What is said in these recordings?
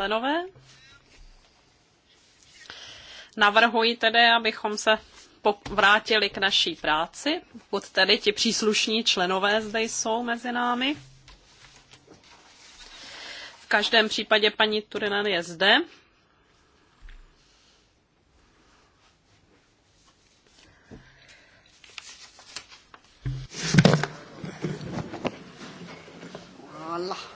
členové. Navrhuji tedy, abychom se vrátili k naší práci, pokud tedy ti příslušní členové zde jsou mezi námi. V každém případě paní Turinan je zde. Allah.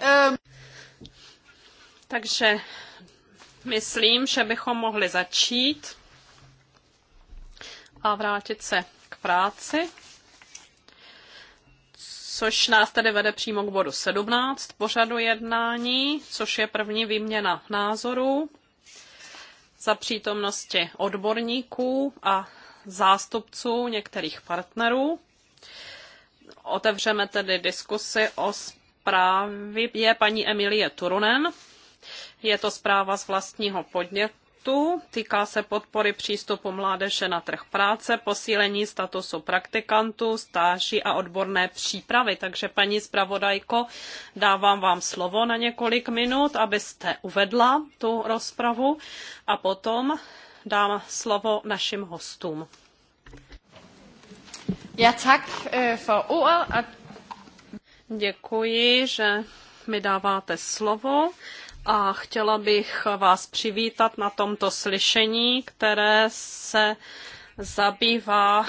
Euh, Takže myslím, že bychom mohli začít a vrátit se k práci, což nás tady vede přímo k bodu 17 pořadu jednání, což je první výměna názorů za přítomnosti odborníků a zástupců některých partnerů Otevřeme tedy diskusi o zprávě paní Emilie Turunen. Je to zpráva z vlastního podnětu, týká se podpory přístupu mládeže na trh práce, posílení statusu praktikantů, stáží a odborné přípravy. Takže paní zpravodajko, dávám vám slovo na několik minut, abyste uvedla tu rozpravu a potom dám slovo našim hostům tak eh, for ordet. A... Děkuji, že mi dáváte slovo a chtěla bych vás přivítat na tomto slyšení, které se zabývá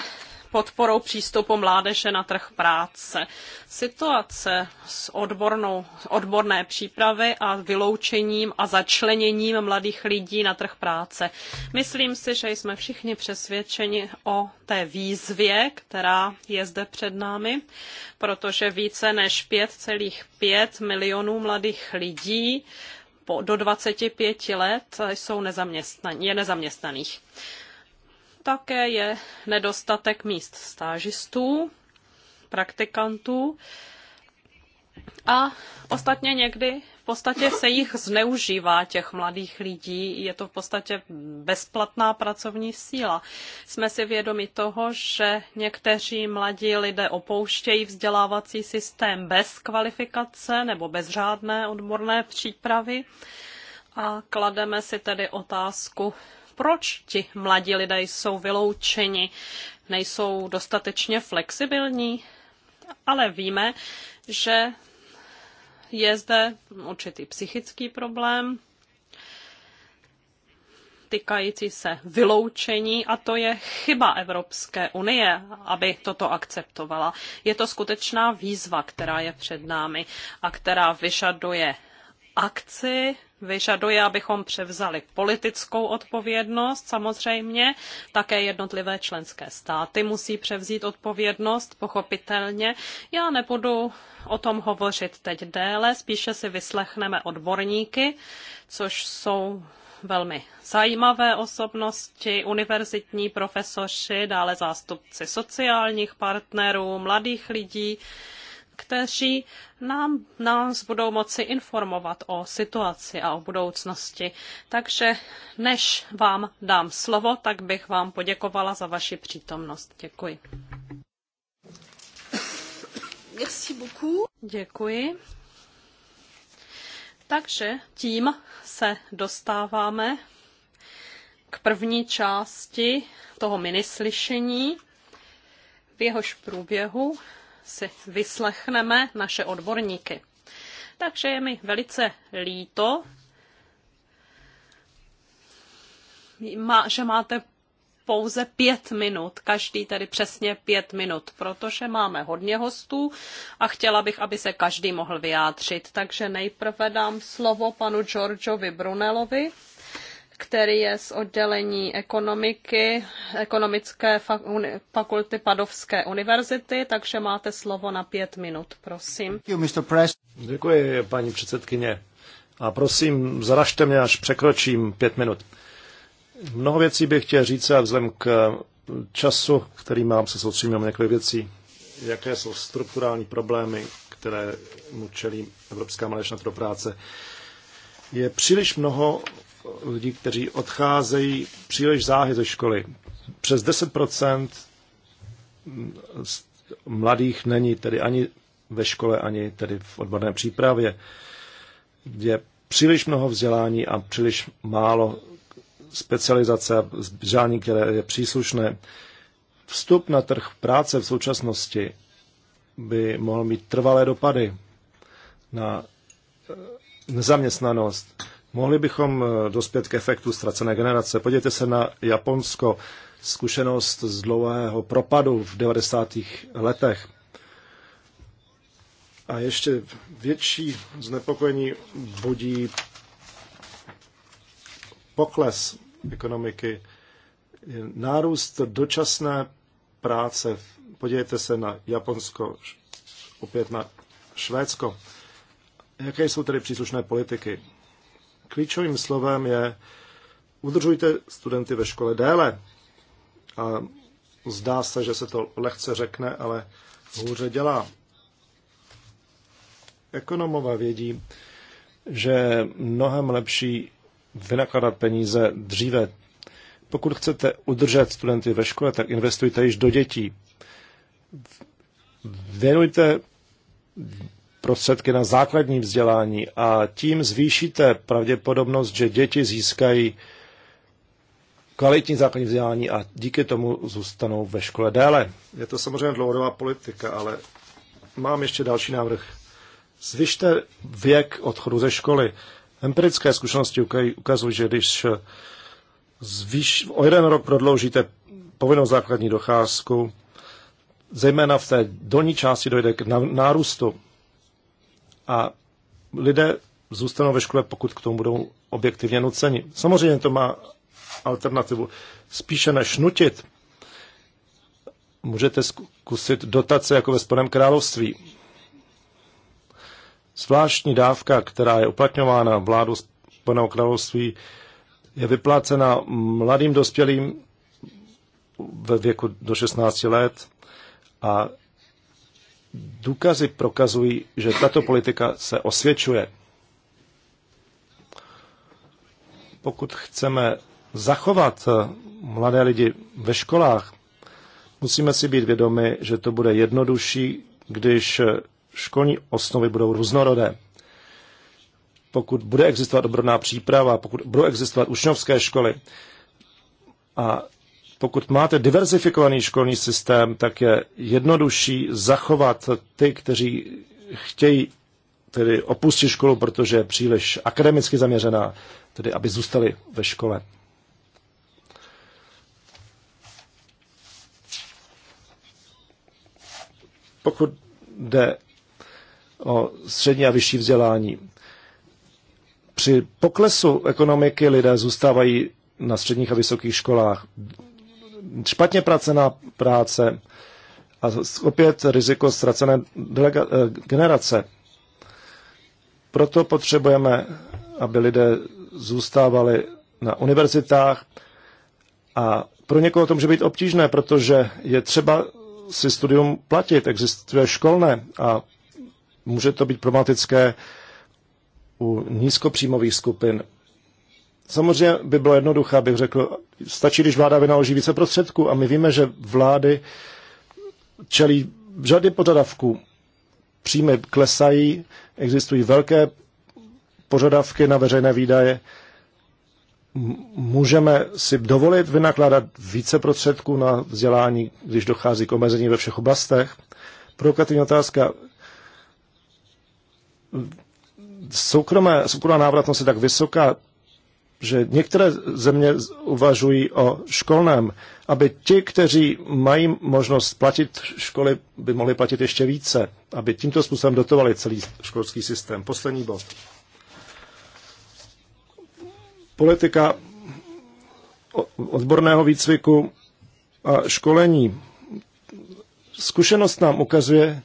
podporou přístupu mládeže na trh práce. Situace s odbornou, odborné přípravy a vyloučením a začleněním mladých lidí na trh práce. Myslím si, že jsme všichni přesvědčeni o té výzvě, která je zde před námi, protože více než 5,5 milionů mladých lidí po, do 25 let jsou nezaměstnan, je nezaměstnaných také je nedostatek míst stážistů, praktikantů a ostatně někdy v podstatě se jich zneužívá těch mladých lidí. Je to v podstatě bezplatná pracovní síla. Jsme si vědomi toho, že někteří mladí lidé opouštějí vzdělávací systém bez kvalifikace nebo bez řádné odborné přípravy. A klademe si tedy otázku, proč ti mladí lidé jsou vyloučeni, nejsou dostatečně flexibilní, ale víme, že je zde určitý psychický problém týkající se vyloučení a to je chyba Evropské unie, aby toto akceptovala. Je to skutečná výzva, která je před námi a která vyžaduje akci vyžaduje, abychom převzali politickou odpovědnost samozřejmě, také jednotlivé členské státy musí převzít odpovědnost, pochopitelně. Já nebudu o tom hovořit teď déle, spíše si vyslechneme odborníky, což jsou velmi zajímavé osobnosti, univerzitní profesoři, dále zástupci sociálních partnerů, mladých lidí, kteří nám, nás budou moci informovat o situaci a o budoucnosti. Takže než vám dám slovo, tak bych vám poděkovala za vaši přítomnost. Děkuji. Merci beaucoup. Děkuji. Takže tím se dostáváme k první části toho minislyšení, v jehož průběhu si vyslechneme naše odborníky. Takže je mi velice líto, že máte pouze pět minut, každý tedy přesně pět minut, protože máme hodně hostů a chtěla bych, aby se každý mohl vyjádřit. Takže nejprve dám slovo panu Georgeovi Brunelovi který je z oddělení ekonomiky, ekonomické fakulty Padovské univerzity, takže máte slovo na pět minut, prosím. Děkuji, paní předsedkyně. A prosím, zaražte mě, až překročím pět minut. Mnoho věcí bych chtěl říct a vzhledem k času, který mám, se soustředím na několik věcí. Jaké jsou strukturální problémy, které mu čelí Evropská mládež na trhu práce? Je příliš mnoho lidí, kteří odcházejí příliš záhy ze školy. Přes 10% mladých není tedy ani ve škole, ani tedy v odborné přípravě. Je příliš mnoho vzdělání a příliš málo specializace a vzdělání, které je příslušné. Vstup na trh práce v současnosti by mohl mít trvalé dopady na eh, nezaměstnanost. Mohli bychom eh, dospět k efektu ztracené generace. Podívejte se na Japonsko, zkušenost z dlouhého propadu v 90. letech. A ještě větší znepokojení budí pokles ekonomiky, nárůst dočasné práce. Podívejte se na Japonsko, opět na Švédsko. Jaké jsou tedy příslušné politiky? Klíčovým slovem je udržujte studenty ve škole déle. A zdá se, že se to lehce řekne, ale hůře dělá. Ekonomové vědí, že mnohem lepší vynakladat peníze dříve. Pokud chcete udržet studenty ve škole, tak investujte již do dětí. Věnujte prostředky na základní vzdělání a tím zvýšíte pravděpodobnost, že děti získají kvalitní základní vzdělání a díky tomu zůstanou ve škole déle. Je to samozřejmě dlouhodobá politika, ale mám ještě další návrh. Zvyšte věk odchodu ze školy. Empirické zkušenosti ukazují, že když zvýš, o jeden rok prodloužíte povinnou základní docházku, zejména v té dolní části dojde k nárůstu a lidé zůstanou ve škole, pokud k tomu budou objektivně nuceni. Samozřejmě to má alternativu. Spíše než nutit, můžete zkusit dotace jako ve Spodném království. Zvláštní dávka, která je uplatňována vládou Spodného království, je vyplácena mladým dospělým ve věku do 16 let a důkazy prokazují, že tato politika se osvědčuje. Pokud chceme zachovat mladé lidi ve školách, musíme si být vědomi, že to bude jednodušší, když školní osnovy budou různorodé. Pokud bude existovat obrodná příprava, pokud budou existovat učňovské školy a pokud máte diverzifikovaný školní systém, tak je jednodušší zachovat ty, kteří chtějí tedy opustit školu, protože je příliš akademicky zaměřená, tedy aby zůstali ve škole. Pokud jde o střední a vyšší vzdělání. Při poklesu ekonomiky lidé zůstávají na středních a vysokých školách špatně pracená práce a opět riziko ztracené eh, generace. Proto potřebujeme, aby lidé zůstávali na univerzitách a pro někoho to může být obtížné, protože je třeba si studium platit, existuje školné a může to být problematické u nízkopříjmových skupin. Samozřejmě by bylo jednoduché, abych řekl, stačí, když vláda vynaloží více prostředků a my víme, že vlády čelí řady požadavků. Příjmy klesají, existují velké požadavky na veřejné výdaje. Můžeme si dovolit vynakládat více prostředků na vzdělání, když dochází k omezení ve všech oblastech. Provokativní otázka soukromé, soukromá návratnost je tak vysoká, že některé země uvažují o školném, aby ti, kteří mají možnost platit školy, by mohli platit ještě více, aby tímto způsobem dotovali celý školský systém. Poslední bod. Politika odborného výcviku a školení. Zkušenost nám ukazuje,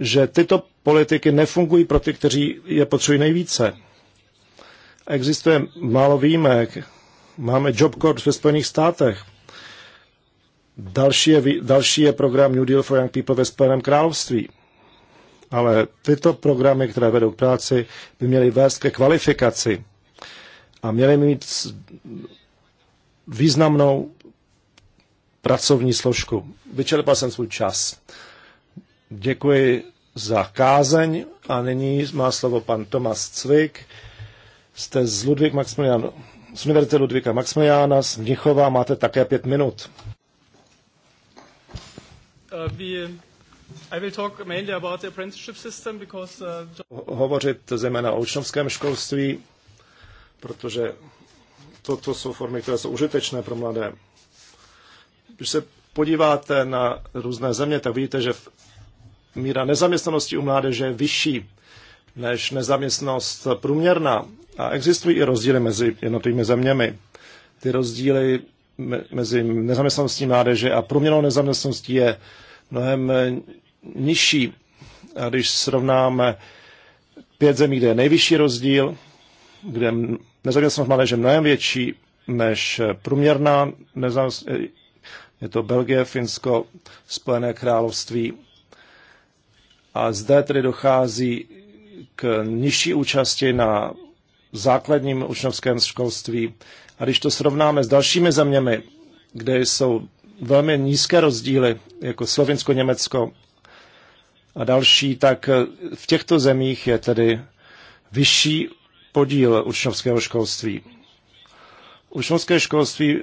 že tyto politiky nefungují pro ty, kteří je potřebují nejvíce Existuje málo výjimek. Máme Job Corps ve Spojených státech. Další je, další je program New Deal for Young People ve Spojeném království. Ale tyto programy, které vedou k práci, by měly vést ke kvalifikaci a měly mít významnou pracovní složku. Vyčerpal jsem svůj čas. Děkuji za kázeň a nyní má slovo pan Tomas Cvik, Jste z Ludvík Maximiliano, z Univerzity Ludvíka Maximiliana z Mnichova, máte také pět minut. Uh, uh, hovořit zejména o učňovském školství, protože toto jsou formy, které jsou užitečné pro mladé. Když se podíváte na různé země, tak vidíte, že míra nezaměstnanosti u mládeže je vyšší než nezaměstnost průměrná a existují i rozdíly mezi jednotlivými zeměmi. Ty rozdíly mezi nezaměstnaností mládeže a průměrnou nezaměstnaností je mnohem eh, nižší. A když srovnáme pět zemí, kde je nejvyšší rozdíl, kde nezaměstnanost mládeže je mnohem větší než eh, průměrná nezaměstnanost, eh, je to Belgie, Finsko, Spojené království. A zde tedy dochází k nižší účasti na základním učňovském školství. A když to srovnáme s dalšími zeměmi, kde jsou velmi nízké rozdíly, jako Slovinsko, Německo a další, tak eh, v těchto zemích je tedy vyšší podíl učňovského školství. Učňovské školství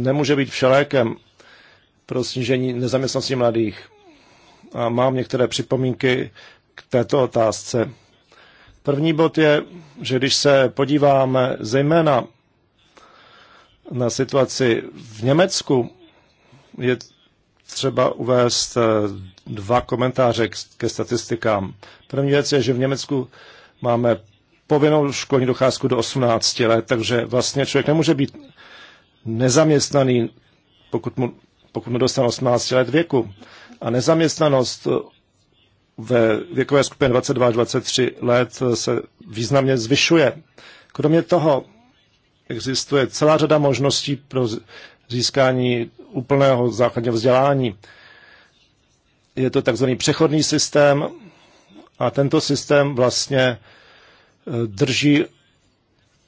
nemůže být všelékem pro snížení nezaměstnanosti mladých. A mám některé připomínky k této otázce. První bod je, že když se podíváme zejména na situaci v Německu, je třeba uvést eh, dva komentáře ke statistikám. První věc je, že v Německu máme povinnou školní docházku do 18 let, takže vlastně člověk nemůže být nezaměstnaný, pokud, mu, pokud mu dostane 18 let věku. A nezaměstnanost ve věkové skupině 22 až 23 let se významně zvyšuje. Kromě toho existuje celá řada možností pro získání úplného základního vzdělání. Je to takzvaný přechodný systém a tento systém vlastně e, drží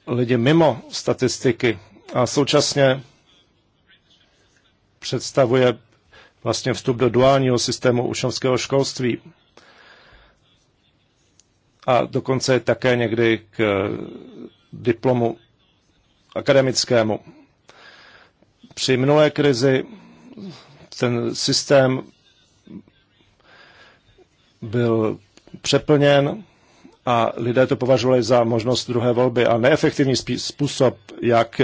lidi mimo statistiky a současně představuje vlastně vstup do duálního systému učňovského školství a dokonce také někdy k eh, diplomu akademickému. Při minulé krizi ten systém byl přeplněn a lidé to považovali za možnost druhé volby a neefektivní způsob, jak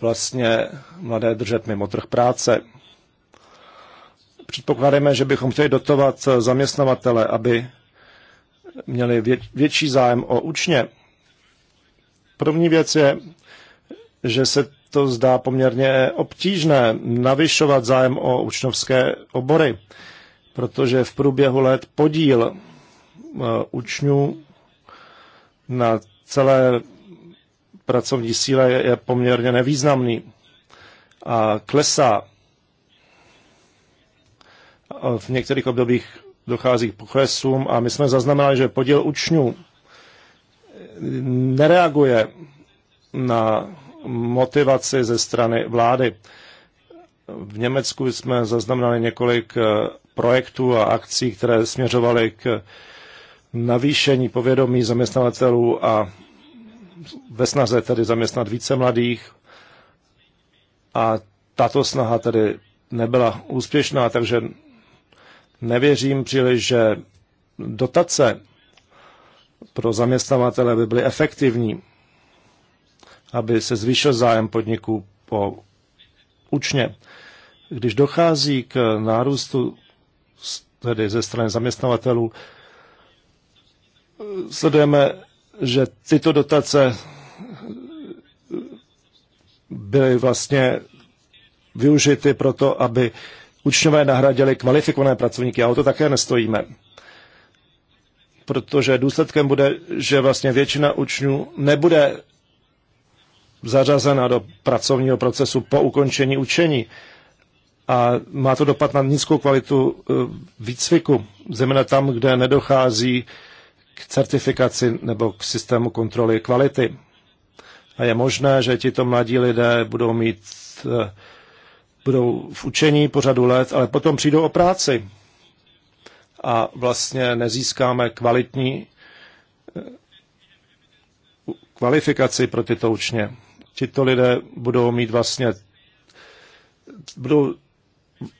vlastně mladé držet mimo trh práce. Předpokládáme, že bychom chtěli dotovat zaměstnavatele, aby měli vě, větší zájem o učně. První věc je, že se to zdá poměrně obtížné navyšovat zájem o učňovské obory, protože v průběhu let podíl e, učňů na celé pracovní síle je poměrně nevýznamný a klesá. V některých obdobích dochází k poklesům a my jsme zaznamenali, že podíl učňů nereaguje na motivaci ze strany vlády. V Německu jsme zaznamenali několik eh, projektů a akcí, které směřovaly k navýšení povědomí zaměstnavatelů a ve snaze tedy zaměstnat více mladých. A tato snaha tedy nebyla úspěšná, takže Nevěřím příliš, že dotace pro zaměstnavatele by byly efektivní, aby se zvýšil zájem podniků po učně. Když dochází k nárůstu tedy ze strany zaměstnavatelů, sledujeme, že tyto dotace byly vlastně využity proto, aby učňové nahradili kvalifikované pracovníky a o to také nestojíme. Protože důsledkem bude, že vlastně většina učňů nebude zařazena do pracovního procesu po ukončení učení. A má to dopad na nízkou kvalitu e, výcviku, zejména tam, kde nedochází k certifikaci nebo k systému kontroly kvality. A je možné, že tito mladí lidé budou mít e, budou v učení po řadu let, ale potom přijdou o práci. A vlastně nezískáme kvalitní eh, kvalifikaci pro tyto učně. Tito lidé budou mít vlastně budou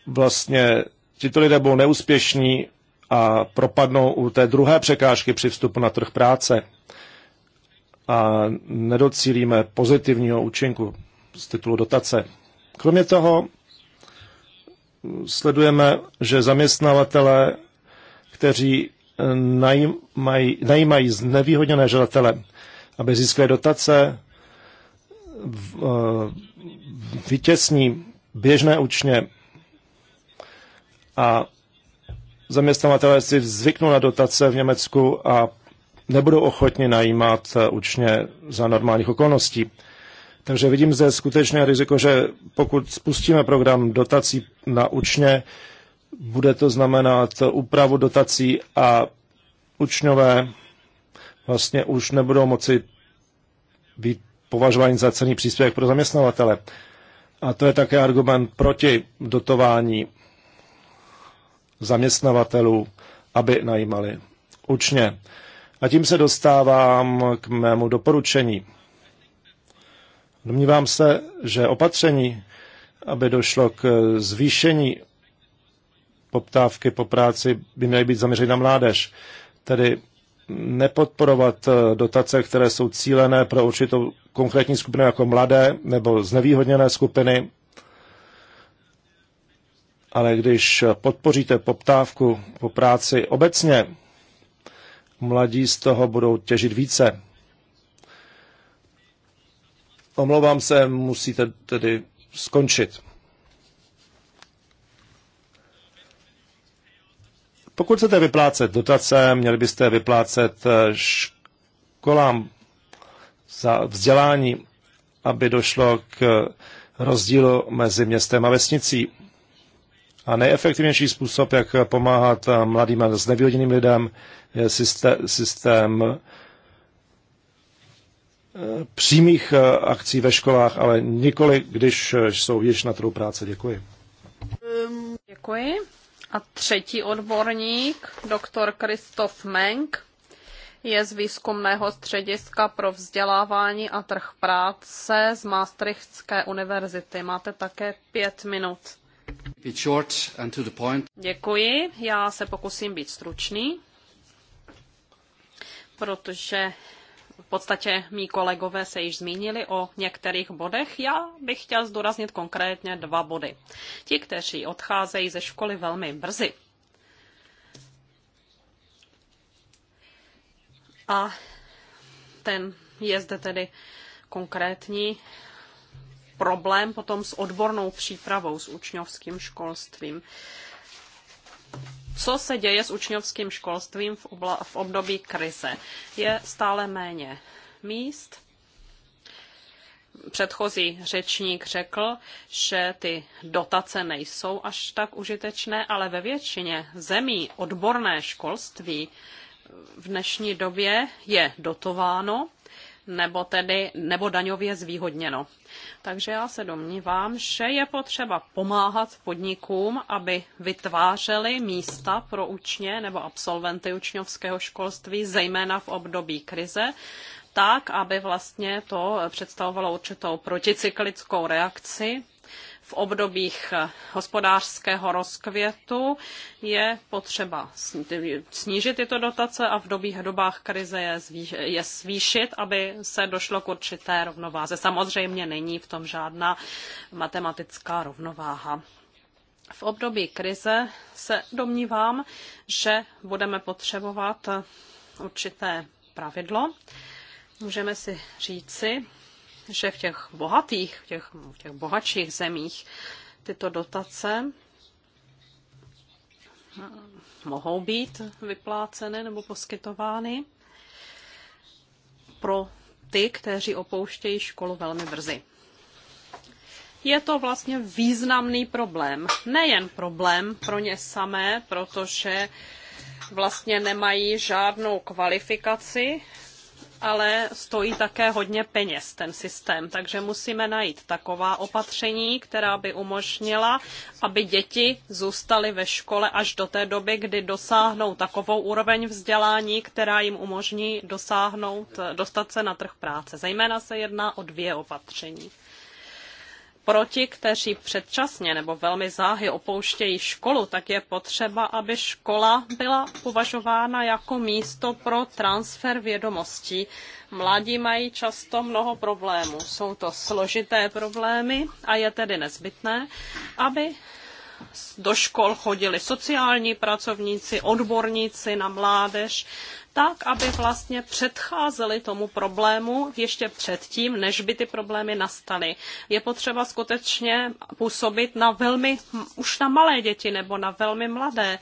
vlastně tito lidé budou neúspěšní a propadnou u té druhé překážky při vstupu na trh práce a nedocílíme pozitivního účinku z titulu dotace. Kromě toho sledujeme, že zaměstnavatele, kteří eh, najímají, najímají znevýhodněné žadatele, aby získali dotace, vytěsní eh, běžné učně a zaměstnavatelé si zvyknou na dotace v Německu a nebudou ochotni najímat učně eh, za normálních okolností. Takže vidím zde skutečné riziko, že pokud spustíme program dotací na učně, bude to znamenat úpravu dotací a učňové vlastně už nebudou moci být považováni za cený příspěvek pro zaměstnavatele. A to je také argument proti dotování zaměstnavatelů, aby najímali učně. A tím se dostávám k mému doporučení. Domnívám se, že opatření, aby došlo k zvýšení poptávky po práci, by měly být zaměřeny na mládež. Tedy nepodporovat eh, dotace, které jsou cílené pro určitou konkrétní skupinu jako mladé nebo znevýhodněné skupiny, ale když podpoříte poptávku po práci obecně, mladí z toho budou těžit více. Omlouvám se, musíte tedy skončit. Pokud chcete vyplácet dotace, měli byste vyplácet eh, školám za vzdělání, aby došlo k rozdílu mezi městem a vesnicí. A nejefektivnější způsob, jak pomáhat mladým a znevýhodněným lidem, je systém, systém Eh, přímých eh, akcí ve školách, ale nikoli, když eh, jsou již na trhu práce. Děkuji. Děkuji. A třetí odborník, doktor Kristof Menk, je z výzkumného střediska pro vzdělávání a trh práce z Maastrichtské univerzity. Máte také pět minut. Děkuji, já se pokusím být stručný, protože v podstatě mý kolegové se již zmínili o některých bodech. Já bych chtěl zdůraznit konkrétně dva body. Ti, kteří odcházejí ze školy velmi brzy, A ten je zde tedy konkrétní problém potom s odbornou přípravou, s učňovským školstvím co se děje s učňovským školstvím v, obla, v období krize? Je stále méně míst. Předchozí řečník řekl, že ty dotace nejsou až tak užitečné, ale ve většině zemí odborné školství v dnešní době je dotováno nebo tedy nebo daňově zvýhodněno. Takže já se domnívám, že je potřeba pomáhat podnikům, aby vytvářely místa pro učně nebo absolventy učňovského školství, zejména v období krize, tak, aby vlastně to představovalo určitou proticyklickou reakci v obdobích eh, hospodářského rozkvětu je potřeba snížit tyto dotace a v dobých dobách krize je, je zvýšit, aby se došlo k určité rovnováze. Samozřejmě není v tom žádná matematická rovnováha. V období krize se domnívám, že budeme potřebovat eh, určité pravidlo. Můžeme si říci, že v těch bohatých, v těch, v těch bohatších zemích tyto dotace hm, mohou být vypláceny nebo poskytovány pro ty, kteří opouštějí školu velmi brzy. Je to vlastně významný problém. Nejen problém pro ně samé, protože vlastně nemají žádnou kvalifikaci ale stojí také hodně peněz ten systém, takže musíme najít taková opatření, která by umožnila, aby děti zůstaly ve škole až do té doby, kdy dosáhnou takovou úroveň vzdělání, která jim umožní dosáhnout, dostat se na trh práce. Zejména se jedná o dvě opatření pro ti, kteří předčasně nebo velmi záhy opouštějí školu, tak je potřeba, aby škola byla považována jako místo pro transfer vědomostí. Mladí mají často mnoho problémů. Jsou to složité problémy a je tedy nezbytné, aby do škol chodili sociální pracovníci, odborníci na mládež, tak, aby vlastně předcházeli tomu problému ještě předtím, než by ty problémy nastaly. Je potřeba skutečně působit na velmi, už na malé děti nebo na velmi mladé,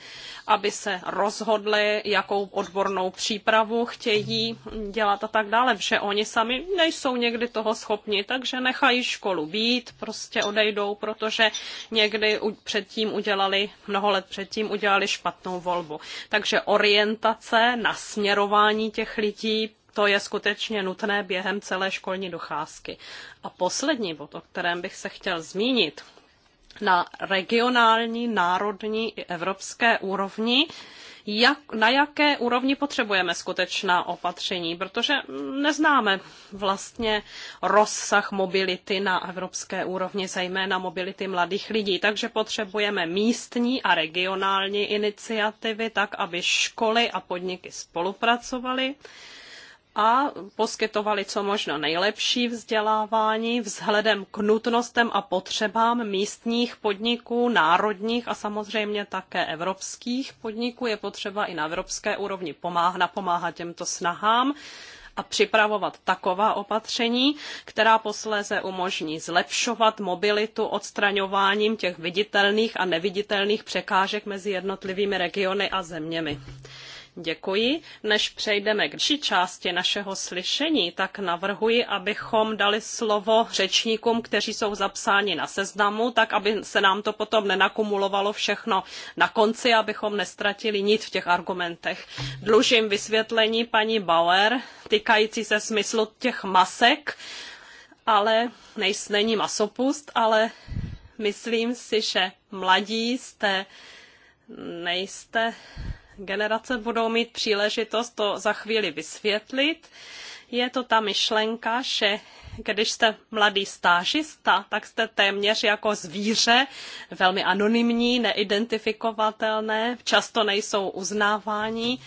aby se rozhodli, jakou odbornou přípravu chtějí dělat a tak dále, že oni sami nejsou někdy toho schopni, takže nechají školu být, prostě odejdou, protože někdy předtím udělali, mnoho let předtím udělali špatnou volbu. Takže orientace na směr směrování těch lidí, to je skutečně nutné během celé školní docházky. A poslední bod, o kterém bych se chtěl zmínit, na regionální, národní i evropské úrovni jak, na jaké úrovni potřebujeme skutečná opatření, protože neznáme vlastně rozsah mobility na evropské úrovni, zejména mobility mladých lidí. Takže potřebujeme místní a regionální iniciativy, tak aby školy a podniky spolupracovaly a poskytovali co možno nejlepší vzdělávání vzhledem k nutnostem a potřebám místních podniků, národních a samozřejmě také evropských podniků. Je potřeba i na evropské úrovni pomáhat, napomáhat těmto snahám a připravovat taková opatření, která posléze umožní zlepšovat mobilitu odstraňováním těch viditelných a neviditelných překážek mezi jednotlivými regiony a zeměmi. Děkuji. Než přejdeme k další části našeho slyšení, tak navrhuji, abychom dali slovo řečníkům, kteří jsou zapsáni na seznamu, tak aby se nám to potom nenakumulovalo všechno na konci, abychom nestratili nic v těch argumentech. Dlužím vysvětlení paní Bauer týkající se smyslu těch masek, ale nejs, není masopust, ale myslím si, že mladí jste, nejste generace budou mít příležitost to za chvíli vysvětlit. Je to ta myšlenka, že když jste mladý stážista, tak jste téměř jako zvíře, velmi anonymní, neidentifikovatelné, často nejsou uznávání.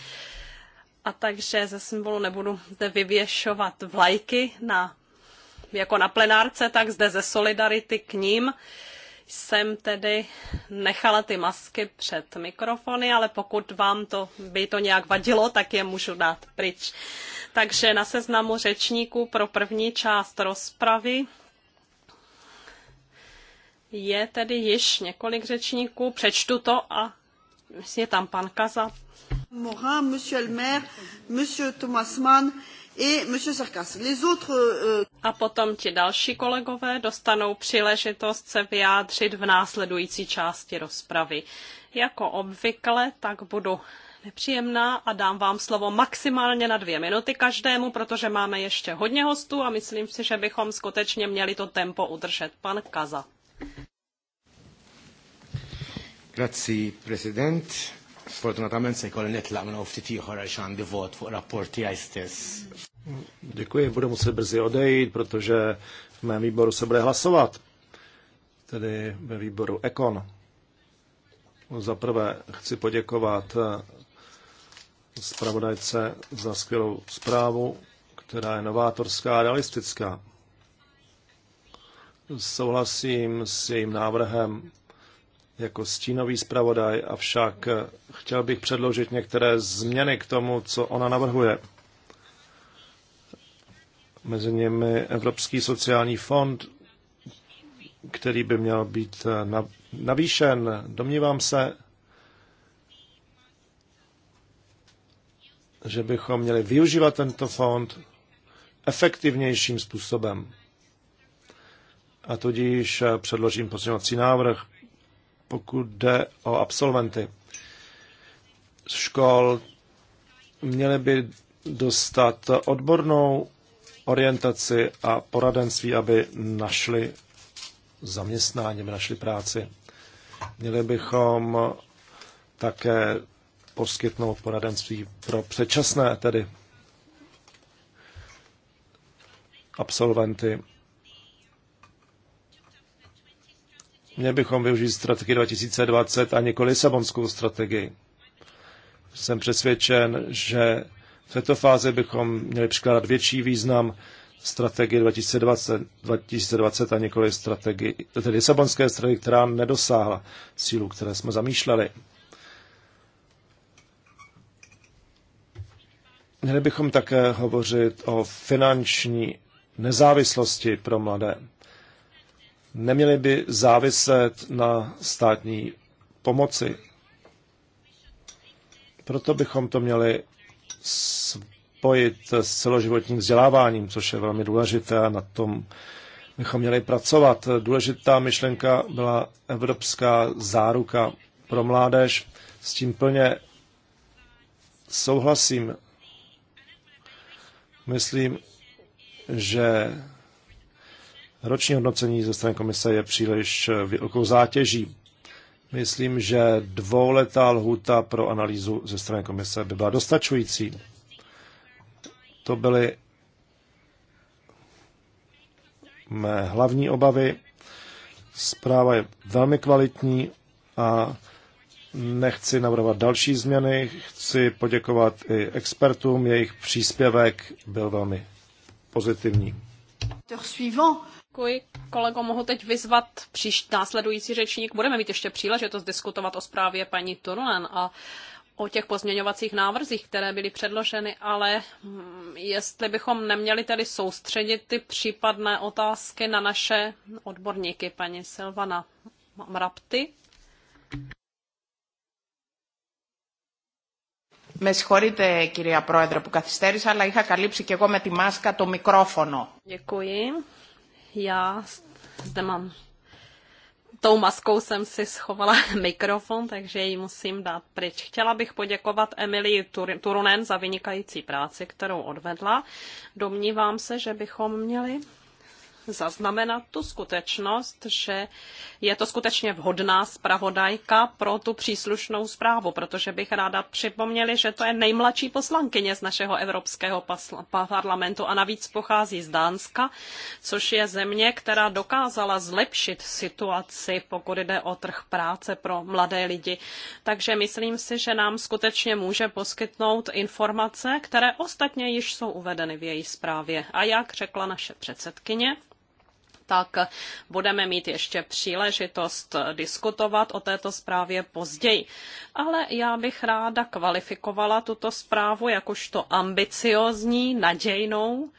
A takže ze symbolu nebudu zde vyvěšovat vlajky na, jako na plenárce, tak zde ze solidarity k ním. Uh, jsem tedy nechala ty masky před mikrofony, ale pokud vám to by to nějak vadilo, tak je můžu dát pryč. Takže na seznamu řečníků pro první část rozpravy je tedy již několik řečníků. Přečtu to a je tam pan Kaza. Morin, monsieur le maire, monsieur Thomas Mann Monsieur Sarkas, les autres, euh... A potom ti další kolegové dostanou příležitost se vyjádřit v následující části rozpravy. Jako obvykle, tak budu nepříjemná a dám vám slovo maximálně na dvě minuty každému, protože máme ještě hodně hostů a myslím si, že bychom skutečně měli to tempo udržet. Pan Kaza. Grazie, prezident. Fortunatament se kolem netlaq minn ftit ieħor għax għandi vot fuq rapporti għaj stess. Děkuji, budu muset brzy odejít, protože v mém výboru se bude hlasovat, tedy ve výboru Ekon. Za prvé chci poděkovat eh, zpravodajce za skvělou zprávu, která je novátorská a realistická. Souhlasím s jejím návrhem jako stínový zpravodaj, avšak eh, chtěl bych předložit některé změny k tomu, co ona navrhuje. Mezi nimi Evropský sociální fond, který by měl být eh, navýšen. Domnívám se, že bychom měli využívat tento fond efektivnějším způsobem. A tudíž eh, předložím pozměňovací návrh pokud jde o absolventy škol, měli by dostat odbornou orientaci a poradenství, aby našli zaměstnání, aby našli práci. Měli bychom také poskytnout poradenství pro předčasné, tedy absolventy Měli bychom využít strategii 2020 a nikoli Lisabonskou strategii. Jsem přesvědčen, že v této fázi bychom měli přikládat větší význam strategii 2020, 2020 a nikoli strategii, tedy Lisabonské strategii, která nedosáhla sílu, které jsme zamýšleli. Měli bychom také hovořit o finanční nezávislosti pro mladé neměly by záviset na státní pomoci. Proto bychom to měli spojit s celoživotním vzděláváním, což je velmi důležité a na tom bychom měli pracovat. Důležitá myšlenka byla evropská záruka pro mládež. S tím plně souhlasím. Myslím, že roční hodnocení ze strany komise je příliš eh, velkou zátěží. Myslím, že dvouletá lhůta pro analýzu ze strany komise by byla dostačující. To byly mé hlavní obavy. Zpráva je velmi kvalitní a nechci navrhovat další změny. Chci poděkovat i expertům, jejich příspěvek byl velmi pozitivní. Děkuji, kolego. Mohu teď vyzvat příští následující řečník. Budeme mít ještě příležitost diskutovat o zprávě paní Turlen a o těch pozměňovacích návrzích, které byly předloženy, ale hm, jestli bychom neměli tedy soustředit ty případné otázky na naše odborníky, paní Silvana Mrapty. Με συγχωρείτε κυρία Πρόεδρε που καθυστέρησα, αλλά είχα καλύψει και εγώ με τη μάσκα το μικρόφωνο. Děkuji. Já zde mám tou maskou jsem si schovala mikrofon, takže ji musím dát pryč. Chtěla bych poděkovat Emily Turunen za vynikající práci, kterou odvedla. Domnívám se, že bychom měli zaznamenat tu skutečnost, že je to skutečně vhodná zpravodajka pro tu příslušnou zprávu, protože bych ráda připomněli, že to je nejmladší poslankyně z našeho Evropského parlamentu a navíc pochází z Dánska, což je země, která dokázala zlepšit situaci, pokud jde o trh práce pro mladé lidi. Takže myslím si, že nám skutečně může poskytnout informace, které ostatně již jsou uvedeny v její zprávě. A jak řekla naše předsedkyně, tak budeme mít ještě příležitost diskutovat o této zprávě později. Ale já bych ráda kvalifikovala tuto zprávu jakožto ambiciozní, nadějnou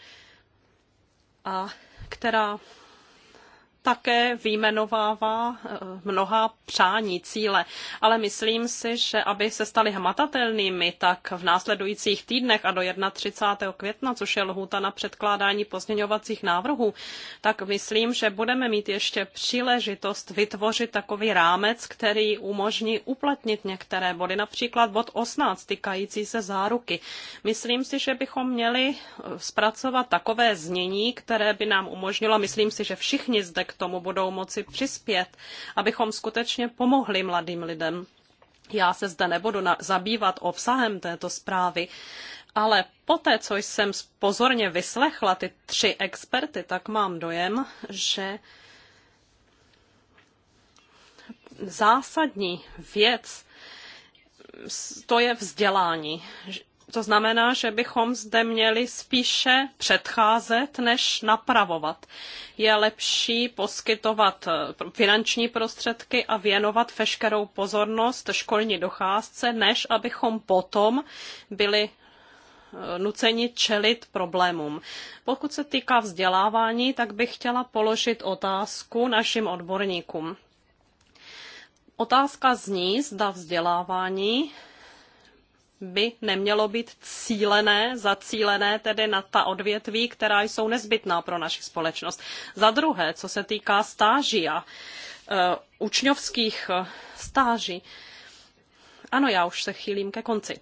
a která také vyjmenovává eh, mnoha přání cíle, ale myslím si, že aby se staly hmatatelnými, tak v následujících týdnech a do 31. května, což je lhůta na předkládání pozměňovacích návrhů, tak myslím, že budeme mít ještě příležitost vytvořit takový rámec, který umožní uplatnit některé body, například bod 18 týkající se záruky. Myslím si, že bychom měli eh, zpracovat takové znění, které by nám umožnilo, myslím si, že všichni zde, k tomu budou moci přispět, abychom skutečně pomohli mladým lidem. Já se zde nebudu zabývat obsahem této zprávy, ale poté, co jsem pozorně vyslechla ty tři experty, tak mám dojem, že zásadní věc, to je vzdělání. To znamená, že bychom zde měli spíše předcházet, než napravovat. Je lepší poskytovat eh, finanční prostředky a věnovat veškerou pozornost školní docházce, než abychom potom byli eh, nuceni čelit problémům. Pokud se týká vzdělávání, tak bych chtěla položit otázku našim odborníkům. Otázka zní, zda vzdělávání by nemělo být cílené, zacílené tedy na ta odvětví, která jsou nezbytná pro naši společnost. Za druhé, co se týká stáží a e, učňovských e, stáží, ano, já už se chýlím ke konci.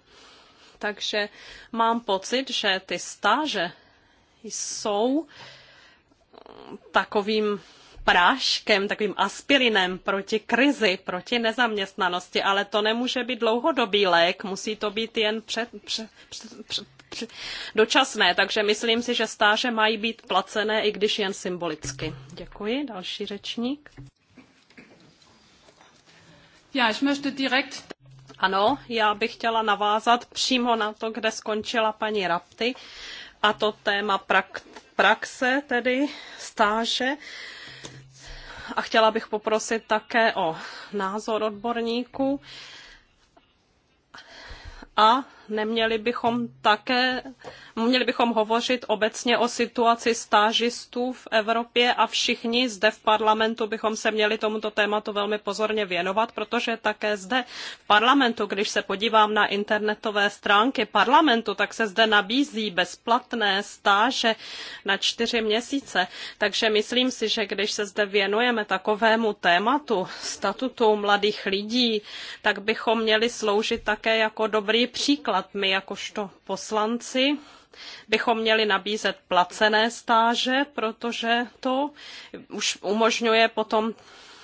Takže mám pocit, že ty stáže jsou takovým práškem, takovým aspirinem proti krizi, proti nezaměstnanosti, ale to nemůže být dlouhodobý lék, musí to být jen před, před, před, před dočasné, takže myslím si, že stáže mají být placené, i když jen symbolicky. Děkuji. Další řečník. Já, ich möchte direkt... Ano, já bych chtěla navázat přímo na to, kde skončila paní Rapty a to téma praxe, tedy stáže a chtěla bych poprosit také o názor odborníků. A neměli bychom také Měli bychom hovořit obecně o situaci stážistů v Evropě a všichni zde v parlamentu bychom se měli tomuto tématu velmi pozorně věnovat, protože také zde v parlamentu, když se podívám na internetové stránky parlamentu, tak se zde nabízí bezplatné stáže na čtyři měsíce. Takže myslím si, že když se zde věnujeme takovému tématu, statutu mladých lidí, tak bychom měli sloužit také jako dobrý příklad my jakožto poslanci bychom měli nabízet placené stáže, protože to už umožňuje potom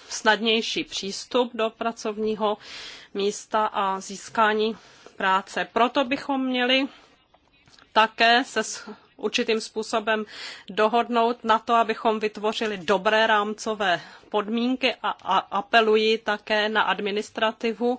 snadnější přístup do pracovního místa a získání práce. Proto bychom měli také se určitým způsobem dohodnout na to, abychom vytvořili dobré rámcové podmínky a, a apeluji také na administrativu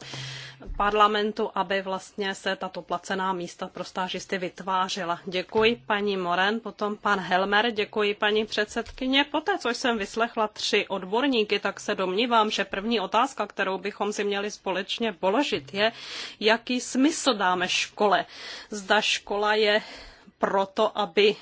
parlamentu, aby vlastně se tato placená místa pro stážisty vytvářela. Děkuji paní Moren, potom pan Helmer, děkuji paní předsedkyně. Poté, co jsem vyslechla tři odborníky, tak se domnívám, že první otázka, kterou bychom si měli společně položit, je, jaký smysl dáme škole. Zda škola je proto, aby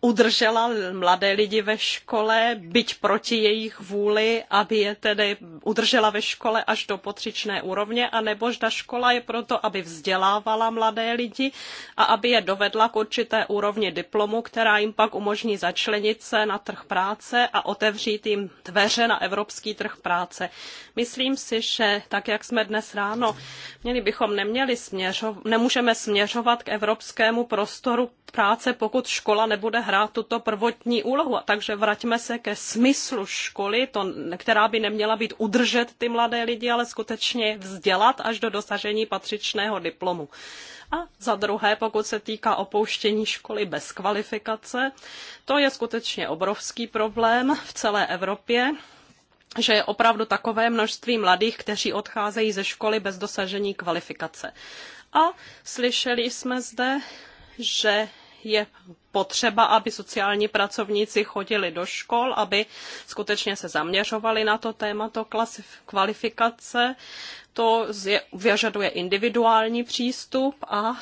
udržela mladé lidi ve škole, byť proti jejich vůli, aby je tedy udržela ve škole až do potřičné úrovně, anebo ta škola je proto, aby vzdělávala mladé lidi a aby je dovedla k určité úrovni diplomu, která jim pak umožní začlenit se na trh práce a otevřít jim dveře na evropský trh práce. Myslím si, že tak, jak jsme dnes ráno měli, bychom neměli směřovat, nemůžeme směřovat k evropskému prostoru práce, pokud škola nebude hrát tuto prvotní úlohu. Takže vraťme se ke smyslu školy, to, která by neměla být udržet ty mladé lidi, ale skutečně vzdělat až do dosažení patřičného diplomu. A za druhé, pokud se týká opouštění školy bez kvalifikace, to je skutečně obrovský problém v celé Evropě že je opravdu takové množství mladých, kteří odcházejí ze školy bez dosažení kvalifikace. A slyšeli jsme zde, že je potřeba, aby sociální pracovníci chodili do škol, aby skutečně se zaměřovali na to témato kvalifikace. To vyžaduje individuální přístup a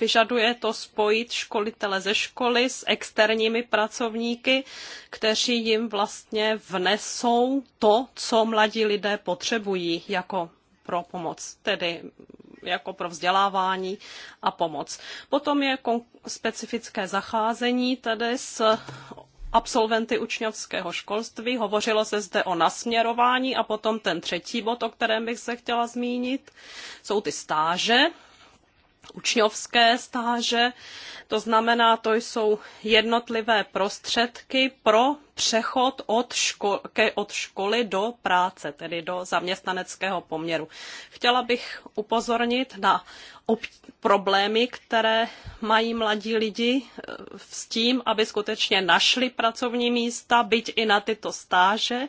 vyžaduje to spojit školitele ze školy s externími pracovníky, kteří jim vlastně vnesou to, co mladí lidé potřebují jako pro pomoc. Tedy jako pro vzdělávání a pomoc. Potom je specifické zacházení tedy s absolventy učňovského školství. Hovořilo se zde o nasměrování a potom ten třetí bod, o kterém bych se chtěla zmínit, jsou ty stáže, učňovské stáže. To znamená, to jsou jednotlivé prostředky pro přechod od, ško- ke, od školy do práce, tedy do zaměstnaneckého poměru. Chtěla bych upozornit na problémy, které mají mladí lidi e, s tím, aby skutečně našli pracovní místa, byť i na tyto stáže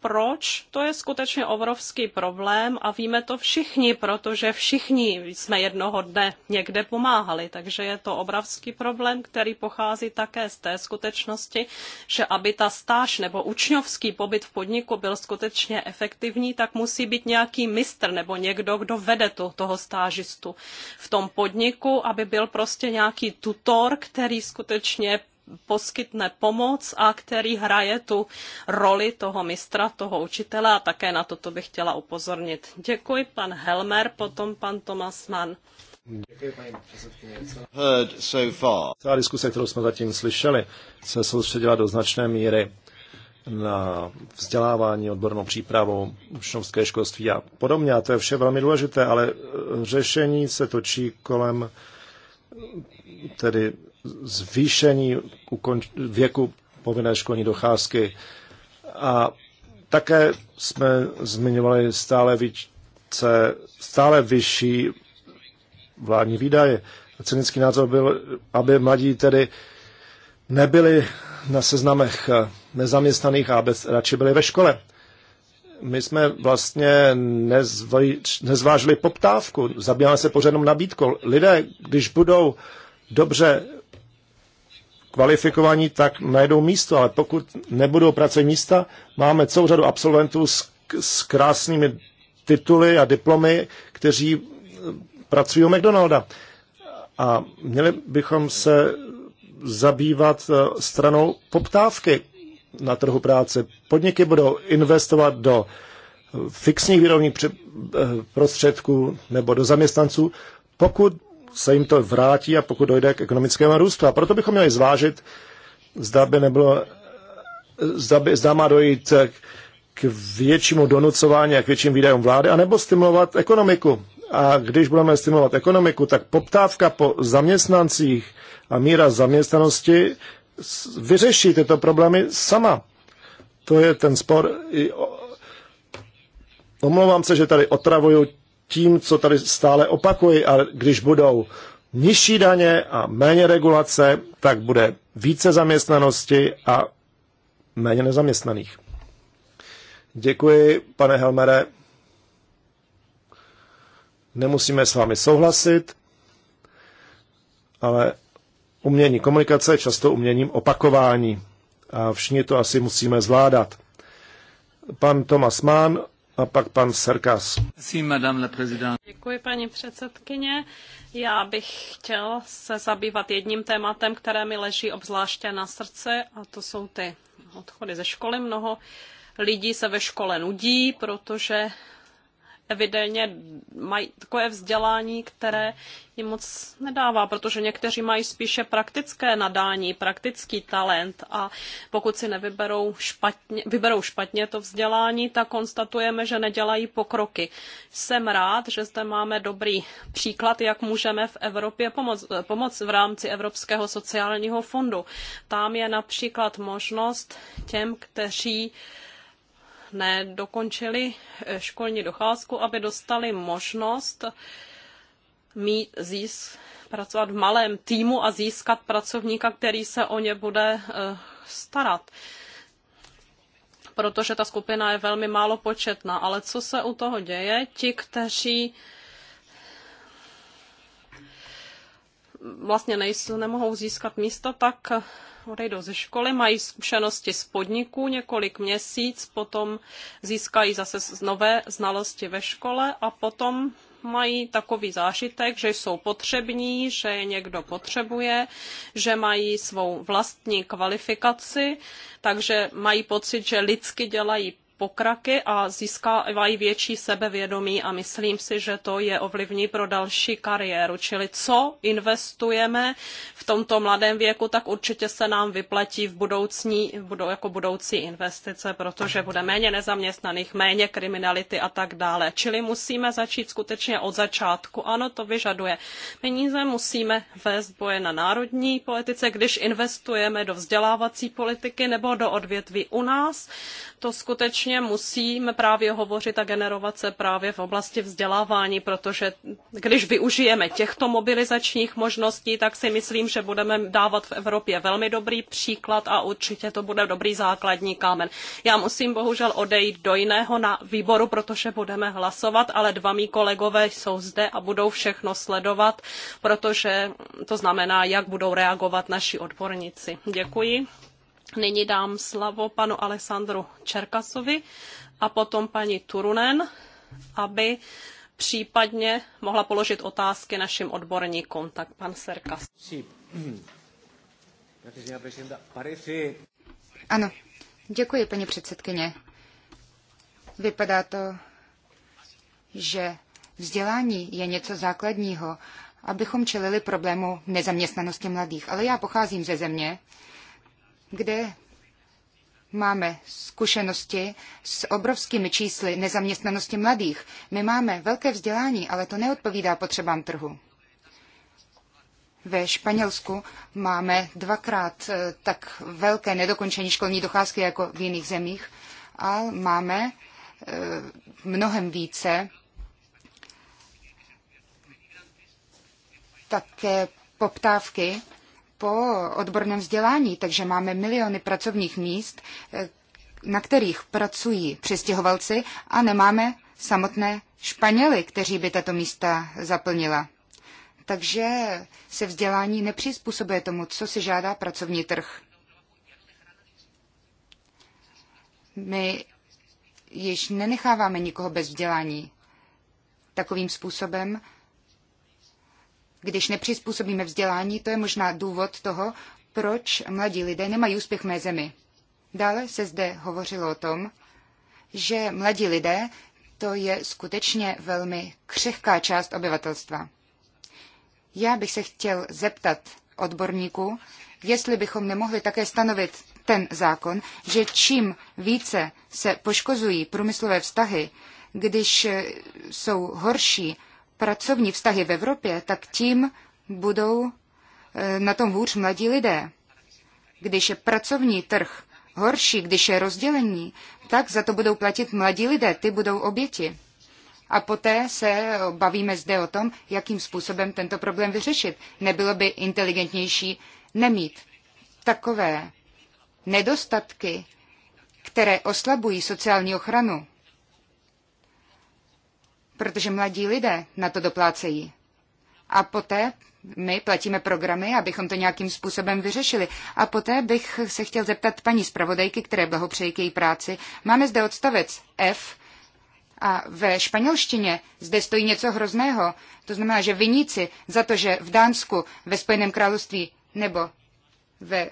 proč, to je skutečně obrovský problém a víme to všichni, protože všichni jsme jednoho dne někde pomáhali, takže je to obrovský problém, který pochází také z té skutečnosti, že aby ta stáž nebo učňovský pobyt v podniku byl skutečně efektivní, tak musí být nějaký mistr nebo někdo, kdo vede to, toho stážistu v tom podniku, aby byl prostě nějaký tutor, který skutečně poskytne pomoc a který hraje tu roli toho mistra, toho učitele a také na toto bych chtěla upozornit. Děkuji pan Helmer, potom pan Tomas Mann. Celá diskuse, kterou jsme zatím slyšeli, se soustředila do značné míry na vzdělávání, odbornou přípravu, učňovské školství a podobně. A to je vše velmi důležité, ale řešení se točí kolem tedy zvýšení věku povinné školní docházky. A také jsme zmiňovali stále, více, stále vyšší vládní výdaje. A Cynický názor byl, aby mladí tedy nebyli na seznamech nezaměstnaných a aby radši byli ve škole. My jsme vlastně nezvážili poptávku, zabýváme se pořádnou nabídkou. Lidé, když budou dobře kvalifikovaní, tak najdou místo, ale pokud nebudou pracovní místa, máme celou řadu absolventů s, s krásnými tituly a diplomy, kteří eh, pracují u McDonalda. A měli bychom se zabývat eh, stranou poptávky na trhu práce. Podniky budou investovat do eh, fixních výrobních prostředků nebo do zaměstnanců, pokud se jim to vrátí a pokud dojde k ekonomickému růstu. A proto bychom měli zvážit, zda by nebylo, zda, by, zda má dojít k většímu donucování a k větším výdajům vlády, anebo stimulovat ekonomiku. A když budeme stimulovat ekonomiku, tak poptávka po zaměstnancích a míra zaměstnanosti vyřeší tyto problémy sama. To je ten spor. Omlouvám se, že tady otravuju tím, co tady stále opakuji, a když budou nižší daně a méně regulace, tak bude více zaměstnanosti a méně nezaměstnaných. Děkuji, pane Helmere. Nemusíme s vámi souhlasit, ale umění komunikace je často uměním opakování. A všichni to asi musíme zvládat. Pan Thomas Mann a pak pan Serkas. Děkuji, paní předsedkyně. Já bych chtěl se zabývat jedním tématem, které mi leží obzvláště na srdce, a to jsou ty odchody ze školy. Mnoho lidí se ve škole nudí, protože evidentně mají takové vzdělání, které jim moc nedává, protože někteří mají spíše praktické nadání, praktický talent a pokud si nevyberou špatně, vyberou špatně to vzdělání, tak konstatujeme, že nedělají pokroky. Jsem rád, že zde máme dobrý příklad, jak můžeme v Evropě pomoct, pomoc v rámci Evropského sociálního fondu. Tam je například možnost těm, kteří nedokončili eh, školní docházku, aby dostali možnost mít, zís, pracovat v malém týmu a získat pracovníka, který se o ně bude eh, starat protože ta skupina je velmi málo početná. Ale co se u toho děje? Ti, kteří eh, vlastně nejsou, nemohou získat místa, tak odejdou ze školy, mají zkušenosti z podniku několik měsíc, potom získají zase nové znalosti ve škole a potom mají takový zážitek, že jsou potřební, že je někdo potřebuje, že mají svou vlastní kvalifikaci, takže mají pocit, že lidsky dělají pokraky a získávají větší sebevědomí a myslím si, že to je ovlivní pro další kariéru. Čili co investujeme v tomto mladém věku, tak určitě se nám vyplatí v budoucí, jako budoucí investice, protože bude méně nezaměstnaných, méně kriminality a tak dále. Čili musíme začít skutečně od začátku. Ano, to vyžaduje peníze, musíme vést boje na národní politice, když investujeme do vzdělávací politiky nebo do odvětví u nás. To skutečně skutečně musíme právě hovořit a generovat se právě v oblasti vzdělávání, protože když využijeme těchto mobilizačních možností, tak si myslím, že budeme dávat v Evropě velmi dobrý příklad a určitě to bude dobrý základní kámen. Já musím bohužel odejít do jiného na výboru, protože budeme hlasovat, ale dva mý kolegové jsou zde a budou všechno sledovat, protože to znamená, jak budou reagovat naši odborníci. Děkuji. Nyní dám slavo panu Alessandru Čerkasovi a potom paní Turunen, aby případně mohla položit otázky našim odborníkům. Tak pan Serkas. Ano, děkuji, paní předsedkyně. Vypadá to, že vzdělání je něco základního, abychom čelili problému nezaměstnanosti mladých. Ale já pocházím ze země, kde máme zkušenosti s obrovskými čísly nezaměstnanosti mladých. My máme velké vzdělání, ale to neodpovídá potřebám trhu. Ve Španělsku máme dvakrát eh, tak velké nedokončení školní docházky jako v jiných zemích, ale máme eh, mnohem více také poptávky po odborném vzdělání, takže máme miliony pracovních míst, eh, na kterých pracují přestěhovalci a nemáme samotné Španěly, kteří by tato místa zaplnila. Takže se vzdělání nepřizpůsobuje tomu, co si žádá pracovní trh. My již nenecháváme nikoho bez vzdělání. Takovým způsobem když nepřizpůsobíme vzdělání, to je možná důvod toho, proč mladí lidé nemají úspěch v mé zemi. Dále se zde hovořilo o tom, že mladí lidé to je skutečně velmi křehká část obyvatelstva. Já bych se chtěl zeptat odborníků, jestli bychom nemohli také stanovit ten zákon, že čím více se poškozují průmyslové vztahy, když jsou horší pracovní vztahy v Evropě, tak tím budou e, na tom hůř mladí lidé. Když je pracovní trh horší, když je rozdělení, tak za to budou platit mladí lidé, ty budou oběti. A poté se bavíme zde o tom, jakým způsobem tento problém vyřešit. Nebylo by inteligentnější nemít takové nedostatky, které oslabují sociální ochranu protože mladí lidé na to doplácejí. A poté my platíme programy, abychom to nějakým způsobem vyřešili. A poté bych se chtěl zeptat paní zpravodajky, které blahopřeji k její práci. Máme zde odstavec F a ve španělštině zde stojí něco hrozného. To znamená, že viníci za to, že v Dánsku, ve Spojeném království nebo ve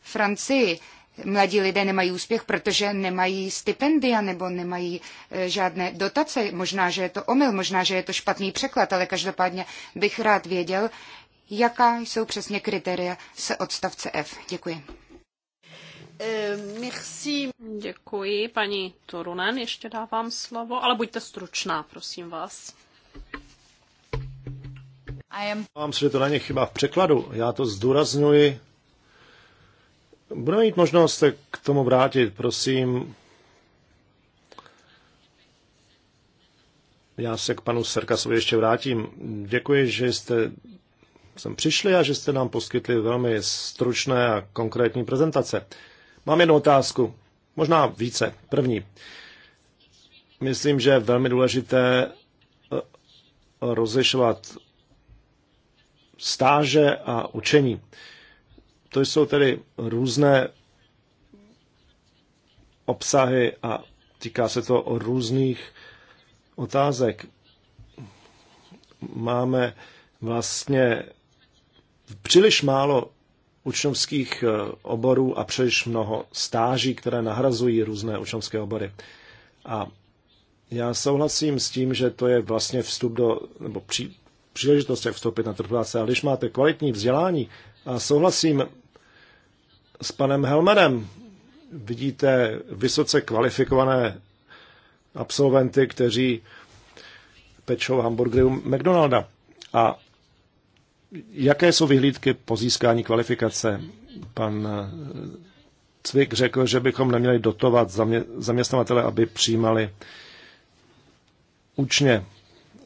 Francii mladí lidé nemají úspěch, protože nemají stipendia nebo nemají e, žádné dotace. Možná, že je to omyl, možná, že je to špatný překlad, ale každopádně bych rád věděl, jaká jsou přesně kritéria se odstavce F. Děkuji. E, merci. Děkuji, paní Torunen, ještě dávám slovo, ale buďte stručná, prosím vás. Mám se, že to není chyba v překladu. Já to zdůrazňuji Budeme mít možnost se k tomu vrátit, prosím. Já se k panu Serkasovi ještě vrátím. Děkuji, že jste sem přišli a že jste nám poskytli velmi stručné a konkrétní prezentace. Mám jednu otázku, možná více. První. Myslím, že je velmi důležité eh, rozlišovat stáže a učení. To jsou tedy různé obsahy a týká se to o různých otázek. Máme vlastně příliš málo učňovských eh, oborů a příliš mnoho stáží, které nahrazují různé učňovské obory. A já souhlasím s tím, že to je vlastně vstup do, nebo pří, příležitost, jak vstoupit na trh práce. A když máte kvalitní vzdělání, a souhlasím s panem Helmerem. Vidíte vysoce kvalifikované absolventy, kteří pečou hamburgery u McDonalda. A jaké jsou vyhlídky po získání kvalifikace? Pan eh, Cvik řekl, že bychom neměli dotovat zamě- zaměstnavatele, aby přijímali učně.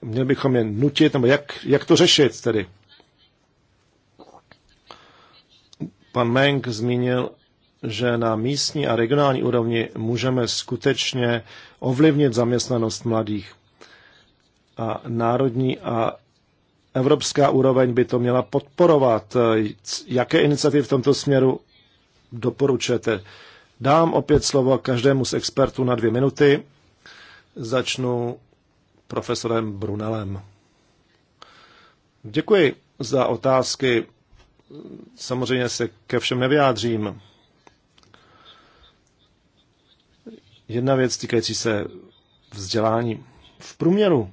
Měli bychom je nutit, nebo jak, jak to řešit tedy? Pan Meng zmínil, že na místní a regionální úrovni můžeme skutečně ovlivnit zaměstnanost mladých. A národní a evropská úroveň by to měla podporovat. Jaké iniciativy v tomto směru doporučujete? Dám opět slovo každému z expertů na dvě minuty. Začnu profesorem Brunelem. Děkuji za otázky samozřejmě se ke všem nevyjádřím. Jedna věc týkající se vzdělání. V průměru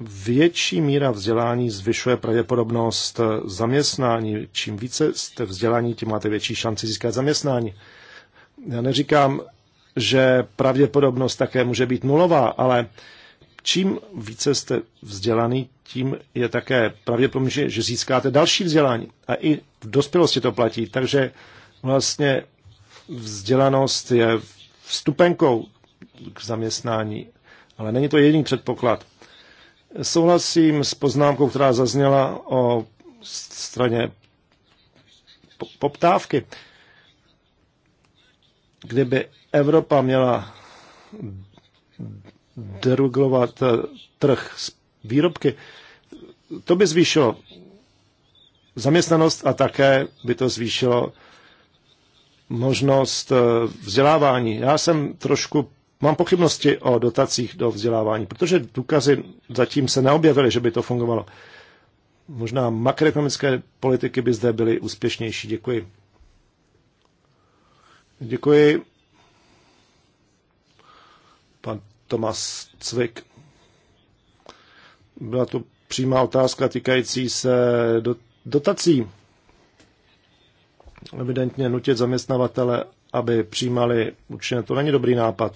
větší míra vzdělání zvyšuje pravděpodobnost zaměstnání. Čím více jste vzdělání, tím máte větší šanci získat zaměstnání. Já neříkám, že pravděpodobnost také může být nulová, ale čím více jste vzdělaný, tím je také pravděpodobně, že, že získáte další vzdělání. A i v dospělosti to platí. Takže vlastně vzdělanost je vstupenkou k zaměstnání, ale není to jediný předpoklad. Souhlasím s poznámkou, která zazněla o straně poptávky. Kdyby Evropa měla deruglovat eh, trh s výrobky, to by zvýšilo zaměstnanost a také by to zvýšilo možnost eh, vzdělávání. Já jsem trošku, mám pochybnosti o dotacích do vzdělávání, protože důkazy zatím se neobjevily, že by to fungovalo. Možná makroekonomické politiky by zde byly úspěšnější. Děkuji. Děkuji. Pan Tomas Cvik. Byla tu přímá otázka týkající se dotací. Evidentně nutit zaměstnavatele, aby přijímali určitě, to není dobrý nápad.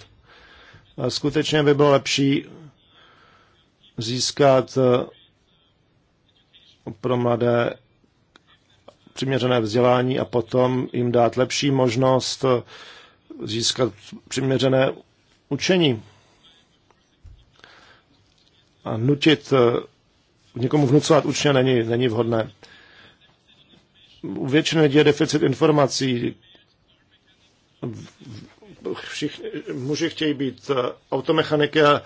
skutečně by bylo lepší získat eh, pro mladé přiměřené vzdělání a potom jim dát lepší možnost eh, získat přiměřené učení. A nutit eh, někomu vnucovat učně není, není vhodné. U většiny lidí je deficit informací. Všichni, muži chtějí být eh, automechaniky a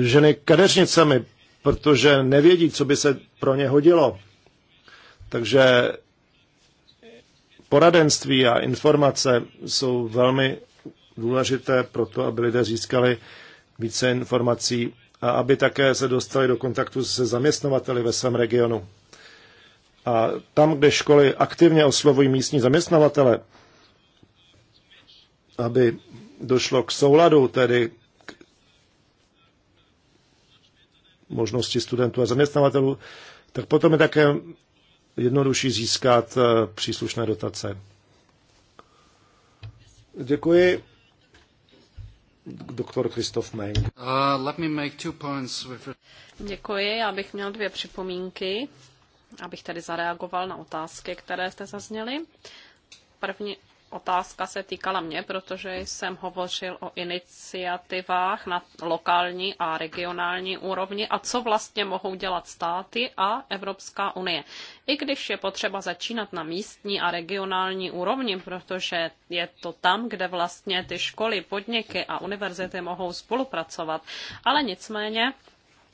ženy kadeřnicemi, protože nevědí, co by se pro ně hodilo. Takže poradenství a informace jsou velmi důležité pro to, aby lidé získali více informací a aby také se dostali do kontaktu se zaměstnavateli ve svém regionu. A tam, kde školy aktivně oslovují místní zaměstnavatele, aby došlo k souladu, tedy k možnosti studentů a zaměstnavatelů, tak potom je také jednodušší získat eh, příslušné dotace. Děkuji doktor Kristof May. Uh, let me make two points with... Děkuji, já bych měl dvě připomínky, abych tady zareagoval na otázky, které jste zazněly. První otázka se týkala mě, protože jsem hovořil o iniciativách na lokální a regionální úrovni a co vlastně mohou dělat státy a Evropská unie. I když je potřeba začínat na místní a regionální úrovni, protože je to tam, kde vlastně ty školy, podniky a univerzity mohou spolupracovat, ale nicméně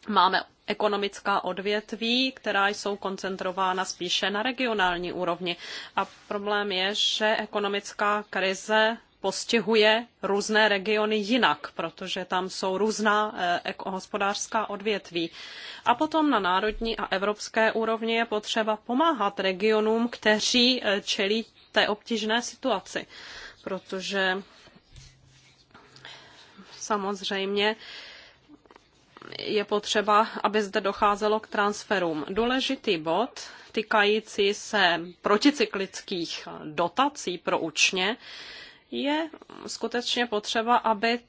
máme ekonomická odvětví, která jsou koncentrována spíše na regionální úrovni. A problém je, že ekonomická krize postihuje různé regiony jinak, protože tam jsou různá eh, hospodářská odvětví. A potom na národní a evropské úrovni je potřeba pomáhat regionům, kteří eh, čelí té obtížné situaci, protože samozřejmě je potřeba, aby zde docházelo k transferům. Důležitý bod týkající se proticyklických dotací pro učně je skutečně potřeba, aby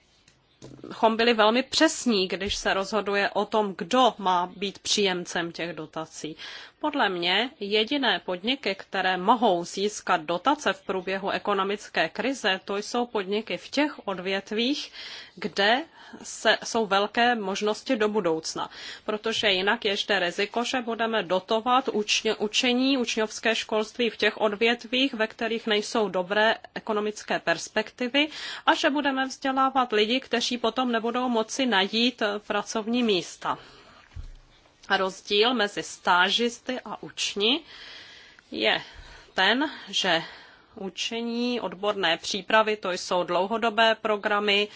chom byli velmi přesní, když se rozhoduje o tom, kdo má být příjemcem těch dotací. Podle mě jediné podniky, které mohou získat dotace v průběhu ekonomické krize, to jsou podniky v těch odvětvích, kde se, jsou velké možnosti do budoucna, protože jinak je riziko, že budeme dotovat učně, učení, učňovské školství v těch odvětvích, ve kterých nejsou dobré ekonomické perspektivy a že budeme vzdělávat lidi, kteří potom nebudou moci najít pracovní místa. A rozdíl mezi stážisty a učni je ten, že učení, odborné přípravy, to jsou dlouhodobé programy,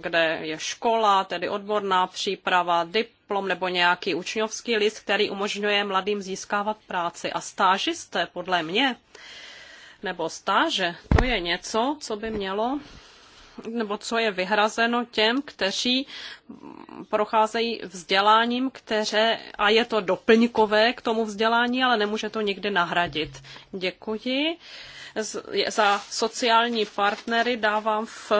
kde je škola, tedy odborná příprava, diplom nebo nějaký učňovský list, který umožňuje mladým získávat práci. A stážisté, podle mě, nebo stáže, to je něco, co by mělo nebo co je vyhrazeno těm, kteří procházejí vzděláním, které, a je to doplňkové k tomu vzdělání, ale nemůže to nikdy nahradit. Děkuji. Za sociální partnery dávám v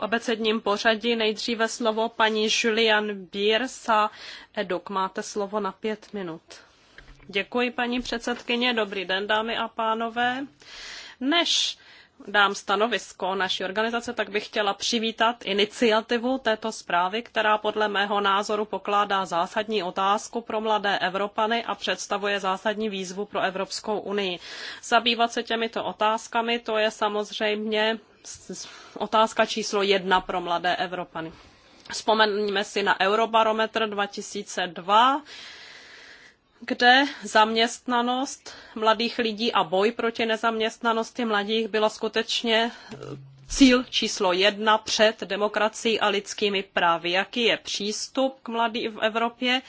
abecedním pořadí nejdříve slovo paní Julian Biersa. Eduk. Máte slovo na pět minut. Děkuji, paní předsedkyně. Dobrý den, dámy a pánové. Než dám stanovisko naší organizace, tak bych chtěla přivítat iniciativu této zprávy, která podle mého názoru pokládá zásadní otázku pro mladé Evropany a představuje zásadní výzvu pro Evropskou unii. Zabývat se těmito otázkami, to je samozřejmě otázka číslo jedna pro mladé Evropany. Vzpomeňme si na Eurobarometr 2002, kde zaměstnanost mladých lidí a boj proti nezaměstnanosti mladých bylo skutečně eh, cíl číslo jedna před demokracií a lidskými právy. Jaký je přístup k mladým v Evropě?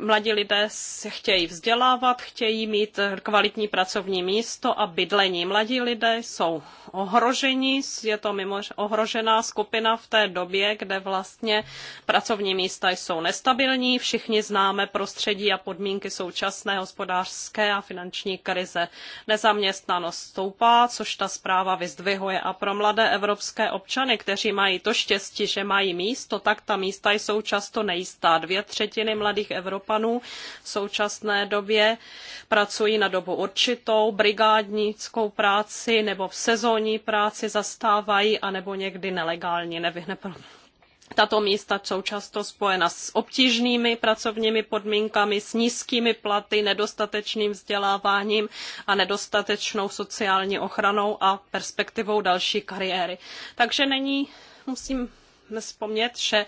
mladí lidé se chtějí vzdělávat, chtějí mít kvalitní pracovní místo a bydlení. Mladí lidé jsou ohroženi, je to mimoř ohrožená skupina v té době, kde vlastně pracovní místa jsou nestabilní. Všichni známe prostředí a podmínky současné hospodářské a finanční krize. Nezaměstnanost stoupá, což ta zpráva vyzdvihuje. A pro mladé evropské občany, kteří mají to štěstí, že mají místo, tak ta místa jsou často nejistá. Dvě třetiny mladých Evropanů v současné době pracují na dobu určitou, brigádnickou práci nebo v sezónní práci zastávají, anebo někdy nelegálně, nevím, tato místa jsou často spojena s obtížnými pracovními podmínkami, s nízkými platy, nedostatečným vzděláváním a nedostatečnou sociální ochranou a perspektivou další kariéry. Takže není, musím vzpomnět, že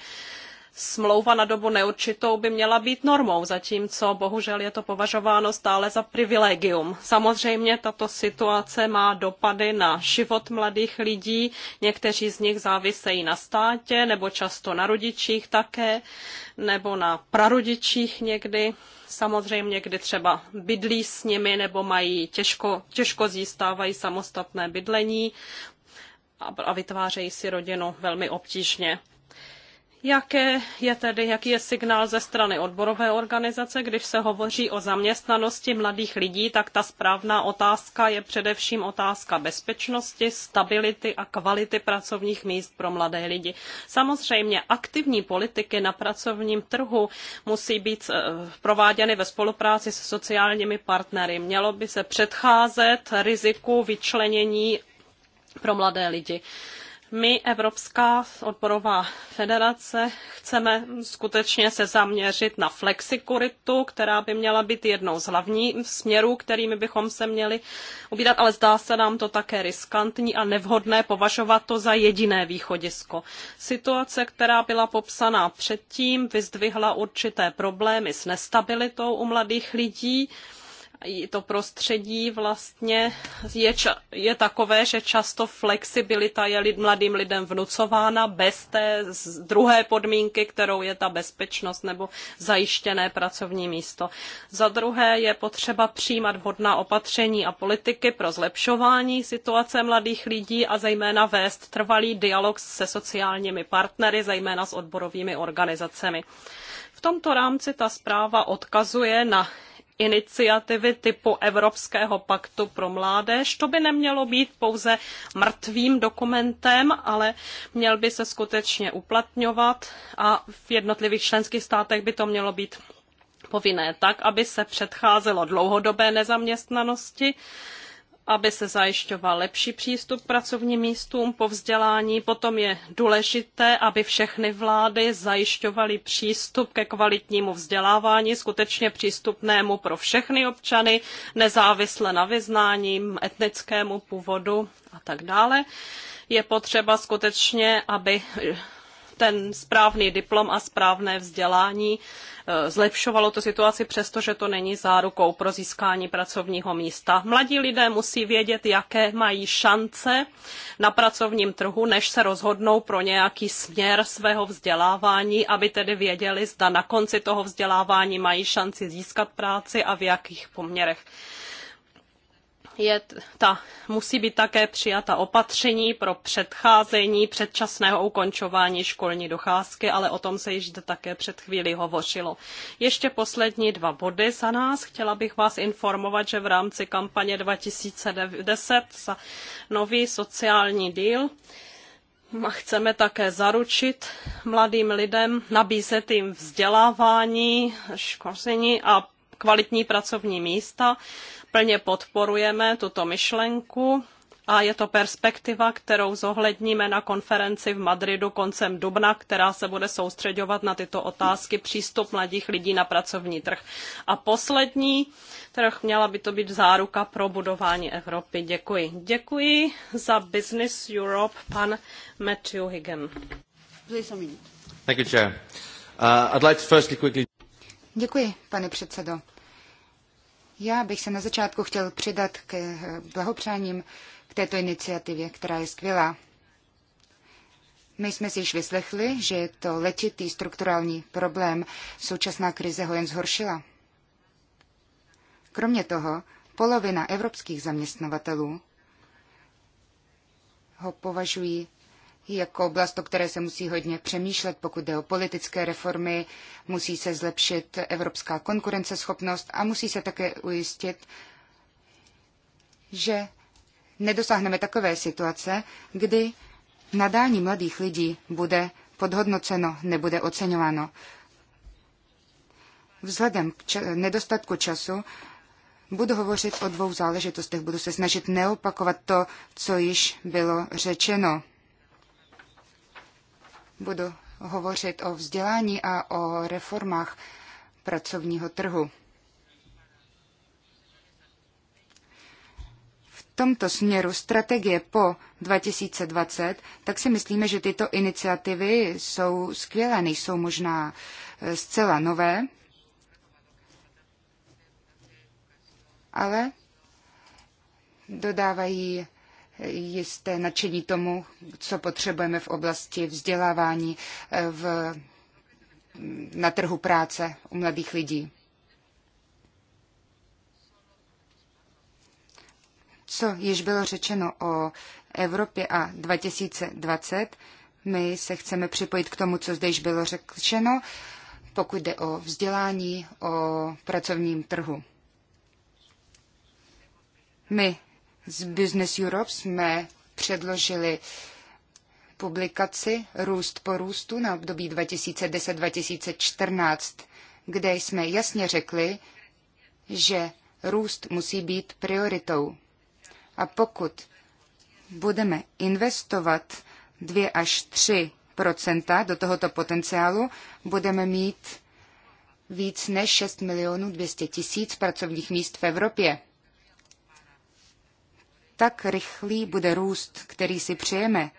smlouva na dobu neurčitou by měla být normou, zatímco bohužel je to považováno stále za privilegium. Samozřejmě tato situace má dopady na život mladých lidí, někteří z nich závisejí na státě nebo často na rodičích také, nebo na prarodičích někdy. Samozřejmě, kdy třeba bydlí s nimi nebo mají těžko, těžko získávají samostatné bydlení a vytvářejí si rodinu velmi obtížně. Jaké je tedy, jaký je signál ze strany odborové organizace, když se hovoří o zaměstnanosti mladých lidí, tak ta správná otázka je především otázka bezpečnosti, stability a kvality pracovních míst pro mladé lidi. Samozřejmě aktivní politiky na pracovním trhu musí být eh, prováděny ve spolupráci se sociálními partnery. Mělo by se předcházet riziku vyčlenění pro mladé lidi. My, Evropská odborová federace, chceme skutečně se zaměřit na flexikuritu, která by měla být jednou z hlavních směrů, kterými bychom se měli ubírat, ale zdá se nám to také riskantní a nevhodné považovat to za jediné východisko. Situace, která byla popsaná předtím, vyzdvihla určité problémy s nestabilitou u mladých lidí, to prostředí vlastně je, je takové, že často flexibilita je lid, mladým lidem vnucována bez té druhé podmínky, kterou je ta bezpečnost nebo zajištěné pracovní místo. Za druhé je potřeba přijímat vhodná opatření a politiky pro zlepšování situace mladých lidí a zejména vést trvalý dialog se sociálními partnery, zejména s odborovými organizacemi. V tomto rámci ta zpráva odkazuje na iniciativy typu Evropského paktu pro mládež. To by nemělo být pouze mrtvým dokumentem, ale měl by se skutečně uplatňovat a v jednotlivých členských státech by to mělo být povinné tak, aby se předcházelo dlouhodobé nezaměstnanosti aby se zajišťoval lepší přístup k pracovním místům po vzdělání. Potom je důležité, aby všechny vlády zajišťovaly přístup ke kvalitnímu vzdělávání, skutečně přístupnému pro všechny občany, nezávisle na vyznání, etnickému původu a tak dále. Je potřeba skutečně, aby ten správný diplom a správné vzdělání e, zlepšovalo to situaci, přestože to není zárukou pro získání pracovního místa. Mladí lidé musí vědět, jaké mají šance na pracovním trhu, než se rozhodnou pro nějaký směr svého vzdělávání, aby tedy věděli, zda na konci toho vzdělávání mají šanci získat práci a v jakých poměrech je ta, musí být také přijata opatření pro předcházení předčasného ukončování školní docházky, ale o tom se již zde také před chvílí hovořilo. Ještě poslední dva body za nás. Chtěla bych vás informovat, že v rámci kampaně 2010 za nový sociální díl a chceme také zaručit mladým lidem, nabízet jim vzdělávání, školení a kvalitní pracovní místa. Plně podporujeme tuto myšlenku a je to perspektiva, kterou zohledníme na konferenci v Madridu koncem dubna, která se bude soustředovat na tyto otázky přístup mladých lidí na pracovní trh. A poslední trh měla by to být záruka pro budování Evropy. Děkuji. Děkuji za Business Europe, pan Matthew Higgin. Thank you, Chair. Uh, I'd like to firstly quickly... Děkuji, pane předsedo. Já bych se na začátku chtěl přidat k blahopřáním k této iniciativě, která je skvělá. My jsme si již vyslechli, že je to letitý strukturální problém. Současná krize ho jen zhoršila. Kromě toho, polovina evropských zaměstnavatelů ho považují jako oblast, o které se musí hodně přemýšlet, pokud jde o politické reformy, musí se zlepšit evropská konkurenceschopnost a musí se také ujistit, že nedosáhneme takové situace, kdy nadání mladých lidí bude podhodnoceno, nebude oceňováno. Vzhledem k ča- nedostatku času budu hovořit o dvou záležitostech. Budu se snažit neopakovat to, co již bylo řečeno budu hovořit o vzdělání a o reformách pracovního trhu. V tomto směru strategie po 2020, tak si myslíme, že tyto iniciativy jsou skvělé, nejsou možná eh, zcela nové, ale dodávají jisté nadšení tomu, co potřebujeme v oblasti vzdělávání eh, v, na trhu práce u mladých lidí. Co již bylo řečeno o Evropě a 2020, my se chceme připojit k tomu, co zde již bylo řečeno, pokud jde o vzdělání, o pracovním trhu. My z Business Europe jsme předložili publikaci Růst po růstu na období 2010-2014, kde jsme jasně řekli, že růst musí být prioritou. A pokud budeme investovat 2 až 3 do tohoto potenciálu, budeme mít víc než 6 milionů 200 tisíc pracovních míst v Evropě tak rychlý bude růst, který si přejeme.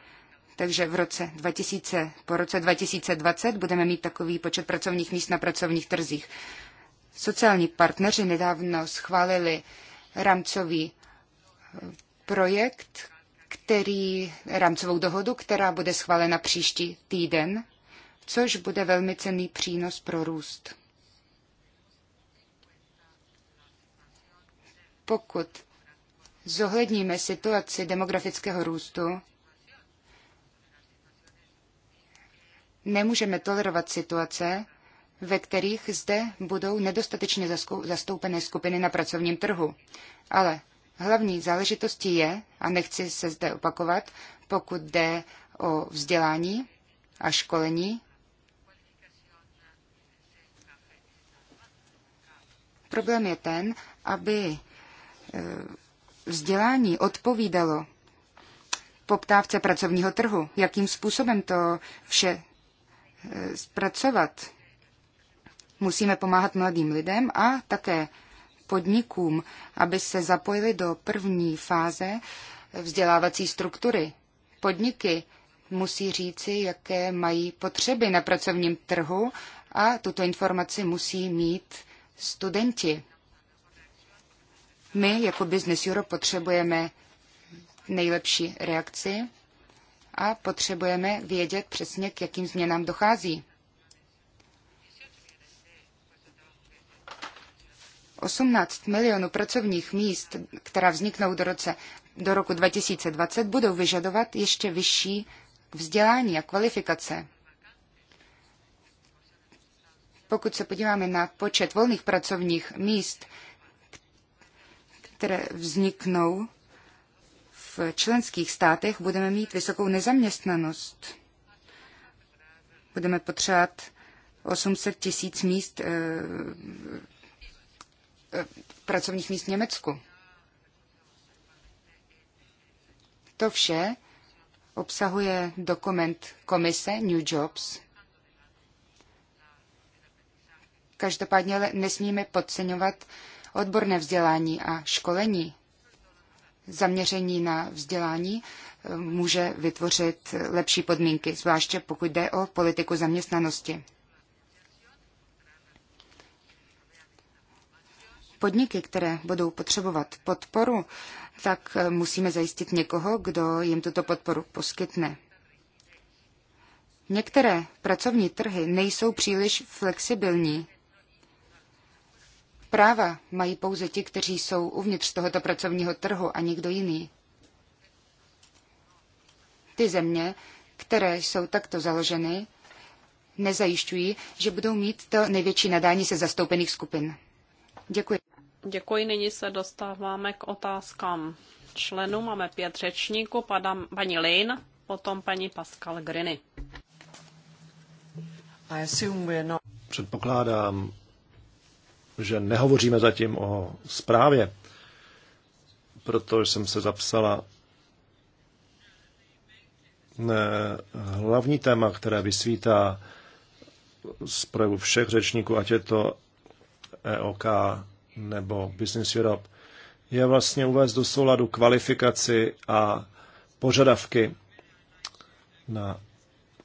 Takže v roce 2000, po roce 2020 budeme mít takový počet pracovních míst na pracovních trzích. Sociální partneři nedávno schválili rámcový eh, projekt, který, rámcovou dohodu, která bude schválena příští týden, což bude velmi cenný přínos pro růst. Pokud zohledníme situaci demografického růstu, nemůžeme tolerovat situace, ve kterých zde budou nedostatečně zastoupené skupiny na pracovním trhu. Ale hlavní záležitostí je, a nechci se zde opakovat, pokud jde o vzdělání a školení, problém je ten, aby eh, vzdělání odpovídalo poptávce pracovního trhu, jakým způsobem to vše e, zpracovat. Musíme pomáhat mladým lidem a také podnikům, aby se zapojili do první fáze vzdělávací struktury. Podniky musí říci, jaké mají potřeby na pracovním trhu a tuto informaci musí mít studenti. My jako Business Europe potřebujeme nejlepší reakci a potřebujeme vědět přesně, k jakým změnám dochází. 18 milionů pracovních míst, která vzniknou do, roce, do roku 2020, budou vyžadovat ještě vyšší vzdělání a kvalifikace. Pokud se podíváme na počet volných pracovních míst, které vzniknou v členských státech, budeme mít vysokou nezaměstnanost. Budeme potřebovat 800 tisíc míst, e, e, pracovních míst v Německu. To vše obsahuje dokument komise New Jobs. Každopádně ale nesmíme podceňovat odborné vzdělání a školení. Zaměření na vzdělání eh, může vytvořit lepší podmínky, zvláště pokud jde o politiku zaměstnanosti. Podniky, které budou potřebovat podporu, tak eh, musíme zajistit někoho, kdo jim tuto podporu poskytne. Některé pracovní trhy nejsou příliš flexibilní Práva mají pouze ti, kteří jsou uvnitř tohoto pracovního trhu a nikdo jiný. Ty země, které jsou takto založeny, nezajišťují, že budou mít to největší nadání se zastoupených skupin. Děkuji. Děkuji. Nyní se dostáváme k otázkám členů. Máme pět řečníků, padám, paní Lin, potom paní Pascal Griny. Předpokládám, že nehovoříme zatím o zprávě, protože jsem se zapsala eh, hlavní téma, které vysvítá z projevu všech řečníků, ať je to EOK nebo Business Europe, je vlastně uvést do souladu kvalifikaci a požadavky na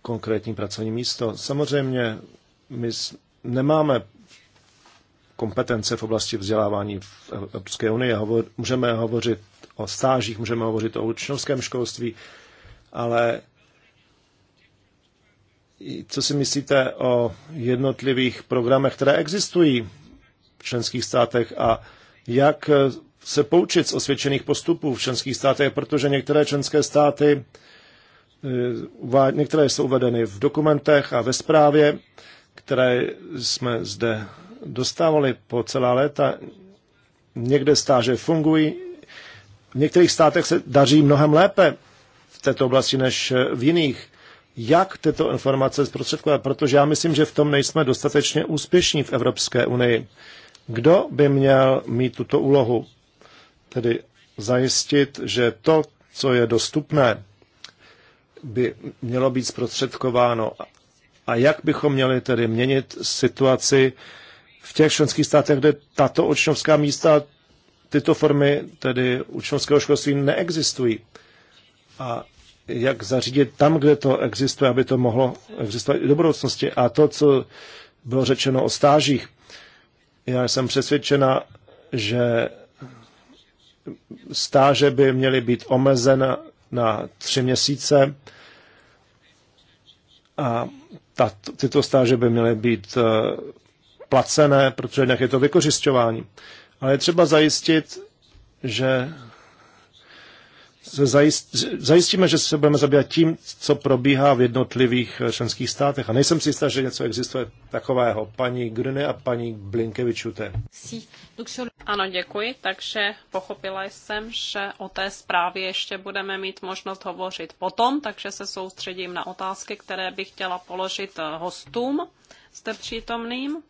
konkrétní pracovní místo. Samozřejmě my nemáme kompetence v oblasti vzdělávání v Evropské unii. můžeme hovořit o stážích, můžeme hovořit o učňovském školství, ale co si myslíte o jednotlivých programech, které existují v členských státech a jak se poučit z osvědčených postupů v členských státech, protože některé členské státy, eh, některé jsou uvedeny v dokumentech a ve zprávě, které jsme zde dostávali po celá léta. Někde stáže fungují, v některých státech se daří mnohem lépe v této oblasti než v jiných. Jak tyto informace zprostředkovat? Protože já myslím, že v tom nejsme dostatečně úspěšní v Evropské unii. Kdo by měl mít tuto úlohu? Tedy zajistit, že to, co je dostupné, by mělo být zprostředkováno. A jak bychom měli tedy měnit situaci v těch členských státech, kde tato učňovská místa, tyto formy tedy učňovského školství neexistují. A jak zařídit tam, kde to existuje, aby to mohlo existovat i do budoucnosti. A to, co bylo řečeno o stážích, já jsem přesvědčena, že stáže by měly být omezena na tři měsíce a tato, tyto stáže by měly být eh, placené, protože jinak je to vykořišťování. Ale je třeba zajistit, že se zajist, zajistíme, že se budeme zabývat tím, co probíhá v jednotlivých eh, členských státech. A nejsem si jistá, že něco existuje takového. Paní Gruny a paní Blinkevičute. Ano, děkuji. Takže pochopila jsem, že o té zprávě ještě budeme mít možnost hovořit potom, takže se soustředím na otázky, které bych chtěla položit eh, hostům zde přítomným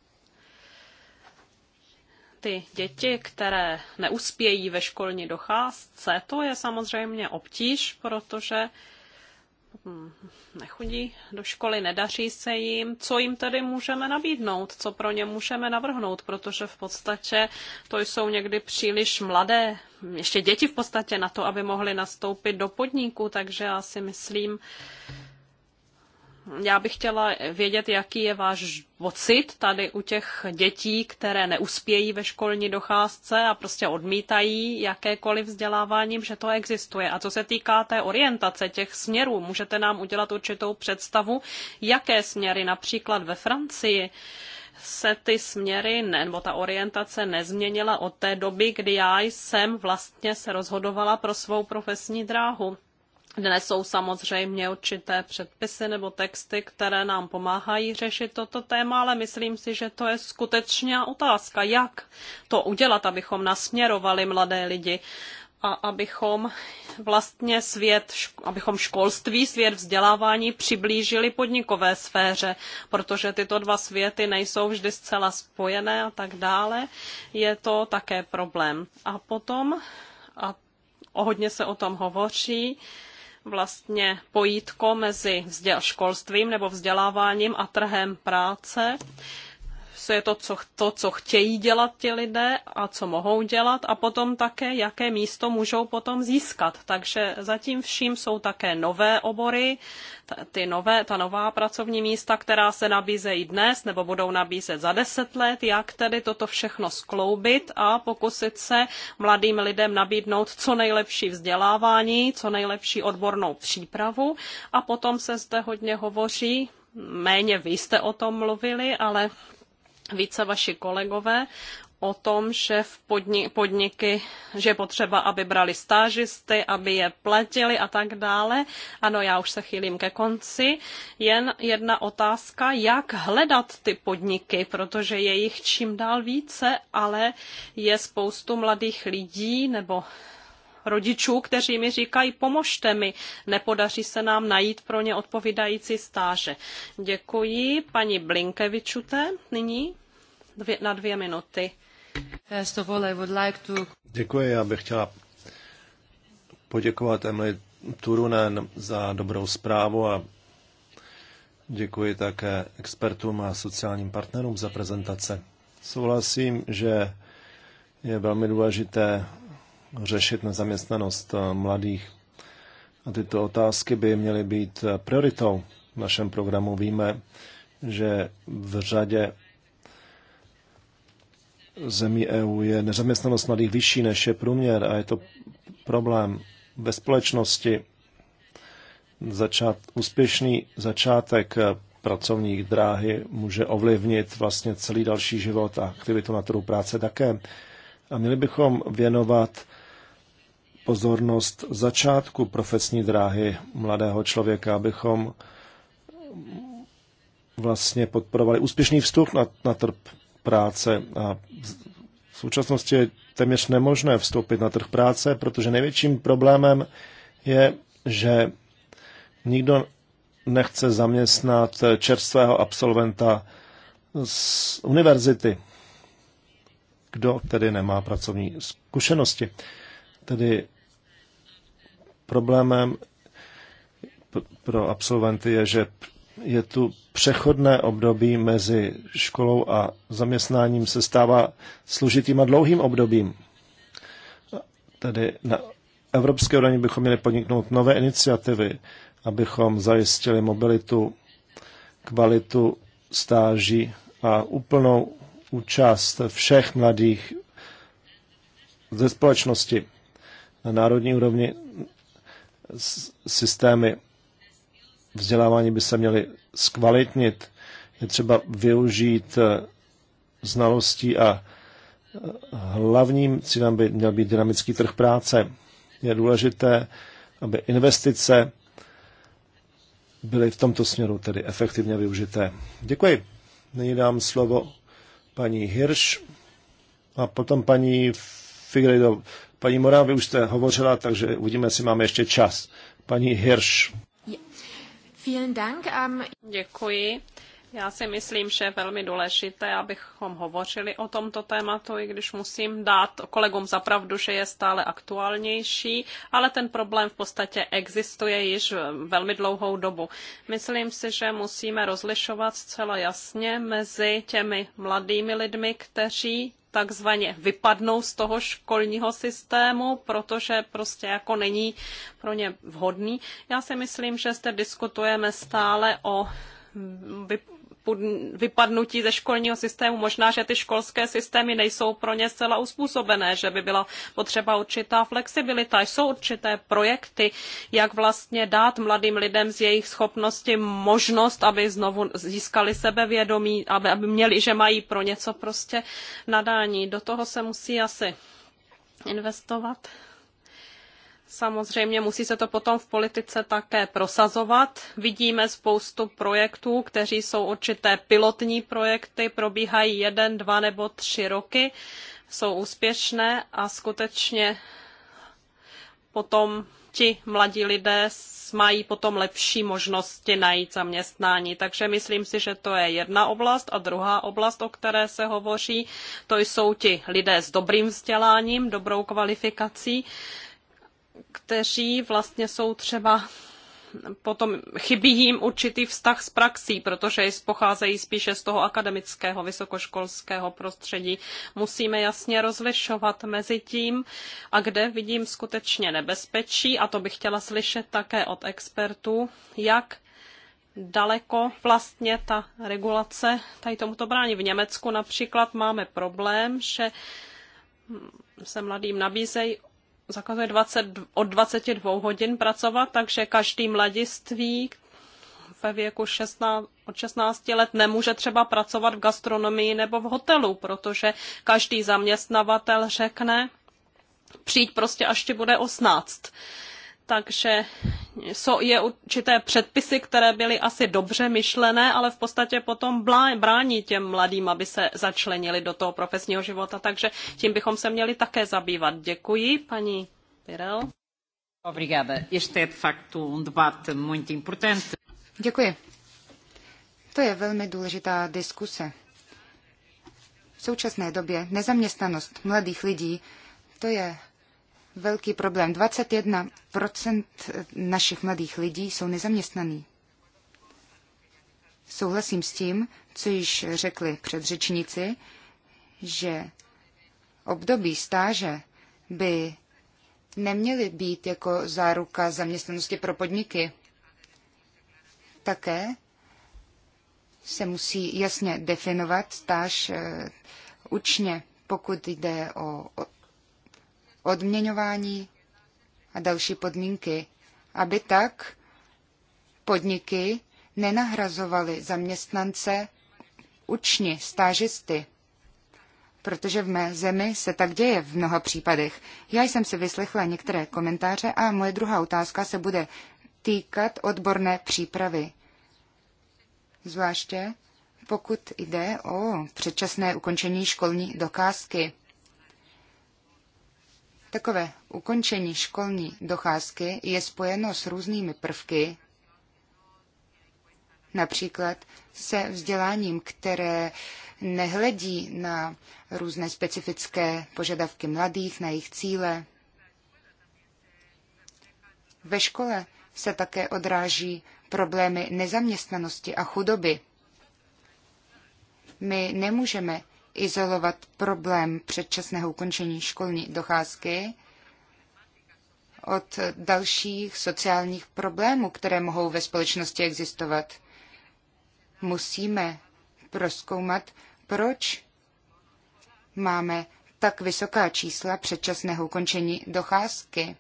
ty děti, které neuspějí ve školní docházce, to je samozřejmě obtíž, protože hm, nechodí do školy, nedaří se jim, co jim tedy můžeme nabídnout, co pro ně můžeme navrhnout, protože v podstatě to jsou někdy příliš mladé, ještě děti v podstatě na to, aby mohly nastoupit do podniku, takže já si myslím, já bych chtěla vědět, jaký je váš pocit tady u těch dětí, které neuspějí ve školní docházce a prostě odmítají jakékoliv vzdělávání, že to existuje. A co se týká té orientace těch směrů, můžete nám udělat určitou představu, jaké směry například ve Francii se ty směry nebo ta orientace nezměnila od té doby, kdy já jsem vlastně se rozhodovala pro svou profesní dráhu. Dnes jsou samozřejmě určité předpisy nebo texty, které nám pomáhají řešit toto téma, ale myslím si, že to je skutečná otázka, jak to udělat, abychom nasměrovali mladé lidi a abychom vlastně svět, abychom školství, svět vzdělávání přiblížili podnikové sféře, protože tyto dva světy nejsou vždy zcela spojené a tak dále, je to také problém. A potom, a hodně se o tom hovoří, vlastně pojítko mezi školstvím nebo vzděláváním a trhem práce co je to co, to, co chtějí dělat ti lidé a co mohou dělat a potom také, jaké místo můžou potom získat. Takže zatím vším jsou také nové obory, ty nové, ta nová pracovní místa, která se nabízejí dnes nebo budou nabízet za deset let, jak tedy toto všechno skloubit a pokusit se mladým lidem nabídnout co nejlepší vzdělávání, co nejlepší odbornou přípravu a potom se zde hodně hovoří, méně vy jste o tom mluvili, ale více vaši kolegové o tom, že v podniky, že je potřeba, aby brali stážisty, aby je platili a tak dále. Ano, já už se chýlím ke konci. Jen jedna otázka, jak hledat ty podniky, protože je jich čím dál více, ale je spoustu mladých lidí nebo rodičů, kteří mi říkají, pomožte mi, nepodaří se nám najít pro ně odpovídající stáže. Děkuji paní Blinkevičute nyní dvě, na dvě minuty. Děkuji, já bych chtěla poděkovat Emily Turunen za dobrou zprávu a děkuji také expertům a sociálním partnerům za prezentace. Souhlasím, že je velmi důležité řešit nezaměstnanost mladých. A tyto otázky by měly být prioritou v našem programu. Víme, že v řadě zemí EU je nezaměstnanost mladých vyšší než je průměr a je to problém ve společnosti. Začát, úspěšný začátek eh, pracovní dráhy může ovlivnit vlastně celý další život a aktivitu na trhu práce také. A měli bychom věnovat pozornost začátku profesní dráhy mladého člověka, abychom vlastně podporovali úspěšný vstup na, na trh práce a v současnosti je téměř nemožné vstoupit na trh práce, protože největším problémem je, že nikdo nechce zaměstnat čerstvého absolventa z univerzity, kdo tedy nemá pracovní zkušenosti. Tedy problémem pro absolventy je, že je tu přechodné období mezi školou a zaměstnáním se stává složitým a dlouhým obdobím. Tedy na evropské úrovni bychom měli podniknout nové iniciativy, abychom zajistili mobilitu, kvalitu stáží a úplnou účast všech mladých ze společnosti. Na národní úrovni systémy vzdělávání by se měly zkvalitnit. Je třeba využít eh, znalostí a eh, hlavním cílem by měl být dynamický trh práce. Je důležité, aby investice byly v tomto směru tedy efektivně využité. Děkuji. Nyní dám slovo paní Hirš a potom paní Figredo. Paní Morá, vy už jste hovořila, takže uvidíme, jestli máme ještě čas. Paní Hirš. Ähm, Děkuji. Já si myslím, že je velmi důležité, abychom hovořili o tomto tématu, i když musím dát kolegům zapravdu, že je stále aktuálnější, ale ten problém v podstatě existuje již velmi dlouhou dobu. Myslím si, že musíme rozlišovat zcela jasně mezi těmi mladými lidmi, kteří takzvaně vypadnou z toho školního systému, protože prostě jako není pro ně vhodný. Já si myslím, že zde diskutujeme stále o vypadnutí ze školního systému. Možná, že ty školské systémy nejsou pro ně zcela uspůsobené, že by byla potřeba určitá flexibilita. Jsou určité projekty, jak vlastně dát mladým lidem z jejich schopnosti možnost, aby znovu získali sebevědomí, aby, aby měli, že mají pro něco prostě nadání. Do toho se musí asi investovat. Samozřejmě musí se to potom v politice také prosazovat. Vidíme spoustu projektů, kteří jsou určité pilotní projekty, probíhají jeden, dva nebo tři roky, jsou úspěšné a skutečně potom ti mladí lidé mají potom lepší možnosti najít zaměstnání. Takže myslím si, že to je jedna oblast. A druhá oblast, o které se hovoří, to jsou ti lidé s dobrým vzděláním, dobrou kvalifikací kteří vlastně jsou třeba potom chybí jim určitý vztah s praxí, protože pocházejí spíše z toho akademického vysokoškolského prostředí. Musíme jasně rozlišovat mezi tím, a kde vidím skutečně nebezpečí, a to bych chtěla slyšet také od expertů, jak daleko vlastně ta regulace tady tomuto brání. V Německu například máme problém, že se mladým nabízejí zakazuje 20, od 22 hodin pracovat, takže každý mladiství ve věku 16, od 16 let nemůže třeba pracovat v gastronomii nebo v hotelu, protože každý zaměstnavatel řekne, přijít prostě až ti bude 18. Takže jsou, je určité předpisy, které byly asi dobře myšlené, ale v podstatě potom brání těm mladým, aby se začlenili do toho profesního života, takže tím bychom se měli také zabývat. Děkuji, paní Pirel. Obrigada. Este é de facto um muito importante. Děkuji. To je velmi důležitá diskuse. V současné době nezaměstnanost mladých lidí to je velký problém. 21% našich mladých lidí jsou nezaměstnaní. Souhlasím s tím, co již řekli předřečníci, že období stáže by neměly být jako záruka zaměstnanosti pro podniky. Také se musí jasně definovat stáž eh, učně, pokud jde o odměňování a další podmínky, aby tak podniky nenahrazovaly zaměstnance učni, stážisty, protože v mé zemi se tak děje v mnoha případech. Já jsem si vyslechla některé komentáře a moje druhá otázka se bude týkat odborné přípravy. Zvláště pokud jde o předčasné ukončení školní dokázky. Takové ukončení školní docházky je spojeno s různými prvky, například se vzděláním, které nehledí na různé specifické požadavky mladých, na jejich cíle. Ve škole se také odráží problémy nezaměstnanosti a chudoby. My nemůžeme izolovat problém předčasného ukončení školní docházky od dalších sociálních problémů, které mohou ve společnosti existovat. Musíme proskoumat, proč máme tak vysoká čísla předčasného ukončení docházky.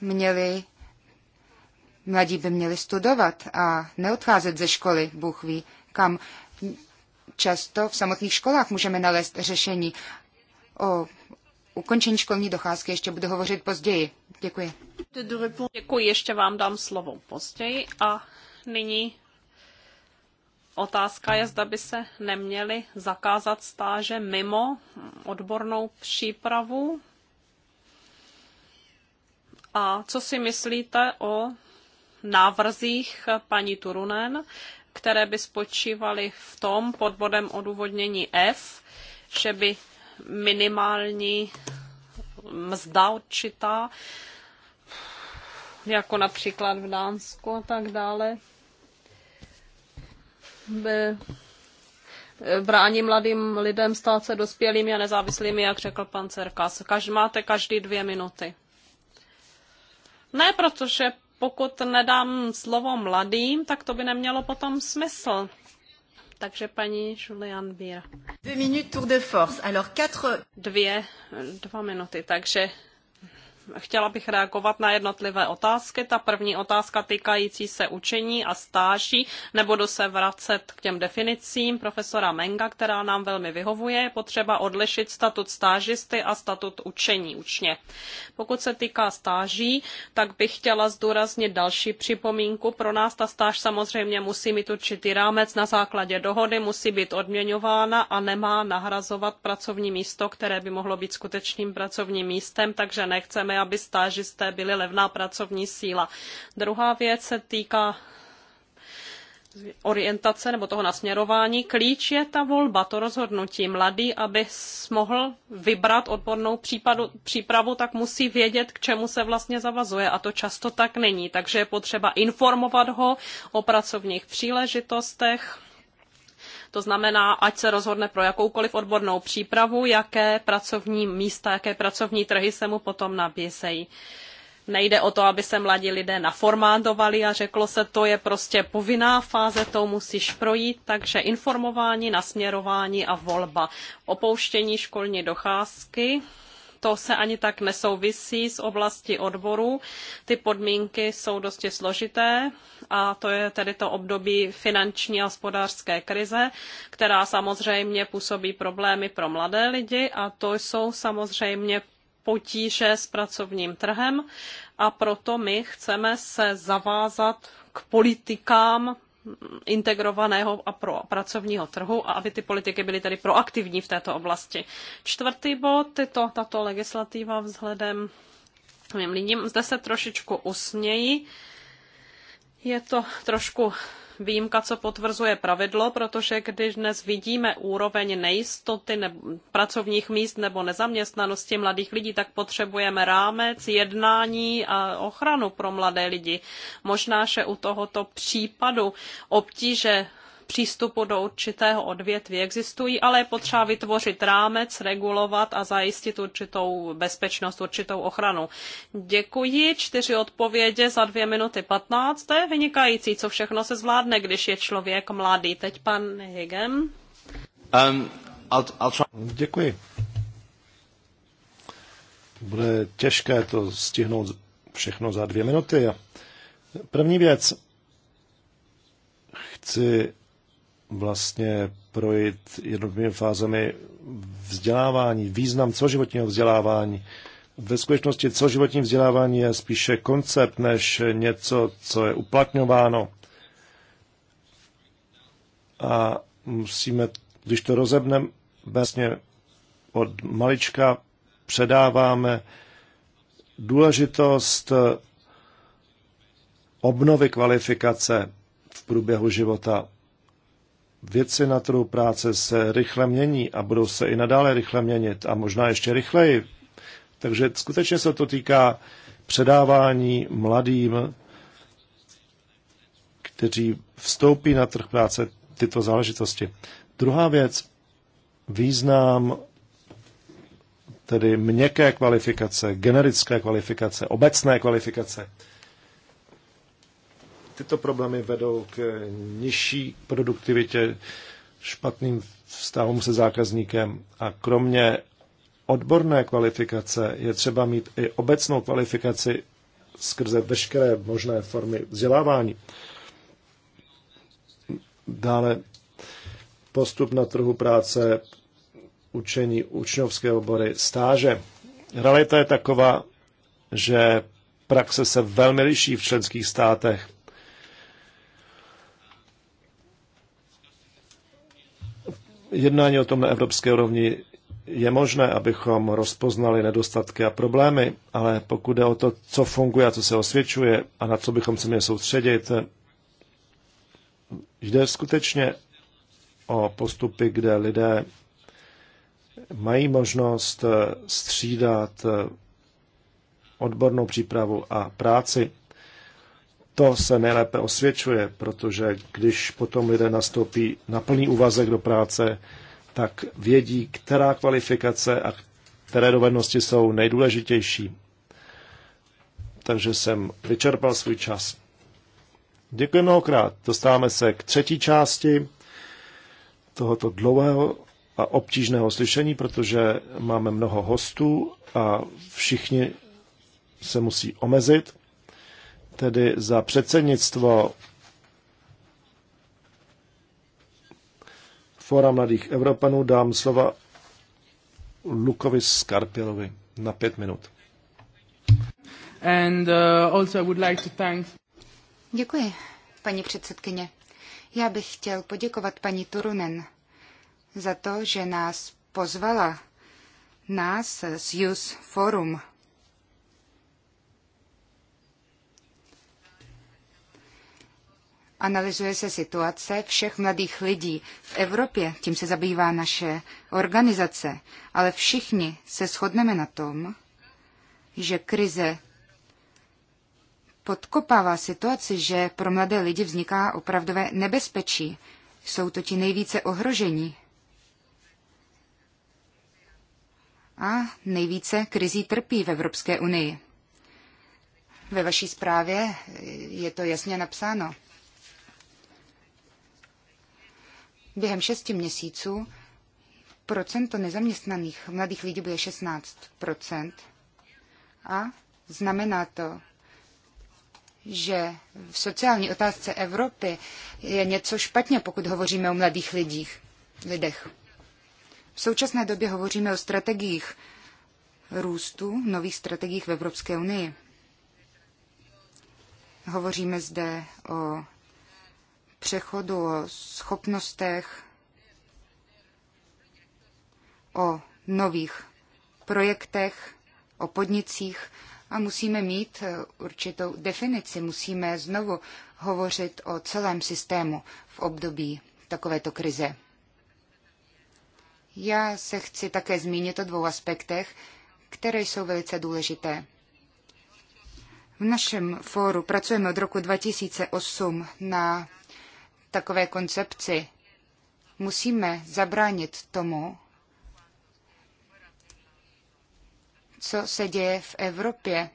Měli, mladí by měli studovat a neodcházet ze školy, Bůh ví, kam často v samotných školách můžeme nalézt řešení. O ukončení školní docházky ještě budu hovořit později. Děkuji. Děkuji, ještě vám dám slovo později a nyní Otázka je, zda by se neměly zakázat stáže mimo odbornou přípravu. A co si myslíte o návrzích paní Turunen, které by spočívaly v tom pod bodem odůvodnění F, že by minimální mzda určitá, jako například v Dánsku a tak dále, by eh, brání mladým lidem stát se dospělými a nezávislými, jak řekl pan Cerkas. Každý, máte každý dvě minuty. Ne, protože pokud nedám slovo mladým, tak to by nemělo potom smysl. Takže paní Julian Bier. Dvě minuty tour de force. Alors quatre... Dvě, dva minuty, takže Chtěla bych reagovat na jednotlivé otázky. Ta první otázka týkající se učení a stáží. Nebudu se vracet k těm definicím profesora Menga, která nám velmi vyhovuje. Je potřeba odlišit statut stážisty a statut učení učně. Pokud se týká stáží, tak bych chtěla zdůraznit další připomínku. Pro nás ta stáž samozřejmě musí mít určitý rámec na základě dohody, musí být odměňována a nemá nahrazovat pracovní místo, které by mohlo být skutečným pracovním místem, takže nechceme aby stážisté byli levná pracovní síla. Druhá věc se týká orientace nebo toho nasměrování. Klíč je ta volba, to rozhodnutí. Mladý, aby mohl vybrat odbornou případu, přípravu, tak musí vědět, k čemu se vlastně zavazuje. A to často tak není. Takže je potřeba informovat ho o pracovních příležitostech, to znamená, ať se rozhodne pro jakoukoliv odbornou přípravu, jaké pracovní místa, jaké pracovní trhy se mu potom nabízejí. Nejde o to, aby se mladí lidé naformádovali a řeklo se, to je prostě povinná fáze, to musíš projít, takže informování, nasměrování a volba. Opouštění školní docházky, to se ani tak nesouvisí s oblasti odboru. Ty podmínky jsou dosti složité a to je tedy to období finanční a hospodářské krize, která samozřejmě působí problémy pro mladé lidi a to jsou samozřejmě potíže s pracovním trhem a proto my chceme se zavázat k politikám integrovaného a pro pracovního trhu a aby ty politiky byly tedy proaktivní v této oblasti. Čtvrtý bod, tyto, tato legislativa vzhledem mým lidem, zde se trošičku usmějí. Je to trošku výjimka, co potvrzuje pravidlo, protože když dnes vidíme úroveň nejistoty ne- pracovních míst nebo nezaměstnanosti mladých lidí, tak potřebujeme rámec, jednání a ochranu pro mladé lidi. Možná, že u tohoto případu obtíže přístupu do určitého odvětví existují, ale je potřeba vytvořit rámec, regulovat a zajistit určitou bezpečnost, určitou ochranu. Děkuji. Čtyři odpovědi za dvě minuty patnáct. To je vynikající, co všechno se zvládne, když je člověk mladý. Teď pan Higem. Um, I'll, I'll try... Děkuji. Bude těžké to stihnout všechno za dvě minuty. První věc. Chci vlastně projít jednotlivými fázemi vzdělávání, význam celoživotního vzdělávání. Ve skutečnosti celoživotní vzdělávání je spíše koncept než něco, co je uplatňováno. A musíme, když to rozebneme, vlastně od malička předáváme důležitost obnovy kvalifikace v průběhu života Věci na trhu práce se rychle mění a budou se i nadále rychle měnit a možná ještě rychleji. Takže skutečně se to týká předávání mladým, kteří vstoupí na trh práce, tyto záležitosti. Druhá věc, význam tedy měkké kvalifikace, generické kvalifikace, obecné kvalifikace tyto problémy vedou k nižší produktivitě, špatným vztahům se zákazníkem a kromě odborné kvalifikace je třeba mít i obecnou kvalifikaci skrze veškeré možné formy vzdělávání. Dále postup na trhu práce, učení, učňovské obory, stáže. Realita je taková, že praxe se velmi liší v členských státech jednání o tom na evropské úrovni je možné, abychom rozpoznali nedostatky a problémy, ale pokud jde o to, co funguje a co se osvědčuje a na co bychom se měli soustředit, jde skutečně o postupy, kde lidé mají možnost střídat odbornou přípravu a práci to se nejlépe osvědčuje, protože když potom lidé nastoupí na plný úvazek do práce, tak vědí, která kvalifikace a které dovednosti jsou nejdůležitější. Takže jsem vyčerpal svůj čas. Děkuji mnohokrát. Dostáváme se k třetí části tohoto dlouhého a obtížného slyšení, protože máme mnoho hostů a všichni se musí omezit tedy za předsednictvo Fóra mladých Evropanů dám slova Lukovi Skarpělovi na pět minut. And, uh, also would like to thank... Děkuji, paní předsedkyně. Já bych chtěl poděkovat paní Turunen za to, že nás pozvala, nás z Youth Forum Analyzuje se situace všech mladých lidí v Evropě, tím se zabývá naše organizace, ale všichni se shodneme na tom, že krize podkopává situaci, že pro mladé lidi vzniká opravdové nebezpečí. Jsou to ti nejvíce ohrožení. A nejvíce krizí trpí v Evropské unii. Ve vaší zprávě je to jasně napsáno. Během šesti měsíců procento nezaměstnaných mladých lidí bude 16 a znamená to, že v sociální otázce Evropy je něco špatně, pokud hovoříme o mladých lidích, lidech. V současné době hovoříme o strategiích růstu, nových strategiích v Evropské unii. Hovoříme zde o přechodu, o schopnostech, o nových projektech, o podnicích a musíme mít určitou definici. Musíme znovu hovořit o celém systému v období takovéto krize. Já se chci také zmínit o dvou aspektech, které jsou velice důležité. V našem fóru pracujeme od roku 2008 na takové koncepci. Musíme zabránit tomu, co se děje v Evropě,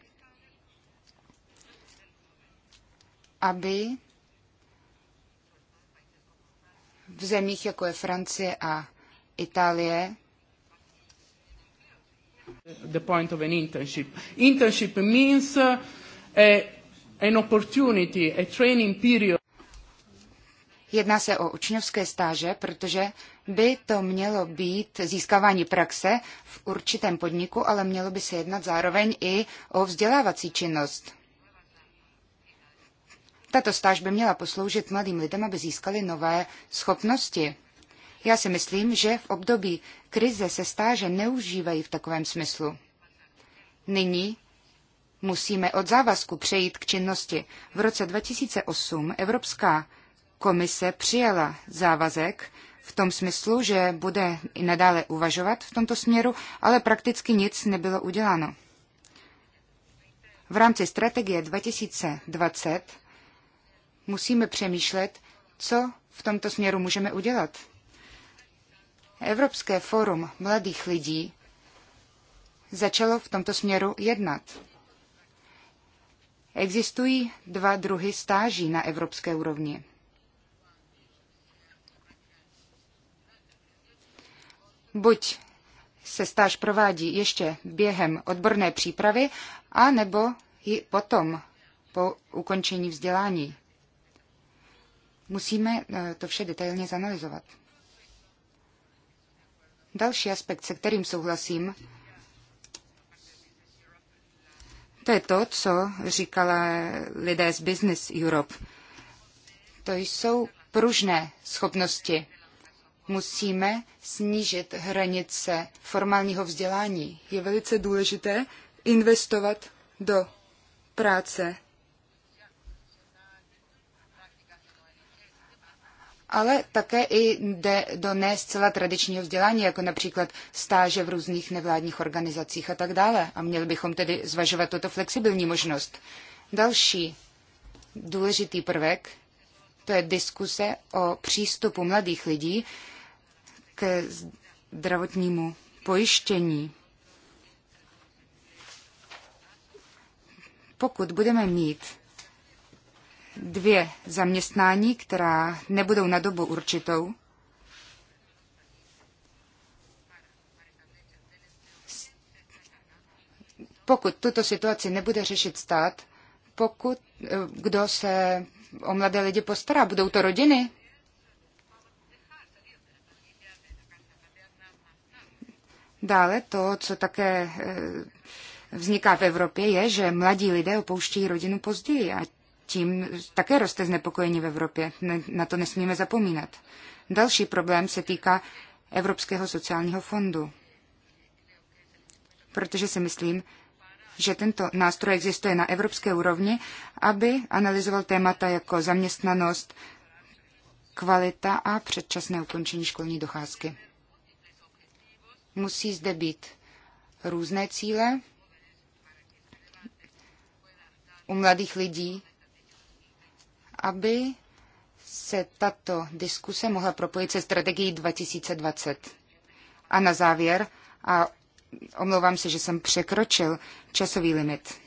aby v zemích, jako je Francie a Itálie, The point of an internship. Internship means uh, a, an opportunity, a training period. Jedná se o učňovské stáže, protože by to mělo být získávání praxe v určitém podniku, ale mělo by se jednat zároveň i o vzdělávací činnost. Tato stáž by měla posloužit mladým lidem, aby získali nové schopnosti. Já si myslím, že v období krize se stáže neužívají v takovém smyslu. Nyní musíme od závazku přejít k činnosti. V roce 2008 Evropská komise přijala závazek v tom smyslu, že bude i nadále uvažovat v tomto směru, ale prakticky nic nebylo uděláno. V rámci strategie 2020 musíme přemýšlet, co v tomto směru můžeme udělat. Evropské fórum mladých lidí začalo v tomto směru jednat. Existují dva druhy stáží na evropské úrovni. Buď se stáž provádí ještě během odborné přípravy, a nebo i potom, po ukončení vzdělání. Musíme eh, to vše detailně zanalizovat. Další aspekt, se kterým souhlasím, to je to, co říkala lidé z Business Europe. To jsou pružné schopnosti musíme snížit hranice formálního vzdělání. Je velice důležité investovat do práce. Ale také i jde do ne zcela tradičního vzdělání, jako například stáže v různých nevládních organizacích a tak dále. A měli bychom tedy zvažovat toto flexibilní možnost. Další důležitý prvek diskuse o přístupu mladých lidí k zdravotnímu pojištění. Pokud budeme mít dvě zaměstnání, která nebudou na dobu určitou, pokud tuto situaci nebude řešit stát, pokud eh, kdo se o mladé lidi postará? Budou to rodiny? Dále to, co také e, vzniká v Evropě, je, že mladí lidé opouštějí rodinu později a tím také roste znepokojení v Evropě. Na to nesmíme zapomínat. Další problém se týká Evropského sociálního fondu, protože si myslím, že tento nástroj existuje na evropské úrovni, aby analyzoval témata jako zaměstnanost, kvalita a předčasné ukončení školní docházky. Musí zde být různé cíle u mladých lidí, aby se tato diskuse mohla propojit se strategií 2020. A na závěr, a Omlouvám se, že jsem překročil časový limit.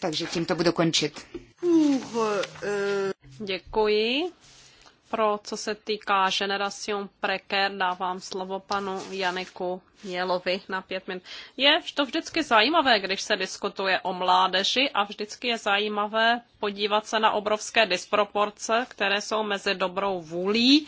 Takže tím to budu končit. Děkuji. Pro co se týká Generation Preker, dávám slovo panu Janeku Jelovi na pět minut. Je to vždycky zajímavé, když se diskutuje o mládeži a vždycky je zajímavé podívat se na obrovské disproporce, které jsou mezi dobrou vůlí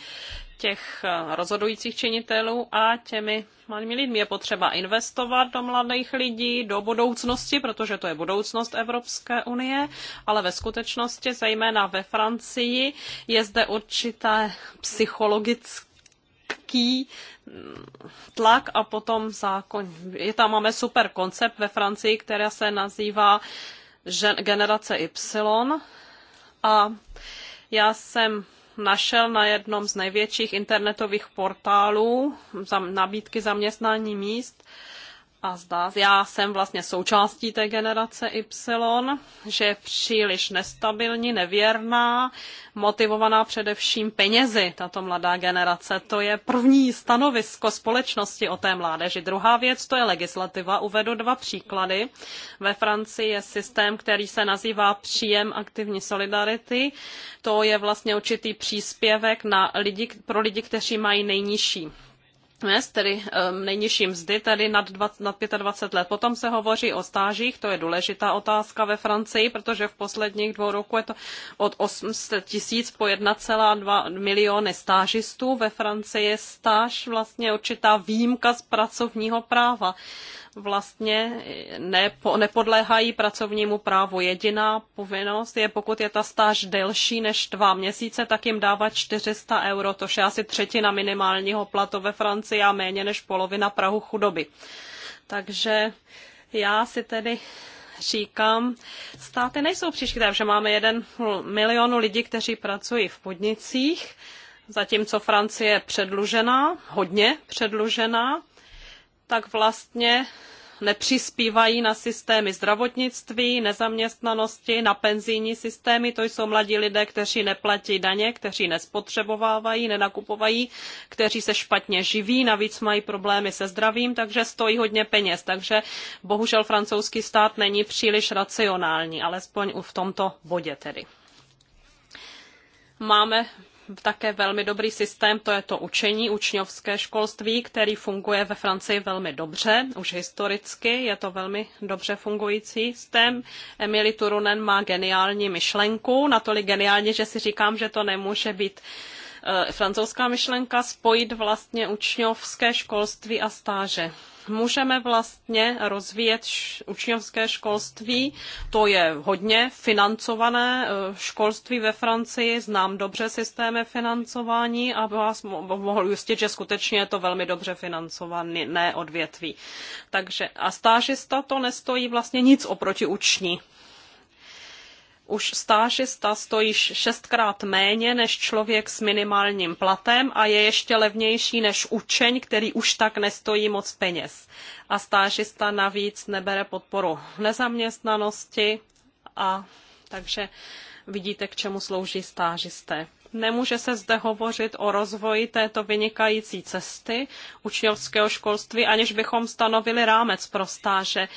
těch eh, rozhodujících činitelů a těmi malými lidmi. Je potřeba investovat do mladých lidí, do budoucnosti, protože to je budoucnost Evropské unie, ale ve skutečnosti, zejména ve Francii, je zde určité psychologické mm, tlak a potom zákon. Je tam máme super koncept ve Francii, která se nazývá generace Y a já jsem našel na jednom z největších internetových portálů za nabídky zaměstnání míst, a zdá, já jsem vlastně součástí té generace Y, že je příliš nestabilní, nevěrná, motivovaná především penězi, tato mladá generace. To je první stanovisko společnosti o té mládeži. Druhá věc, to je legislativa. Uvedu dva příklady. Ve Francii je systém, který se nazývá příjem aktivní solidarity. To je vlastně určitý příspěvek na lidi, pro lidi, kteří mají nejnižší mest, tedy um, nejnižší mzdy, tedy nad, 20, nad 25 let. Potom se hovoří o stážích, to je důležitá otázka ve Francii, protože v posledních dvou roku je to od 800 tisíc po 1,2 miliony stážistů. Ve Francii je stáž vlastně určitá výjimka z pracovního práva vlastně nepo, nepodléhají pracovnímu právu. Jediná povinnost je, pokud je ta stáž delší než dva měsíce, tak jim dávat 400 euro, to je asi třetina minimálního platu ve Francii a méně než polovina Prahu chudoby. Takže já si tedy říkám, státy nejsou příští, takže máme jeden milionu lidí, kteří pracují v podnicích, zatímco Francie je předlužená, hodně předlužená, tak vlastně nepřispívají na systémy zdravotnictví, nezaměstnanosti, na penzijní systémy. To jsou mladí lidé, kteří neplatí daně, kteří nespotřebovávají, nenakupovají, kteří se špatně živí, navíc mají problémy se zdravím, takže stojí hodně peněz. Takže bohužel francouzský stát není příliš racionální, alespoň v tomto bodě tedy. Máme také velmi dobrý systém, to je to učení, učňovské školství, který funguje ve Francii velmi dobře, už historicky je to velmi dobře fungující systém. Emily Turunen má geniální myšlenku, natolik geniálně, že si říkám, že to nemůže být eh, francouzská myšlenka spojit vlastně učňovské školství a stáže můžeme vlastně rozvíjet učňovské školství. To je hodně financované eh, školství ve Francii, znám dobře systémy financování a vás mohl ujistit, že skutečně je to velmi dobře financované odvětví. Takže a stážista to nestojí vlastně nic oproti uční už stážista stojí šestkrát méně než člověk s minimálním platem a je ještě levnější než učeň, který už tak nestojí moc peněz. A stážista navíc nebere podporu nezaměstnanosti a takže vidíte, k čemu slouží stážisté. Nemůže se zde hovořit o rozvoji této vynikající cesty učňovského školství, aniž bychom stanovili rámec pro stáže.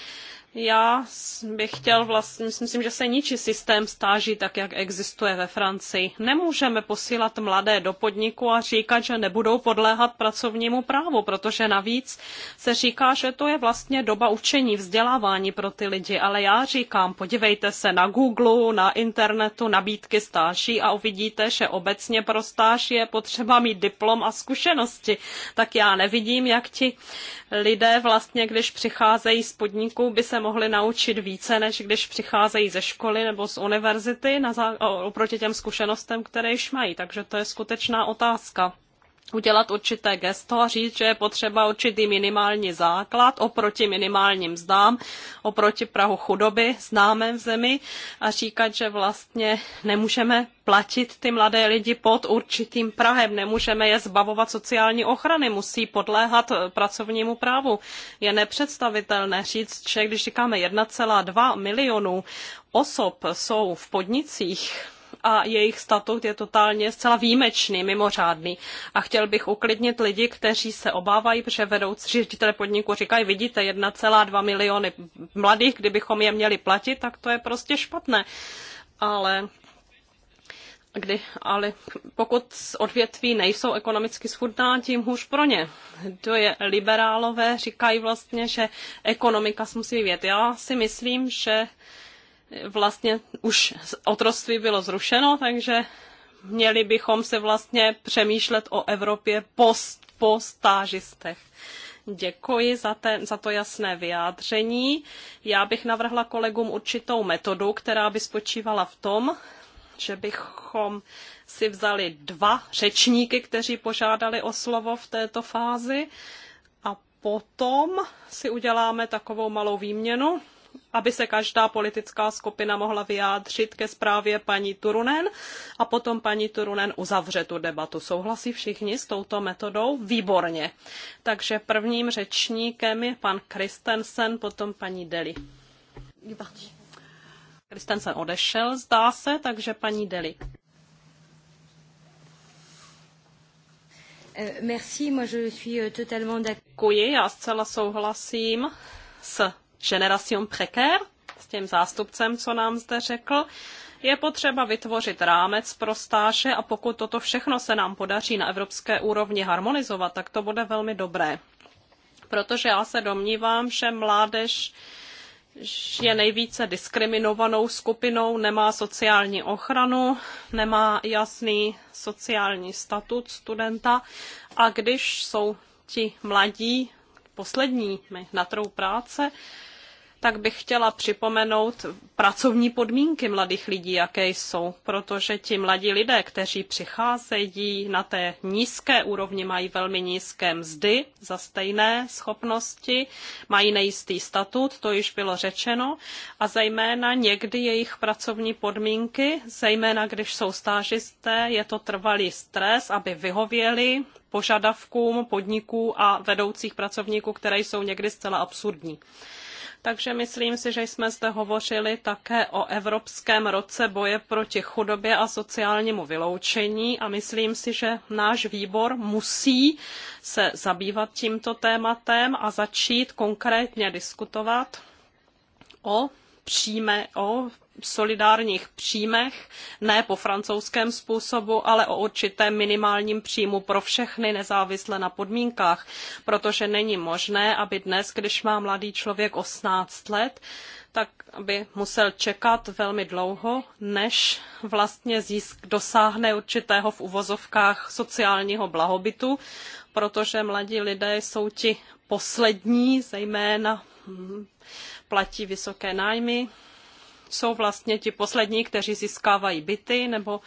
Já bych chtěl vlastně, myslím, že se ničí systém stáží tak, jak existuje ve Francii. Nemůžeme posílat mladé do podniku a říkat, že nebudou podléhat pracovnímu právu, protože navíc se říká, že to je vlastně doba učení, vzdělávání pro ty lidi. Ale já říkám, podívejte se na Google, na internetu, nabídky stáží a uvidíte, že obecně pro stáž je potřeba mít diplom a zkušenosti. Tak já nevidím, jak ti lidé vlastně, když přicházejí z podniku, by se mohli naučit více, než když přicházejí ze školy nebo z univerzity na zá- oproti těm zkušenostem, které již mají. Takže to je skutečná otázka udělat určité gesto a říct, že je potřeba určitý minimální základ oproti minimálním zdám oproti Prahu chudoby známém v zemi a říkat, že vlastně nemůžeme platit ty mladé lidi pod určitým Prahem, nemůžeme je zbavovat sociální ochrany, musí podléhat pracovnímu právu. Je nepředstavitelné říct, že když říkáme 1,2 milionů osob jsou v podnicích, a jejich statut je totálně zcela výjimečný, mimořádný. A chtěl bych uklidnit lidi, kteří se obávají, protože vedoucí ředitele podniku říkají, vidíte, 1,2 miliony mladých, kdybychom je měli platit, tak to je prostě špatné. Ale kdy, ale pokud odvětví nejsou ekonomicky schudná, tím hůř pro ně. To je liberálové, říkají vlastně, že ekonomika musí vědět. Já si myslím, že vlastně už otroství bylo zrušeno, takže měli bychom se vlastně přemýšlet o Evropě post, po stážistech. Děkuji za, te, za to jasné vyjádření. Já bych navrhla kolegům určitou metodu, která by spočívala v tom, že bychom si vzali dva řečníky, kteří požádali o slovo v této fázi a potom si uděláme takovou malou výměnu aby se každá politická skupina mohla vyjádřit ke zprávě paní Turunen a potom paní Turunen uzavře tu debatu. Souhlasí všichni s touto metodou? Výborně. Takže prvním řečníkem je pan Kristensen, potom paní Deli. Kristensen odešel, zdá se, takže paní Deli. Eh, merci, moi je suis eh, totalement Děkuji, já zcela souhlasím s Generation Precaire, s tím zástupcem, co nám zde řekl, je potřeba vytvořit rámec pro stáže a pokud toto všechno se nám podaří na evropské úrovni harmonizovat, tak to bude velmi dobré. Protože já se domnívám, že mládež je nejvíce diskriminovanou skupinou, nemá sociální ochranu, nemá jasný sociální statut studenta a když jsou ti mladí posledními na trhu práce, tak bych chtěla připomenout pracovní podmínky mladých lidí, jaké jsou, protože ti mladí lidé, kteří přicházejí na té nízké úrovni, mají velmi nízké mzdy za stejné schopnosti, mají nejistý statut, to již bylo řečeno, a zejména někdy jejich pracovní podmínky, zejména když jsou stážisté, je to trvalý stres, aby vyhověli požadavkům podniků a vedoucích pracovníků, které jsou někdy zcela absurdní. Takže myslím si, že jsme zde hovořili také o Evropském roce boje proti chudobě a sociálnímu vyloučení a myslím si, že náš výbor musí se zabývat tímto tématem a začít konkrétně diskutovat o příjme, o solidárních příjmech, ne po francouzském způsobu, ale o určitém minimálním příjmu pro všechny nezávisle na podmínkách, protože není možné, aby dnes, když má mladý člověk 18 let, tak by musel čekat velmi dlouho, než vlastně získ dosáhne určitého v uvozovkách sociálního blahobytu, protože mladí lidé jsou ti poslední, zejména hm, platí vysoké nájmy, jsou vlastně ti poslední, kteří získávají byty nebo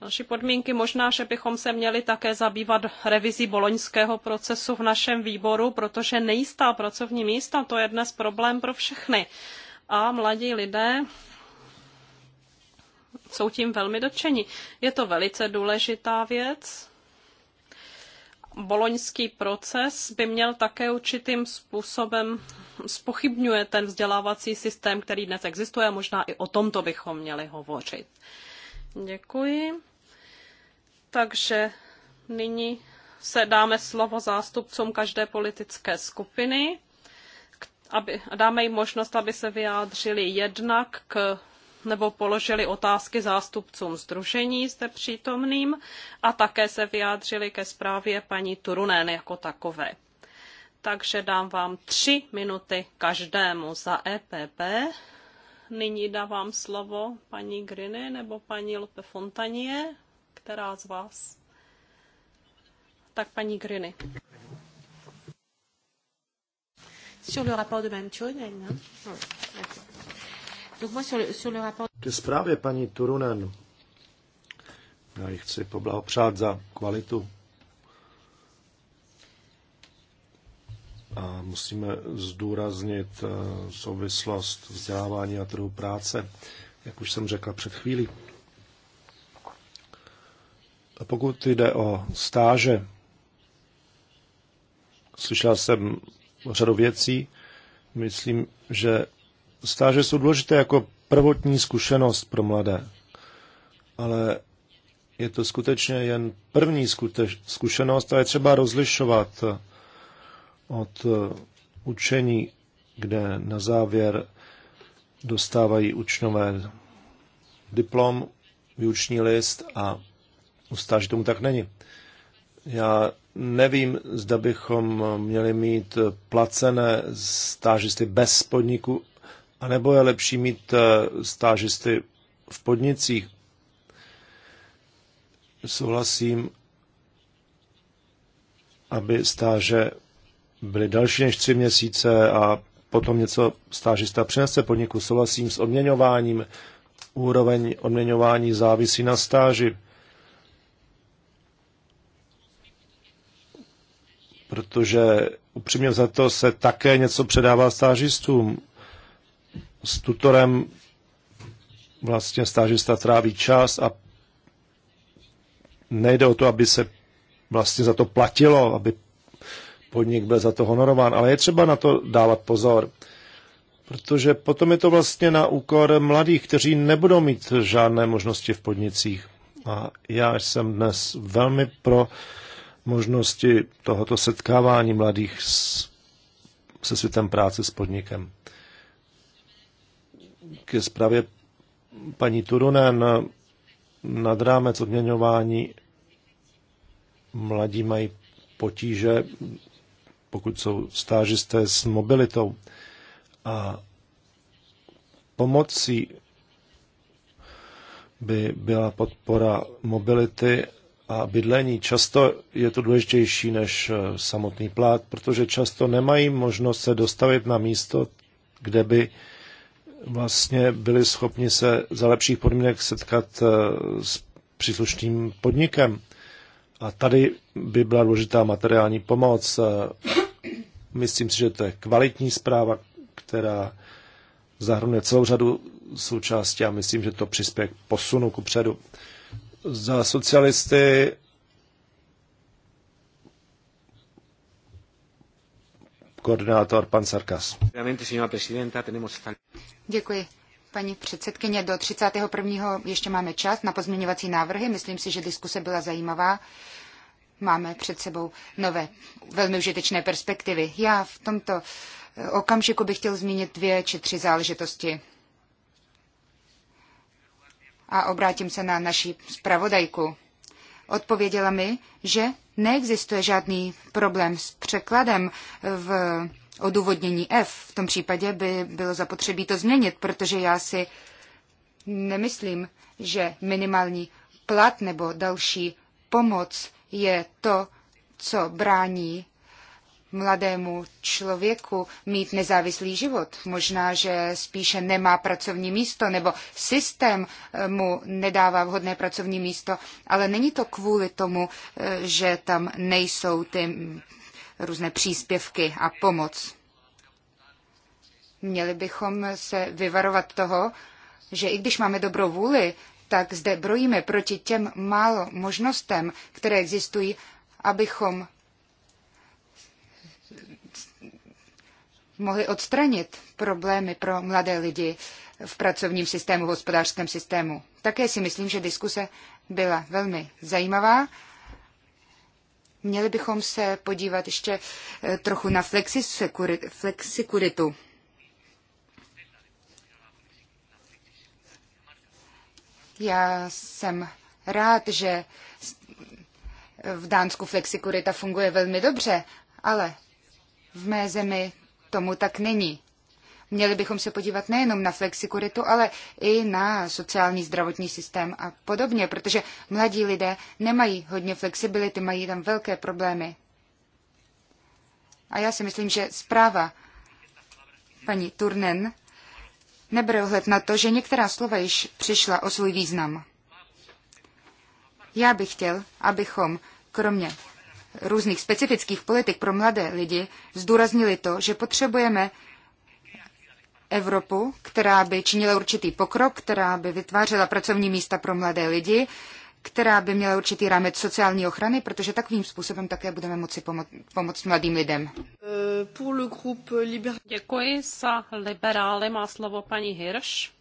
další podmínky. Možná, že bychom se měli také zabývat revizí boloňského procesu v našem výboru, protože nejistá pracovní místa, to je dnes problém pro všechny. A mladí lidé jsou tím velmi dotčeni. Je to velice důležitá věc, boloňský proces by měl také určitým způsobem spochybňuje ten vzdělávací systém, který dnes existuje a možná i o tomto bychom měli hovořit. Děkuji. Takže nyní se dáme slovo zástupcům každé politické skupiny aby, dáme jim možnost, aby se vyjádřili jednak k nebo položili otázky zástupcům združení zde přítomným a také se vyjádřili ke zprávě paní Turunen jako takové. Takže dám vám tři minuty každému za EPP. Nyní dávám slovo paní Griny nebo paní Lupe Fontanie, která z vás? Tak paní Griny. Sur le rapport de Manchon, elle, non? Oh, ke zprávě paní Turunen. Já ji chci poblahopřát za kvalitu. A musíme zdůraznit eh, souvislost vzdělávání a trhu práce, jak už jsem řekla před chvílí. A pokud jde o stáže, slyšel jsem řadu věcí. Myslím, že stáže jsou důležité jako prvotní zkušenost pro mladé, ale je to skutečně jen první zkušenost a je třeba rozlišovat od eh, učení, kde na závěr dostávají učňové diplom, výuční list a u stáže tomu tak není. Já nevím, zda bychom měli mít placené stážisty bez podniku a nebo je lepší mít eh, stážisty v podnicích? Souhlasím, aby stáže byly další než tři měsíce a potom něco stážista přinese podniku. Souhlasím s odměňováním. Úroveň odměňování závisí na stáži. Protože upřímně za to se také něco předává stážistům s tutorem vlastně stážista tráví čas a nejde o to, aby se vlastně za to platilo, aby podnik byl za to honorován, ale je třeba na to dávat pozor. Protože potom je to vlastně na úkor mladých, kteří nebudou mít žádné možnosti v podnicích. A já jsem dnes velmi pro možnosti tohoto setkávání mladých s, se světem práce s podnikem ke zprávě paní Turunen nad rámec odměňování mladí mají potíže, pokud jsou stážisté s mobilitou. A pomocí by byla podpora mobility a bydlení. Často je to důležitější než eh, samotný plát, protože často nemají možnost se dostavit na místo, kde by vlastně byli schopni se za lepších podmínek setkat eh, s příslušným podnikem. A tady by byla důležitá materiální pomoc. Eh, myslím si, že to je kvalitní zpráva, která zahrnuje celou řadu součástí a myslím, že to přispěje k posunu ku předu. Za socialisty koordinátor pan Sarkas. Děkuji. Paní předsedkyně, do 31. ještě máme čas na pozměňovací návrhy. Myslím si, že diskuse byla zajímavá. Máme před sebou nové, velmi užitečné perspektivy. Já v tomto eh, okamžiku bych chtěl zmínit dvě či tři záležitosti. A obrátím se na naši zpravodajku. Odpověděla mi, že neexistuje žádný problém s překladem v odůvodnění F. V tom případě by bylo zapotřebí to změnit, protože já si nemyslím, že minimální plat nebo další pomoc je to, co brání mladému člověku mít nezávislý život. Možná, že spíše nemá pracovní místo, nebo systém eh, mu nedává vhodné pracovní místo, ale není to kvůli tomu, eh, že tam nejsou ty různé příspěvky a pomoc. Měli bychom se vyvarovat toho, že i když máme dobrou vůli, tak zde brojíme proti těm málo možnostem, které existují, abychom mohli odstranit problémy pro mladé lidi v pracovním systému, v hospodářském systému. Také si myslím, že diskuse byla velmi zajímavá. Měli bychom se podívat ještě eh, trochu na flexikuritu. Já jsem rád, že v Dánsku flexikurita funguje velmi dobře, ale v mé zemi tomu tak není. Měli bychom se podívat nejenom na flexikuritu, ale i na sociální zdravotní systém a podobně, protože mladí lidé nemají hodně flexibility, mají tam velké problémy. A já si myslím, že zpráva paní Turnen nebere ohled na to, že některá slova již přišla o svůj význam. Já bych chtěl, abychom kromě různých specifických politik pro mladé lidi zdůraznili to, že potřebujeme Evropu, která by činila určitý pokrok, která by vytvářela pracovní místa pro mladé lidi, která by měla určitý rámec sociální ochrany, protože takovým způsobem také budeme moci pomo- pomoct mladým lidem. Eh, Děkuji za liberály. Má slovo paní Hirsch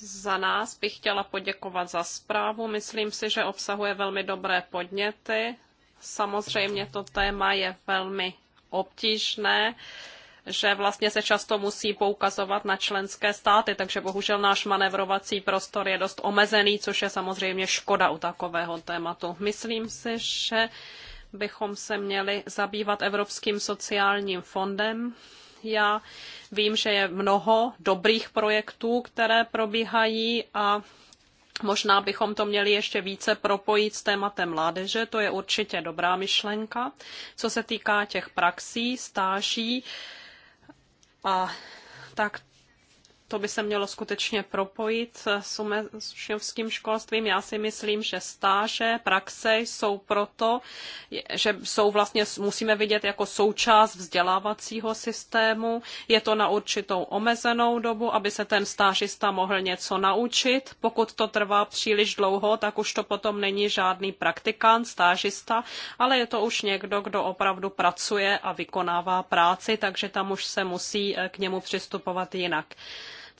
za nás bych chtěla poděkovat za zprávu. Myslím si, že obsahuje velmi dobré podněty. Samozřejmě to téma je velmi obtížné že vlastně se často musí poukazovat na členské státy, takže bohužel náš manevrovací prostor je dost omezený, což je samozřejmě škoda u takového tématu. Myslím si, že bychom se měli zabývat Evropským sociálním fondem, já vím, že je mnoho dobrých projektů, které probíhají a Možná bychom to měli ještě více propojit s tématem mládeže, to je určitě dobrá myšlenka. Co se týká těch praxí, stáží a tak to by se mělo skutečně propojit s umělým školstvím. Já si myslím, že stáže, praxe jsou proto, že jsou vlastně, musíme vidět jako součást vzdělávacího systému. Je to na určitou omezenou dobu, aby se ten stážista mohl něco naučit. Pokud to trvá příliš dlouho, tak už to potom není žádný praktikant, stážista, ale je to už někdo, kdo opravdu pracuje a vykonává práci, takže tam už se musí eh, k němu přistupovat jinak.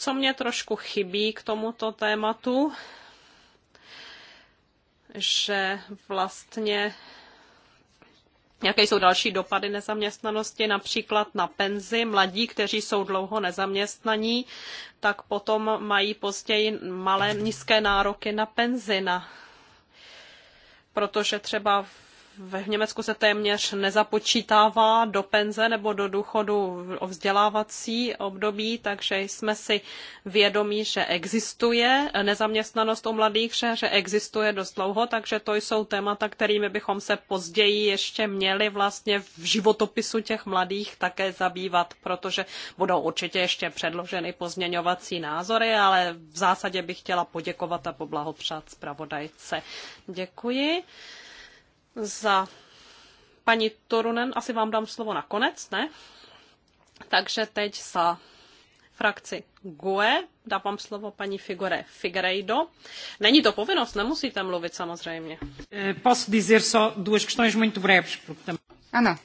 Co mě trošku chybí k tomuto tématu, že vlastně Jaké jsou další dopady nezaměstnanosti, například na penzi mladí, kteří jsou dlouho nezaměstnaní, tak potom mají později malé nízké nároky na penzi, na, protože třeba v Německu se téměř nezapočítává do penze nebo do důchodu o vzdělávací období, takže jsme si vědomí, že existuje nezaměstnanost u mladých, že, že existuje dost dlouho, takže to jsou témata, kterými bychom se později ještě měli vlastně v životopisu těch mladých také zabývat, protože budou určitě ještě předloženy pozměňovací názory, ale v zásadě bych chtěla poděkovat a poblahopřát zpravodajce. Děkuji za paní Torunen. Asi vám dám slovo na konec, ne? Takže teď za frakci GUE dávám slovo paní Figure Figueiredo. Není to povinnost, nemusíte mluvit samozřejmě. Posso dizer só duas questões muito breves. Ano.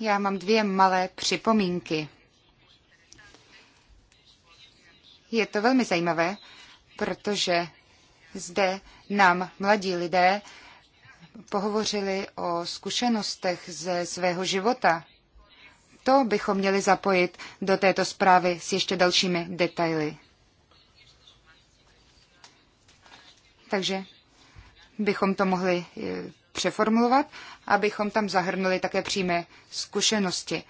Já mám dvě malé připomínky. Je to velmi zajímavé, protože zde nám mladí lidé pohovořili o zkušenostech ze svého života. To bychom měli zapojit do této zprávy s ještě dalšími detaily. Takže bychom to mohli e, přeformulovat, abychom tam zahrnuli také přímé zkušenosti.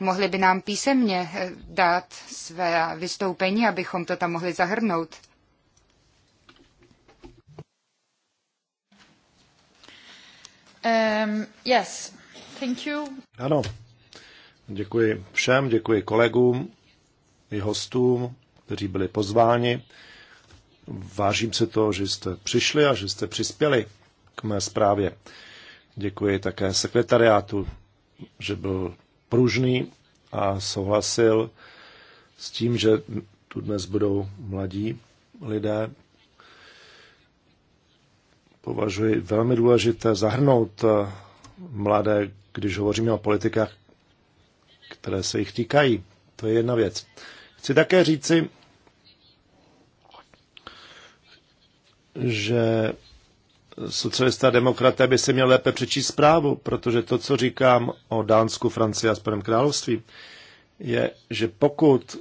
Mohli by nám písemně e, dát své vystoupení, abychom to tam mohli zahrnout. Um, ano. Děkuji všem, děkuji kolegům i hostům, kteří byli pozváni. Vážím se to, že jste přišli a že jste přispěli k mé zprávě. Děkuji také sekretariátu, že byl pružný a souhlasil s tím, že tu dnes budou mladí lidé, považuji velmi důležité zahrnout eh, mladé, když hovoříme o politikách, které se jich týkají. To je jedna věc. Chci také říci, že socialista a demokraté by se měl lépe přečíst zprávu, protože to, co říkám o Dánsku, Francii a Spojeném království, je, že pokud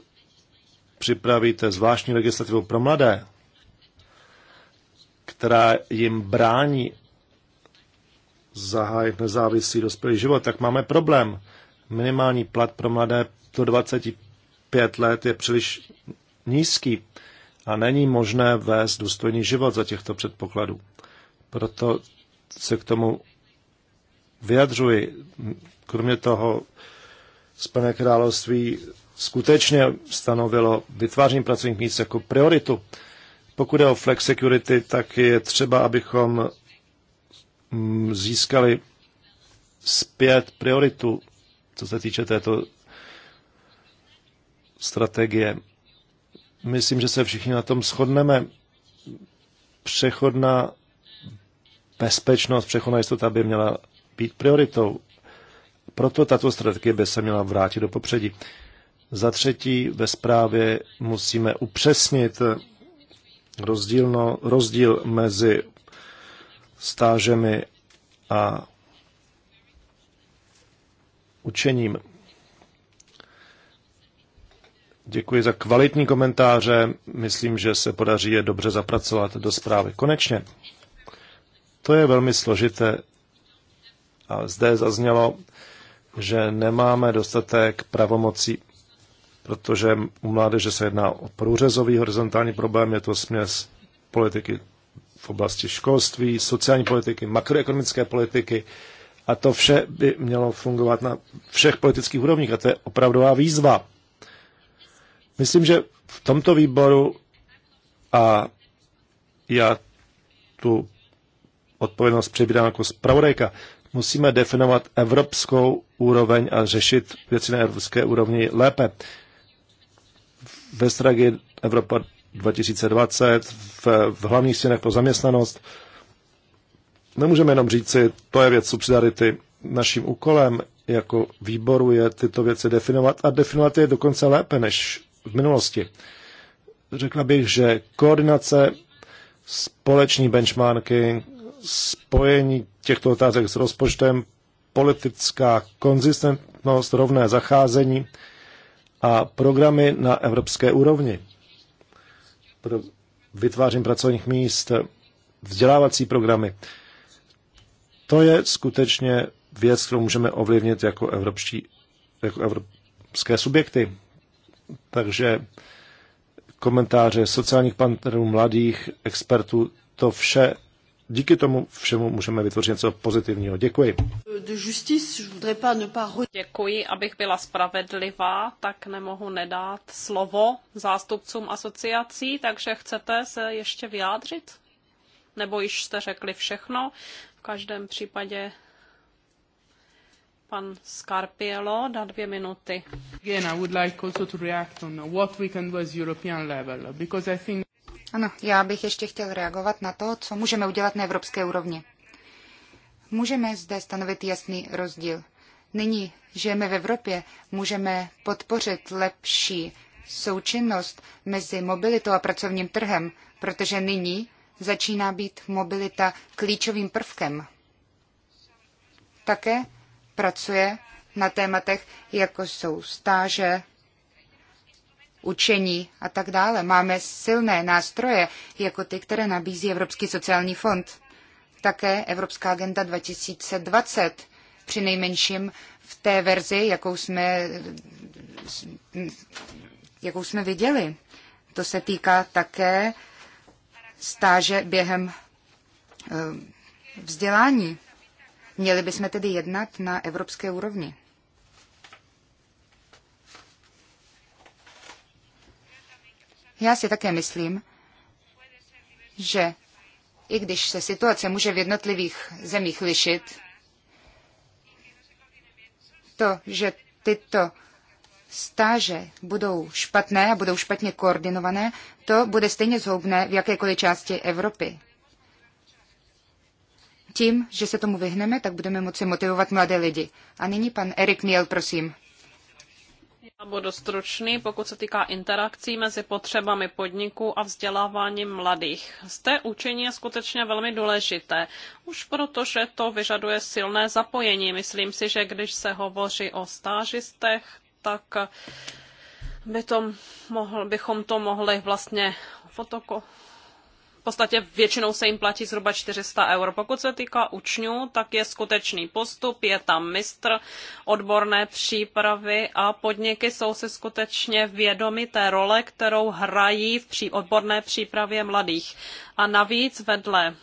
připravíte zvláštní legislativu pro mladé, která jim brání zahájit nezávislý dospělý život, tak máme problém. Minimální plat pro mladé do 25 let je příliš nízký a není možné vést důstojný život za těchto předpokladů. Proto se k tomu vyjadřuji. Kromě toho Spojené království skutečně stanovilo vytváření pracovních míst jako prioritu pokud je o flex security, tak je třeba, abychom mm, získali zpět prioritu, co se týče této strategie. Myslím, že se všichni na tom shodneme. Přechodná bezpečnost, přechodná jistota by měla být prioritou. Proto tato strategie by se měla vrátit do popředí. Za třetí, ve zprávě musíme upřesnit rozdílno, rozdíl mezi stážemi a učením. Děkuji za kvalitní komentáře. Myslím, že se podaří je dobře zapracovat do zprávy. Konečně. To je velmi složité. A zde zaznělo, že nemáme dostatek pravomocí protože u mládeže se jedná o průřezový horizontální problém, je to směs politiky v oblasti školství, sociální politiky, makroekonomické politiky a to vše by mělo fungovat na všech politických úrovních a to je opravdová výzva. Myslím, že v tomto výboru a já tu odpovědnost přebírám jako zpravodajka, musíme definovat evropskou úroveň a řešit věci na evropské úrovni lépe ve Stragi Evropa 2020, v, v hlavních stěnech pro zaměstnanost. Nemůžeme jenom říci, to je věc subsidiarity. Naším úkolem jako výboru je tyto věci definovat a definovat je dokonce lépe než v minulosti. Řekla bych, že koordinace, společný benchmarking, spojení těchto otázek s rozpočtem, politická konzistentnost, rovné zacházení, a programy na evropské úrovni pro vytváření pracovních míst, vzdělávací programy. To je skutečně věc, kterou můžeme ovlivnit jako, evropští, jako evropské subjekty. Takže komentáře sociálních partnerů, mladých, expertů, to vše díky tomu všemu můžeme vytvořit něco pozitivního. Děkuji. Děkuji, abych byla spravedlivá, tak nemohu nedát slovo zástupcům asociací, takže chcete se ještě vyjádřit? Nebo již jste řekli všechno? V každém případě pan Scarpiello dá dvě minuty. Again, I would like also to react on what we can do as European level, because I think ano, já bych ještě chtěl reagovat na to, co můžeme udělat na evropské úrovni. Můžeme zde stanovit jasný rozdíl. Nyní žijeme v Evropě, můžeme podpořit lepší součinnost mezi mobilitou a pracovním trhem, protože nyní začíná být mobilita klíčovým prvkem. Také pracuje na tématech, jako jsou stáže, učení a tak dále. Máme silné nástroje, jako ty, které nabízí Evropský sociální fond. Také Evropská agenda 2020, při nejmenším v té verzi, jakou jsme, jakou jsme viděli. To se týká také stáže během eh, vzdělání. Měli bychom tedy jednat na evropské úrovni. Já si také myslím, že i když se situace může v jednotlivých zemích lišit, to, že tyto stáže budou špatné a budou špatně koordinované, to bude stejně zhoubné v jakékoliv části Evropy. Tím, že se tomu vyhneme, tak budeme moci motivovat mladé lidi. A nyní pan Erik Miel, prosím. Budu stručný, pokud se týká interakcí mezi potřebami podniků a vzděláváním mladých. Zde učení je skutečně velmi důležité, už protože to vyžaduje silné zapojení. Myslím si, že když se hovoří o stážistech, tak by to mohl, bychom to mohli vlastně fotoko, v podstatě většinou se jim platí zhruba 400 eur. Pokud se týká učňů, tak je skutečný postup, je tam mistr odborné přípravy a podniky jsou si skutečně vědomi té role, kterou hrají v pří, odborné přípravě mladých. A navíc vedle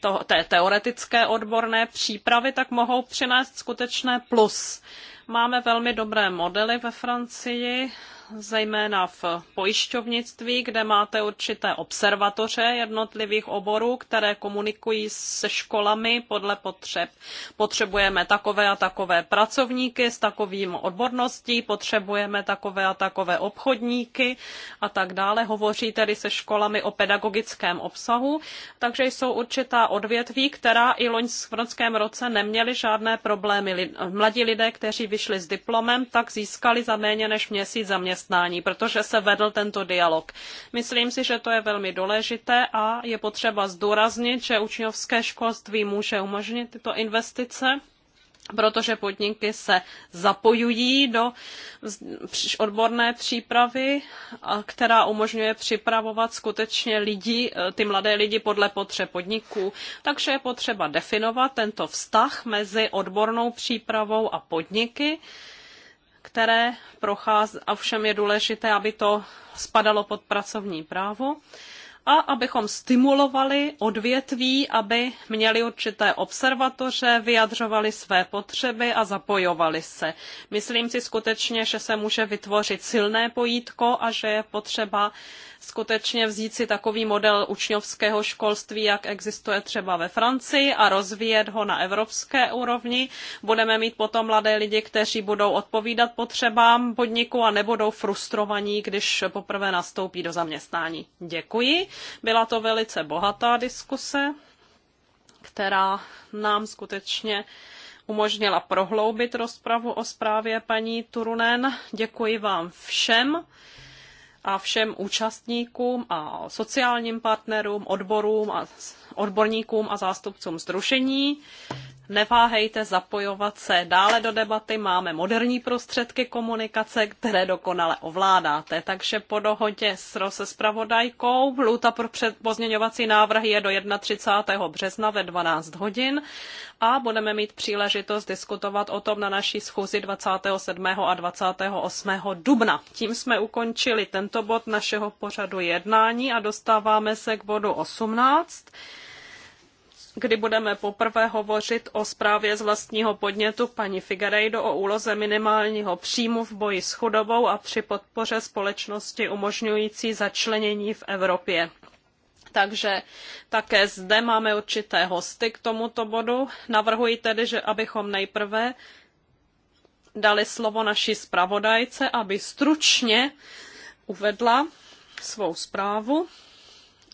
to, té teoretické odborné přípravy, tak mohou přinést skutečné plus. Máme velmi dobré modely ve Francii, zejména v pojišťovnictví, kde máte určité observatoře jednotlivých oborů, které komunikují se školami podle potřeb. Potřebujeme takové a takové pracovníky s takovým odborností, potřebujeme takové a takové obchodníky a tak dále. Hovoří tedy se školami o pedagogickém obsahu, takže jsou určitá odvětví, která i v loňském roce neměli žádné problémy. Mladí lidé, kteří vyšli s diplomem, tak získali za méně než měsíc zaměstnání zaměstnání, protože se vedl tento dialog. Myslím si, že to je velmi důležité a je potřeba zdůraznit, že učňovské školství může umožnit tyto investice protože podniky se zapojují do odborné přípravy, která umožňuje připravovat skutečně lidi, eh, ty mladé lidi podle potřeb podniků. Takže je potřeba definovat tento vztah mezi odbornou přípravou a podniky které prochází, a všem je důležité, aby to spadalo pod pracovní právo a abychom stimulovali odvětví, aby měli určité observatoře, vyjadřovali své potřeby a zapojovali se. Myslím si skutečně, že se může vytvořit silné pojítko a že je potřeba skutečně vzít si takový model učňovského školství, jak existuje třeba ve Francii a rozvíjet ho na evropské úrovni. Budeme mít potom mladé lidi, kteří budou odpovídat potřebám podniku a nebudou frustrovaní, když poprvé nastoupí do zaměstnání. Děkuji. Byla to velice bohatá diskuse, která nám skutečně umožnila prohloubit rozpravu o zprávě paní Turunen. Děkuji vám všem a všem účastníkům a sociálním partnerům, odborům a odborníkům a zástupcům združení neváhejte zapojovat se dále do debaty. Máme moderní prostředky komunikace, které dokonale ovládáte. Takže po dohodě s Rose Spravodajkou lůta pro pozměňovací návrhy je do 31. března ve 12 hodin a budeme mít příležitost diskutovat o tom na naší schůzi 27. a 28. dubna. Tím jsme ukončili tento bod našeho pořadu jednání a dostáváme se k bodu 18 kdy budeme poprvé hovořit o zprávě z vlastního podnětu paní Figueiredo o úloze minimálního příjmu v boji s chudobou a při podpoře společnosti umožňující začlenění v Evropě. Takže také zde máme určité hosty k tomuto bodu. Navrhuji tedy, že abychom nejprve dali slovo naší zpravodajce, aby stručně uvedla svou zprávu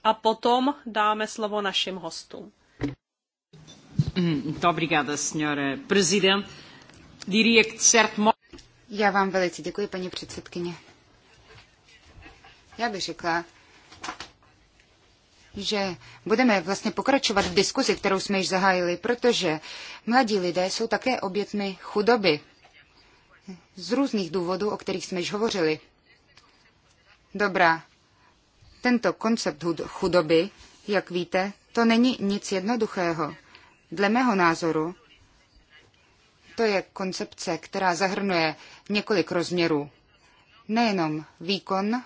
a potom dáme slovo našim hostům. Mm, Já vám velice děkuji, paní předsedkyně. Já bych řekla, že budeme vlastně pokračovat v diskuzi, kterou jsme již zahájili, protože mladí lidé jsou také obětmi chudoby z různých důvodů, o kterých jsme již hovořili. Dobrá, tento koncept chudoby, jak víte, to není nic jednoduchého. Dle mého názoru to je koncepce, která zahrnuje několik rozměrů. Nejenom výkon,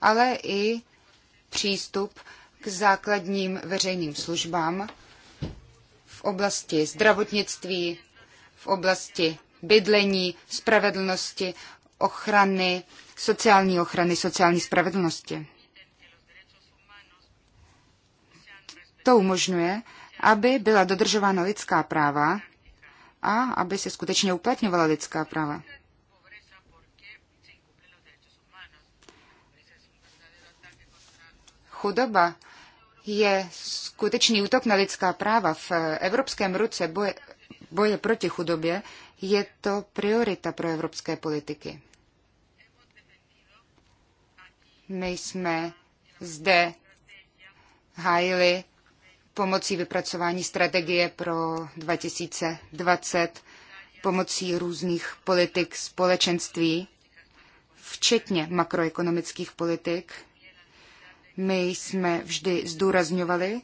ale i přístup k základním veřejným službám v oblasti zdravotnictví, v oblasti bydlení, spravedlnosti, ochrany, sociální ochrany, sociální spravedlnosti. To umožňuje, aby byla dodržována lidská práva a aby se skutečně uplatňovala lidská práva. Chudoba je skutečný útok na lidská práva. V evropském ruce boje, boje proti chudobě je to priorita pro evropské politiky. My jsme zde hájili pomocí vypracování strategie pro 2020, pomocí různých politik společenství, včetně makroekonomických politik. My jsme vždy zdůrazňovali,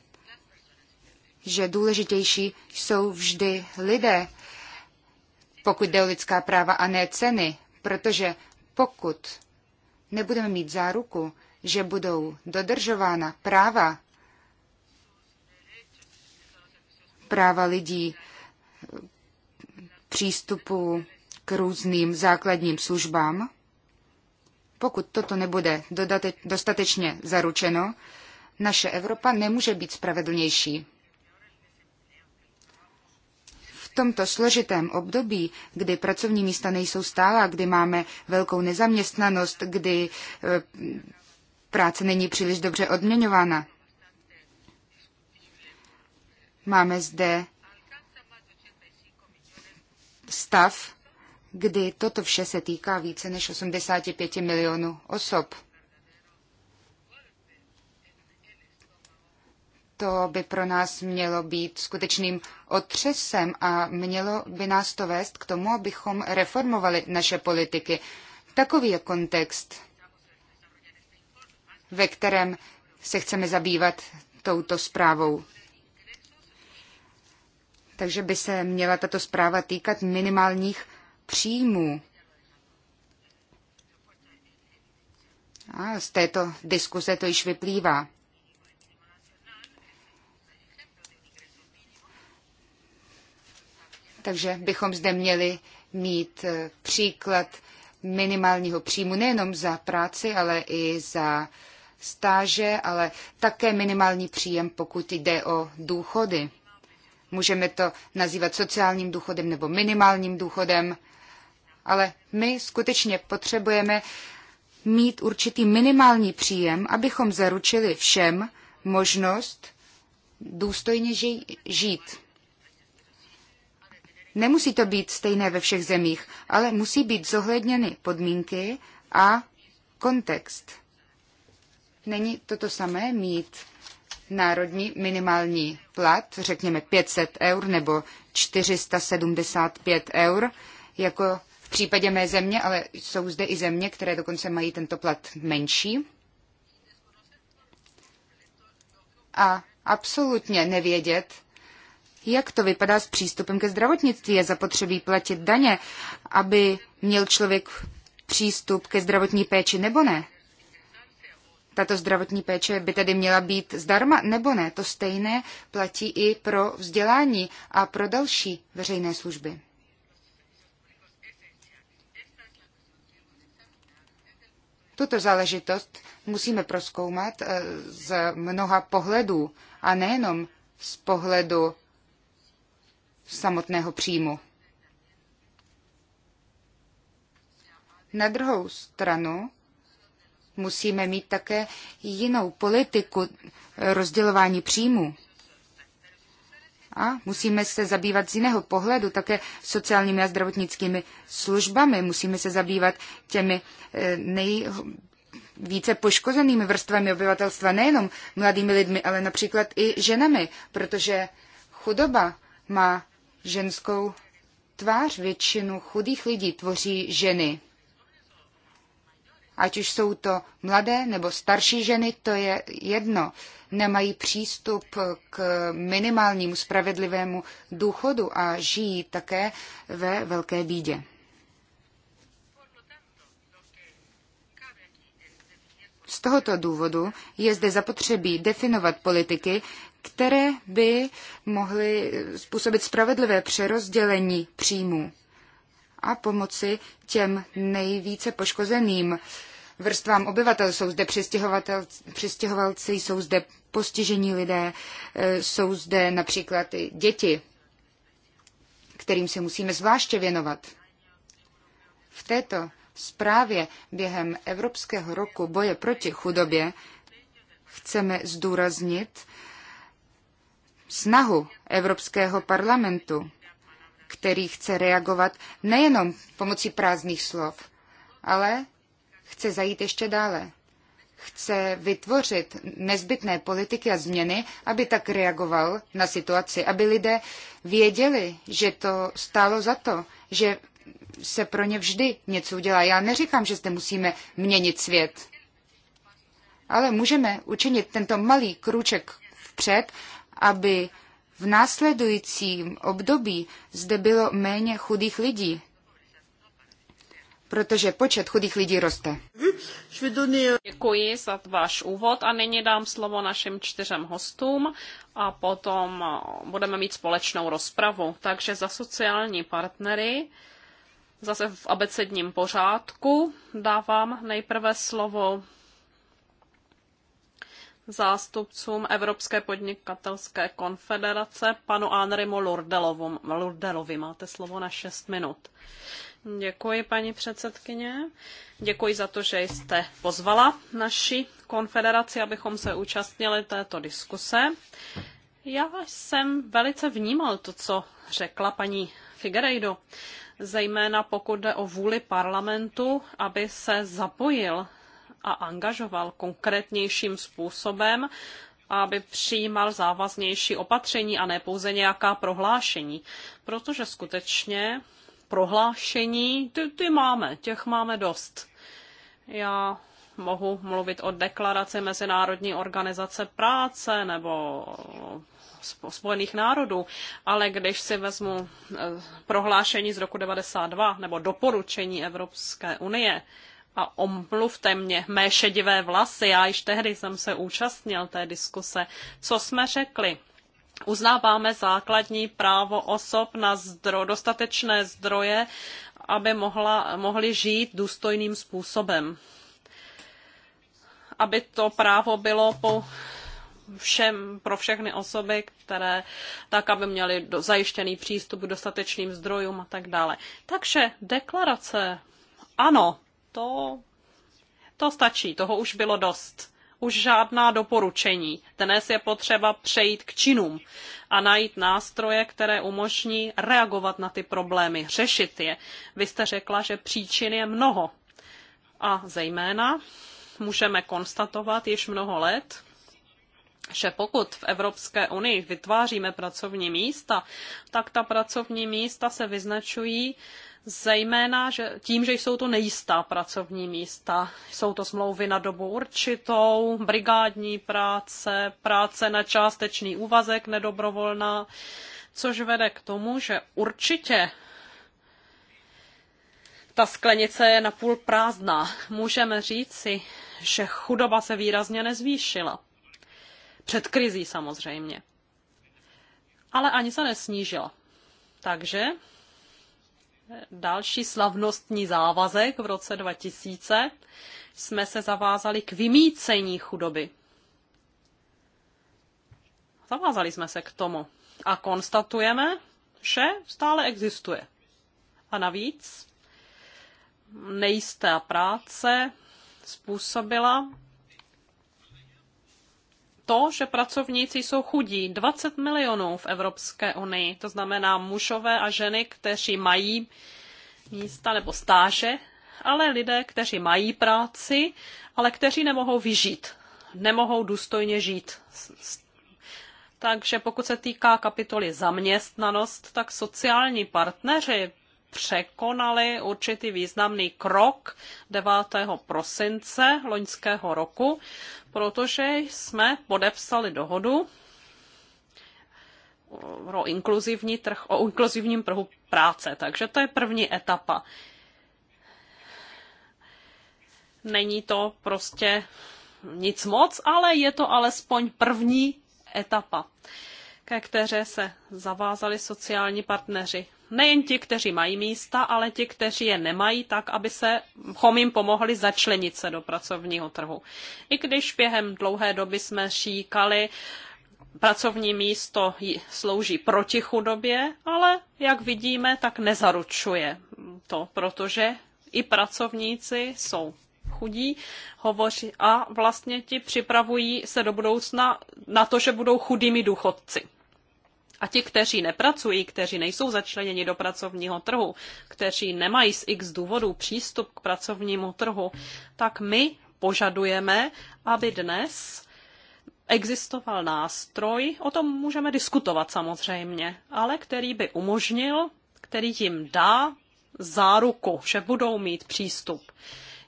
že důležitější jsou vždy lidé, pokud jde o lidská práva a ne ceny, protože pokud nebudeme mít záruku, že budou dodržována práva práva lidí, přístupu k různým základním službám. Pokud toto nebude dostatečně zaručeno, naše Evropa nemůže být spravedlnější. V tomto složitém období, kdy pracovní místa nejsou stála, kdy máme velkou nezaměstnanost, kdy e, práce není příliš dobře odměňována, Máme zde stav, kdy toto vše se týká více než 85 milionů osob. To by pro nás mělo být skutečným otřesem a mělo by nás to vést k tomu, abychom reformovali naše politiky. Takový je kontext, ve kterém se chceme zabývat touto zprávou takže by se měla tato zpráva týkat minimálních příjmů. A z této diskuse to již vyplývá. Takže bychom zde měli mít eh, příklad minimálního příjmu nejenom za práci, ale i za stáže, ale také minimální příjem, pokud jde o důchody. Můžeme to nazývat sociálním důchodem nebo minimálním důchodem, ale my skutečně potřebujeme mít určitý minimální příjem, abychom zaručili všem možnost důstojně žít. Nemusí to být stejné ve všech zemích, ale musí být zohledněny podmínky a kontext. Není to to samé mít národní minimální plat, řekněme 500 eur nebo 475 eur, jako v případě mé země, ale jsou zde i země, které dokonce mají tento plat menší. A absolutně nevědět, jak to vypadá s přístupem ke zdravotnictví? Je zapotřebí platit daně, aby měl člověk přístup ke zdravotní péči nebo ne? Tato zdravotní péče by tedy měla být zdarma nebo ne. To stejné platí i pro vzdělání a pro další veřejné služby. Tuto záležitost musíme proskoumat eh, z mnoha pohledů a nejenom z pohledu samotného příjmu. Na druhou stranu musíme mít také jinou politiku rozdělování příjmů. A musíme se zabývat z jiného pohledu také sociálními a zdravotnickými službami. Musíme se zabývat těmi eh, nejvíce poškozenými vrstvami obyvatelstva, nejenom mladými lidmi, ale například i ženami, protože chudoba má ženskou tvář. Většinu chudých lidí tvoří ženy. Ať už jsou to mladé nebo starší ženy, to je jedno. Nemají přístup k minimálnímu spravedlivému důchodu a žijí také ve velké bídě. Z tohoto důvodu je zde zapotřebí definovat politiky, které by mohly způsobit spravedlivé přerozdělení příjmů a pomoci těm nejvíce poškozeným vrstvám obyvatel. Jsou zde přistěhovalci, jsou zde postižení lidé, e, jsou zde například i děti, kterým se musíme zvláště věnovat. V této zprávě během Evropského roku boje proti chudobě chceme zdůraznit snahu Evropského parlamentu, který chce reagovat nejenom pomocí prázdných slov, ale chce zajít ještě dále. Chce vytvořit nezbytné politiky a změny, aby tak reagoval na situaci, aby lidé věděli, že to stálo za to, že se pro ně vždy něco udělá. Já neříkám, že zde musíme měnit svět, ale můžeme učinit tento malý krůček vpřed, aby v následujícím období zde bylo méně chudých lidí, protože počet chudých lidí roste. Děkuji za váš úvod a nyní dám slovo našim čtyřem hostům a potom eh, budeme mít společnou rozpravu. Takže za sociální partnery, zase v abecedním pořádku, dávám nejprve slovo zástupcům Evropské podnikatelské konfederace, panu Anrimu Lurdelovi. Lurdelovi máte slovo na 6 minut. Děkuji, paní předsedkyně. Děkuji za to, že jste pozvala naši konfederaci, abychom se účastnili této diskuse. Já jsem velice vnímal to, co řekla paní Figueiredo, zejména pokud jde o vůli parlamentu, aby se zapojil a angažoval konkrétnějším způsobem aby přijímal závaznější opatření a ne pouze nějaká prohlášení, protože skutečně prohlášení, ty, ty máme, těch máme dost. Já mohu mluvit o deklaraci Mezinárodní organizace práce nebo Spojených národů, ale když si vezmu e, prohlášení z roku 92 nebo doporučení Evropské unie a omluvte mě mé šedivé vlasy, já již tehdy jsem se účastnil té diskuse, co jsme řekli uznáváme základní právo osob na zdro, dostatečné zdroje, aby mohla, mohli žít důstojným způsobem. Aby to právo bylo po všem, pro všechny osoby, které tak, aby měly do, zajištěný přístup k dostatečným zdrojům a tak dále. Takže deklarace, ano, to, to stačí, toho už bylo dost už žádná doporučení. Dnes je potřeba přejít k činům a najít nástroje, které umožní reagovat na ty problémy, řešit je. Vy jste řekla, že příčin je mnoho. A zejména můžeme konstatovat již mnoho let, že pokud v Evropské unii vytváříme pracovní místa, tak ta pracovní místa se vyznačují zejména že tím, že jsou to nejistá pracovní místa. Jsou to smlouvy na dobu určitou, brigádní práce, práce na částečný úvazek nedobrovolná, což vede k tomu, že určitě ta sklenice je napůl prázdná. Můžeme říci, že chudoba se výrazně nezvýšila. Před krizí samozřejmě. Ale ani se nesnížila. Takže další slavnostní závazek v roce 2000 jsme se zavázali k vymícení chudoby. Zavázali jsme se k tomu a konstatujeme, že stále existuje. A navíc nejistá práce způsobila to, že pracovníci jsou chudí. 20 milionů v Evropské unii, to znamená mužové a ženy, kteří mají místa nebo stáže, ale lidé, kteří mají práci, ale kteří nemohou vyžít, nemohou důstojně žít. Takže pokud se týká kapitoly zaměstnanost, tak sociální partneři překonali určitý významný krok 9. prosince loňského roku, protože jsme podepsali dohodu o, inkluzivní trh, o inkluzivním trhu práce. Takže to je první etapa. Není to prostě nic moc, ale je to alespoň první etapa, ke které se zavázali sociální partneři Nejen ti, kteří mají místa, ale ti, kteří je nemají, tak aby se jim pomohli začlenit se do pracovního trhu. I když během dlouhé doby jsme říkali, pracovní místo slouží proti chudobě, ale jak vidíme, tak nezaručuje to, protože i pracovníci jsou chudí hovoří a vlastně ti připravují se do budoucna na to, že budou chudými důchodci. A ti, kteří nepracují, kteří nejsou začleněni do pracovního trhu, kteří nemají z x důvodů přístup k pracovnímu trhu, tak my požadujeme, aby dnes existoval nástroj, o tom můžeme diskutovat samozřejmě, ale který by umožnil, který jim dá záruku, že budou mít přístup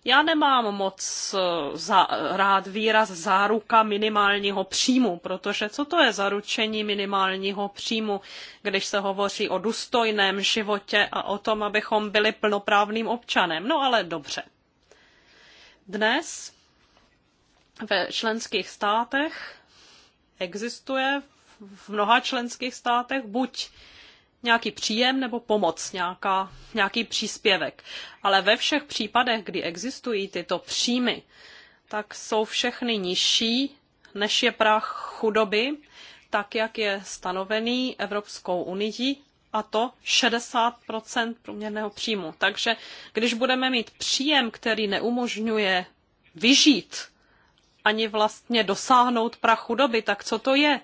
já nemám moc eh, za, rád výraz záruka minimálního příjmu, protože co to je zaručení minimálního příjmu, když se hovoří o důstojném životě a o tom, abychom byli plnoprávným občanem? No ale dobře. Dnes ve členských státech existuje v mnoha členských státech buď nějaký příjem nebo pomoc, nějaká, nějaký příspěvek. Ale ve všech případech, kdy existují tyto příjmy, tak jsou všechny nižší, než je prach chudoby, tak jak je stanovený Evropskou unii, a to 60 průměrného příjmu. Takže když budeme mít příjem, který neumožňuje vyžít ani vlastně dosáhnout prachu doby, tak co to je?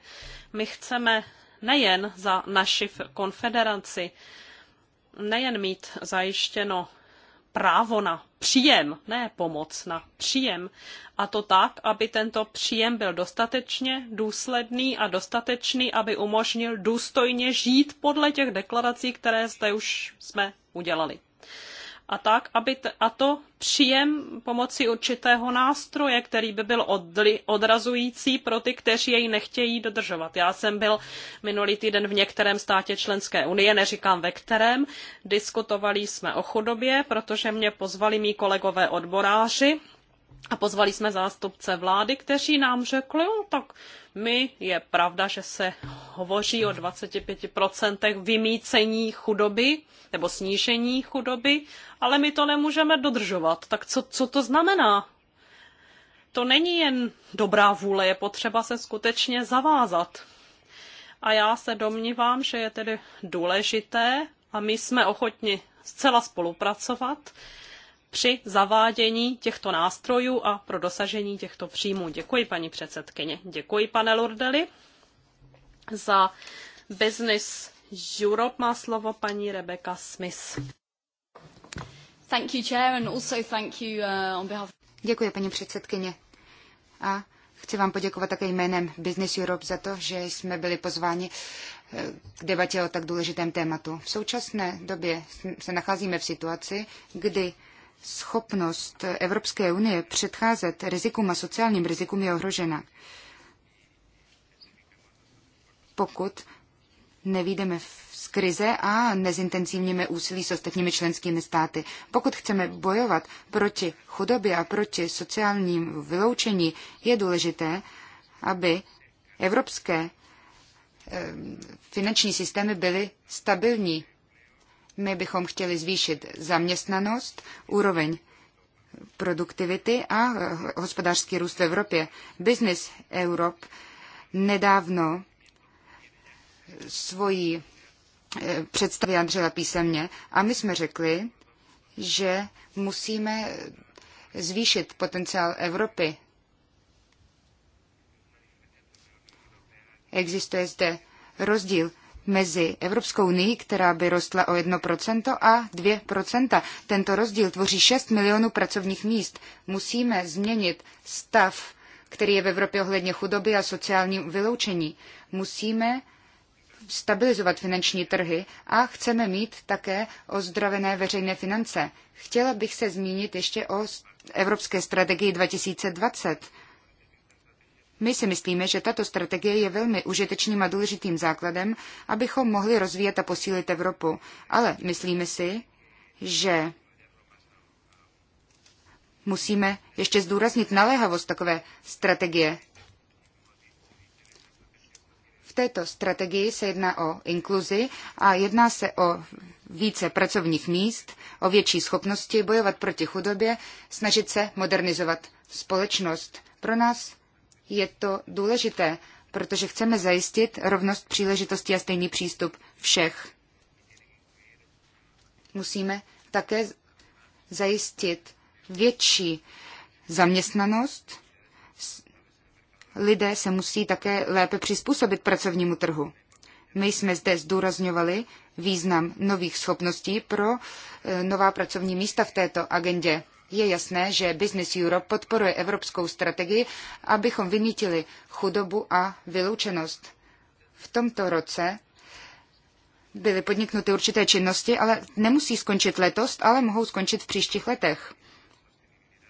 My chceme nejen za naši konfederaci, nejen mít zajištěno právo na příjem, ne pomoc, na příjem. A to tak, aby tento příjem byl dostatečně důsledný a dostatečný, aby umožnil důstojně žít podle těch deklarací, které zde už jsme udělali a tak, aby t- a to příjem pomocí určitého nástroje, který by byl odli- odrazující pro ty, kteří jej nechtějí dodržovat. Já jsem byl minulý týden v některém státě členské unie, neříkám ve kterém, diskutovali jsme o chudobě, protože mě pozvali mý kolegové odboráři a pozvali jsme zástupce vlády, kteří nám řekli, jo, tak my je pravda, že se hovoří o 25% vymícení chudoby nebo snížení chudoby, ale my to nemůžeme dodržovat. Tak co, co to znamená? To není jen dobrá vůle, je potřeba se skutečně zavázat. A já se domnívám, že je tedy důležité, a my jsme ochotni zcela spolupracovat, při zavádění těchto nástrojů a pro dosažení těchto příjmů. Děkuji, paní předsedkyně. Děkuji, pane Lordeli. Za Business Europe má slovo paní Rebecca Smith. Thank you, Chair, and also thank you uh, on behalf... Děkuji, paní předsedkyně. A chci vám poděkovat také jménem Business Europe za to, že jsme byli pozváni eh, k debatě o tak důležitém tématu. V současné době se nacházíme v situaci, kdy schopnost Evropské unie předcházet rizikům a sociálním rizikům je ohrožena. Pokud nevídeme z krize a nezintenzivníme úsilí s ostatními členskými státy. Pokud chceme bojovat proti chudobě a proti sociálním vyloučení, je důležité, aby evropské eh, finanční systémy byly stabilní my bychom chtěli zvýšit zaměstnanost, úroveň produktivity a eh, hospodářský růst v Evropě. Business Europe nedávno svoji eh, představy Andřela písemně a my jsme řekli, že musíme zvýšit potenciál Evropy. Existuje zde rozdíl mezi Evropskou unii, která by rostla o 1% a 2%. Tento rozdíl tvoří 6 milionů pracovních míst. Musíme změnit stav, který je v Evropě ohledně chudoby a sociální vyloučení. Musíme stabilizovat finanční trhy a chceme mít také ozdravené veřejné finance. Chtěla bych se zmínit ještě o Evropské strategii 2020 my si myslíme, že tato strategie je velmi užitečným a důležitým základem, abychom mohli rozvíjet a posílit Evropu. Ale myslíme si, že musíme ještě zdůraznit naléhavost takové strategie. V této strategii se jedná o inkluzi a jedná se o více pracovních míst, o větší schopnosti bojovat proti chudobě, snažit se modernizovat společnost. Pro nás je to důležité, protože chceme zajistit rovnost příležitostí a stejný přístup všech. Musíme také zajistit větší zaměstnanost. Lidé se musí také lépe přizpůsobit pracovnímu trhu. My jsme zde zdůrazňovali význam nových schopností pro eh, nová pracovní místa v této agendě. Je jasné, že Business Europe podporuje evropskou strategii, abychom vymítili chudobu a vyloučenost. V tomto roce byly podniknuty určité činnosti, ale nemusí skončit letos, ale mohou skončit v příštích letech.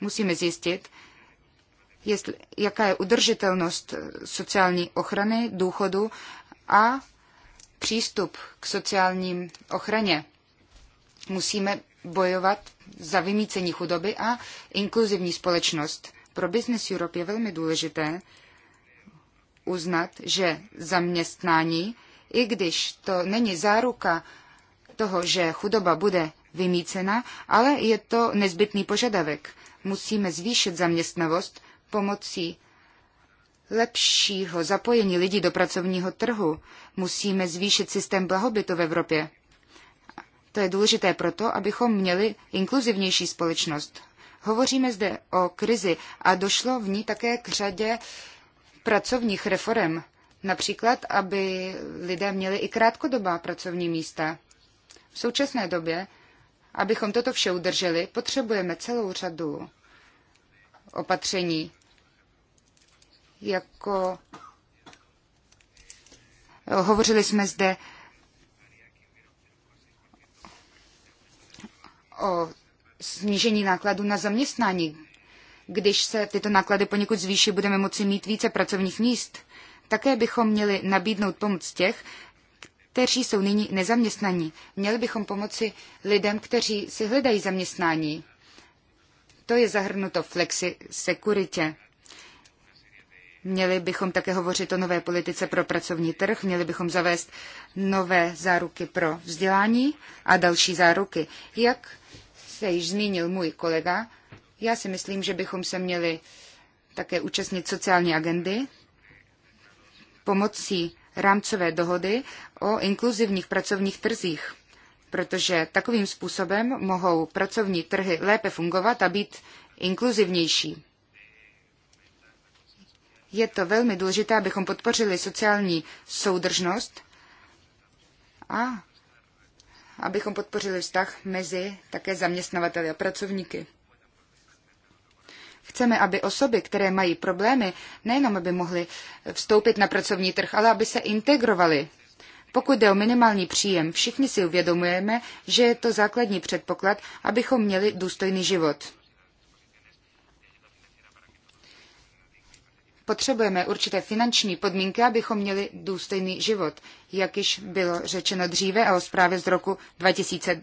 Musíme zjistit, jestli, jaká je udržitelnost sociální ochrany, důchodu a přístup k sociálním ochraně. Musíme bojovat za vymícení chudoby a inkluzivní společnost. Pro Business Europe je velmi důležité uznat, že zaměstnání, i když to není záruka toho, že chudoba bude vymícena, ale je to nezbytný požadavek. Musíme zvýšit zaměstnavost pomocí lepšího zapojení lidí do pracovního trhu. Musíme zvýšit systém blahobytu v Evropě. To je důležité proto, abychom měli inkluzivnější společnost. Hovoříme zde o krizi a došlo v ní také k řadě pracovních reform. Například, aby lidé měli i krátkodobá pracovní místa. V současné době, abychom toto vše udrželi, potřebujeme celou řadu opatření, jako hovořili jsme zde o snížení nákladů na zaměstnání. Když se tyto náklady poněkud zvýší, budeme moci mít více pracovních míst. Také bychom měli nabídnout pomoc těch, kteří jsou nyní nezaměstnaní. Měli bychom pomoci lidem, kteří si hledají zaměstnání. To je zahrnuto v flexi sekuritě. Měli bychom také hovořit o nové politice pro pracovní trh, měli bychom zavést nové záruky pro vzdělání a další záruky. Jak se již zmínil můj kolega, já si myslím, že bychom se měli také účastnit sociální agendy pomocí rámcové dohody o inkluzivních pracovních trzích, protože takovým způsobem mohou pracovní trhy lépe fungovat a být inkluzivnější. Je to velmi důležité, abychom podpořili sociální soudržnost a abychom podpořili vztah mezi také zaměstnavateli a pracovníky. Chceme, aby osoby, které mají problémy, nejenom aby mohly vstoupit na pracovní trh, ale aby se integrovaly. Pokud jde o minimální příjem, všichni si uvědomujeme, že je to základní předpoklad, abychom měli důstojný život. Potřebujeme určité finanční podmínky, abychom měli důstojný život, jak již bylo řečeno dříve a o zprávě z roku 2000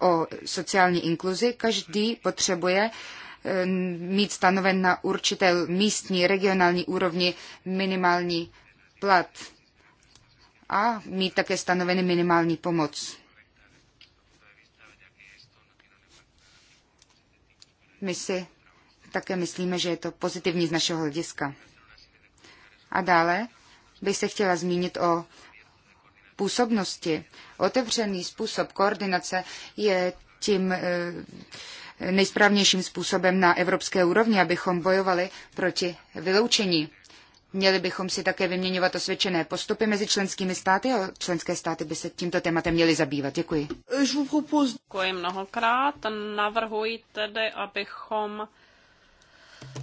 o sociální inkluzi. Každý potřebuje e, mít stanoven na určité místní, regionální úrovni minimální plat a mít také stanoveny minimální pomoc. My si také myslíme, že je to pozitivní z našeho hlediska. A dále bych se chtěla zmínit o působnosti. Otevřený způsob koordinace je tím eh, nejsprávnějším způsobem na evropské úrovni, abychom bojovali proti vyloučení. Měli bychom si také vyměňovat osvědčené postupy mezi členskými státy a členské státy by se tímto tématem měly zabývat. Děkuji. Děkuji mnohokrát. Navrhuji tedy, abychom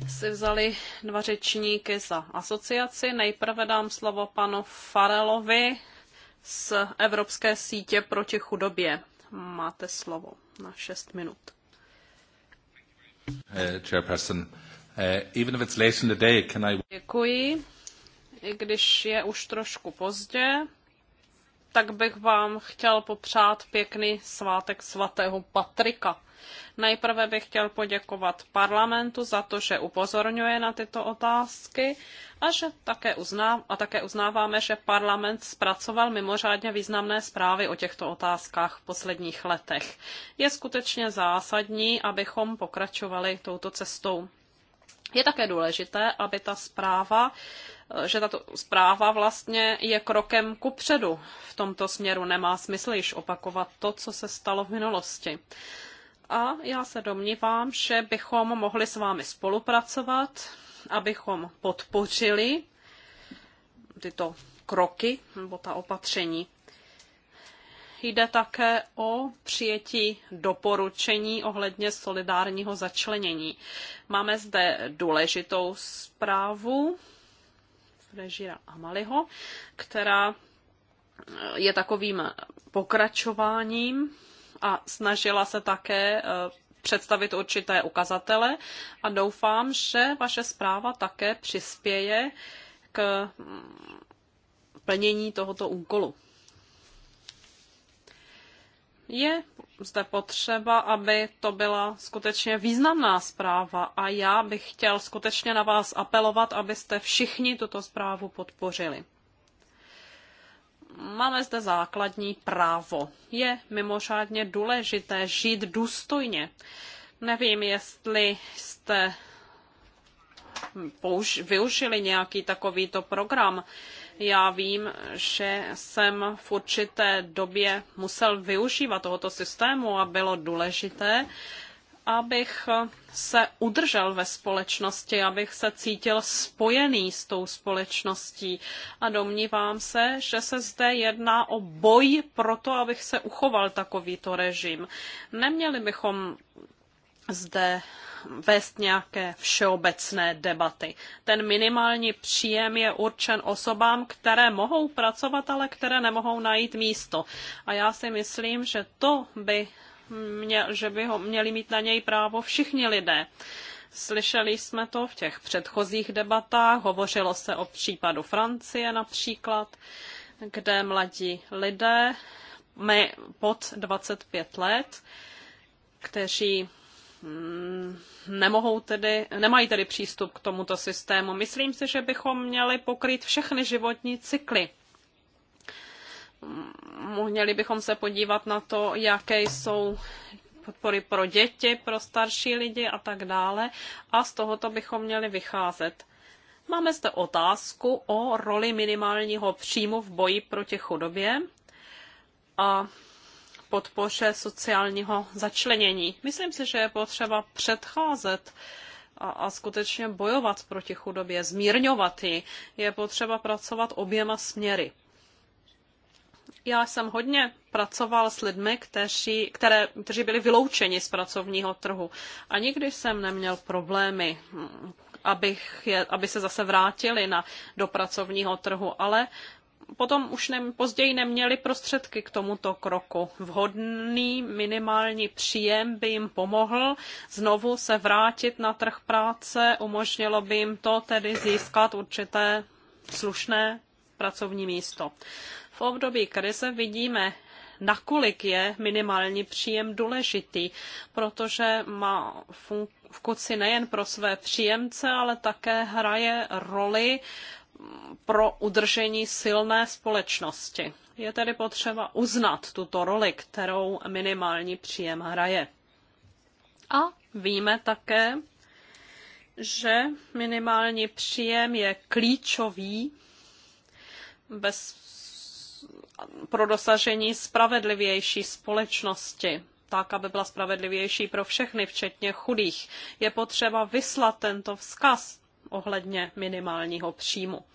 si vzali dva řečníky za asociaci. Nejprve dám slovo panu Farelovi z Evropské sítě proti chudobě. Máte slovo na 6 minut. Uh, uh, Děkuji. I když je už trošku pozdě, tak bych vám chtěl popřát pěkný svátek svatého Patrika. Nejprve bych chtěl poděkovat parlamentu za to, že upozorňuje na tyto otázky a, že také uznáv- a také uznáváme, že parlament zpracoval mimořádně významné zprávy o těchto otázkách v posledních letech. Je skutečně zásadní, abychom pokračovali touto cestou. Je také důležité, aby ta zpráva, že tato zpráva vlastně je krokem kupředu. V tomto směru nemá smysl již opakovat to, co se stalo v minulosti. A já se domnívám, že bychom mohli s vámi spolupracovat, abychom podpořili tyto kroky nebo ta opatření. Jde také o přijetí doporučení ohledně solidárního začlenění. Máme zde důležitou zprávu režíra Amaliho, která je takovým pokračováním a snažila se také eh, představit určité ukazatele a doufám, že vaše zpráva také přispěje k mm, plnění tohoto úkolu. Je zde potřeba, aby to byla skutečně významná zpráva a já bych chtěl skutečně na vás apelovat, abyste všichni tuto zprávu podpořili máme zde základní právo. Je mimořádně důležité žít důstojně. Nevím, jestli jste využili nějaký takovýto program. Já vím, že jsem v určité době musel využívat tohoto systému a bylo důležité, abych se udržel ve společnosti, abych se cítil spojený s tou společností. A domnívám se, že se zde jedná o boj pro to, abych se uchoval takovýto režim. Neměli bychom zde vést nějaké všeobecné debaty. Ten minimální příjem je určen osobám, které mohou pracovat, ale které nemohou najít místo. A já si myslím, že to by že by ho měli mít na něj právo všichni lidé. Slyšeli jsme to v těch předchozích debatách, hovořilo se o případu Francie například, kde mladí lidé my pod 25 let, kteří mm, nemohou tedy, nemají tedy přístup k tomuto systému. Myslím si, že bychom měli pokrýt všechny životní cykly měli bychom se podívat na to, jaké jsou podpory pro děti, pro starší lidi a tak dále. A z tohoto bychom měli vycházet. Máme zde otázku o roli minimálního příjmu v boji proti chudobě a podpoře sociálního začlenění. Myslím si, že je potřeba předcházet a, a skutečně bojovat proti chudobě, zmírňovat ji. Je potřeba pracovat oběma směry. Já jsem hodně pracoval s lidmi, kteří, které, kteří byli vyloučeni z pracovního trhu a nikdy jsem neměl problémy, abych je, aby se zase vrátili na, do pracovního trhu, ale potom už ne, později neměli prostředky k tomuto kroku. Vhodný minimální příjem by jim pomohl znovu se vrátit na trh práce, umožnilo by jim to tedy získat určité slušné pracovní místo. V období krize vidíme, nakolik je minimální příjem důležitý, protože má v kuci nejen pro své příjemce, ale také hraje roli mm, pro udržení silné společnosti. Je tedy potřeba uznat tuto roli, kterou minimální příjem hraje. A víme také, že minimální příjem je klíčový bez pro dosažení spravedlivější společnosti tak, aby byla spravedlivější pro všechny, včetně chudých. Je potřeba vyslat tento vzkaz ohledně minimálního příjmu.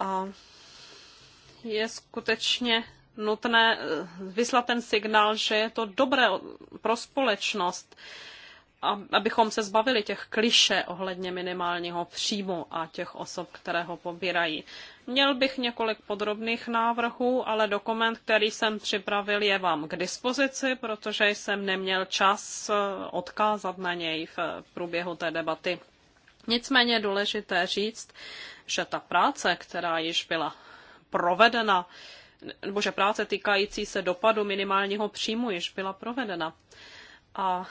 A je skutečně nutné eh, vyslat ten signál, že je to dobré pro společnost, abychom se zbavili těch kliše ohledně minimálního příjmu a těch osob, které ho pobírají. Měl bych několik podrobných návrhů, ale dokument, který jsem připravil, je vám k dispozici, protože jsem neměl čas eh, odkázat na něj v průběhu té debaty. Nicméně je důležité říct, že ta práce, která již byla provedena, nebo že práce týkající se dopadu minimálního příjmu již byla provedena. A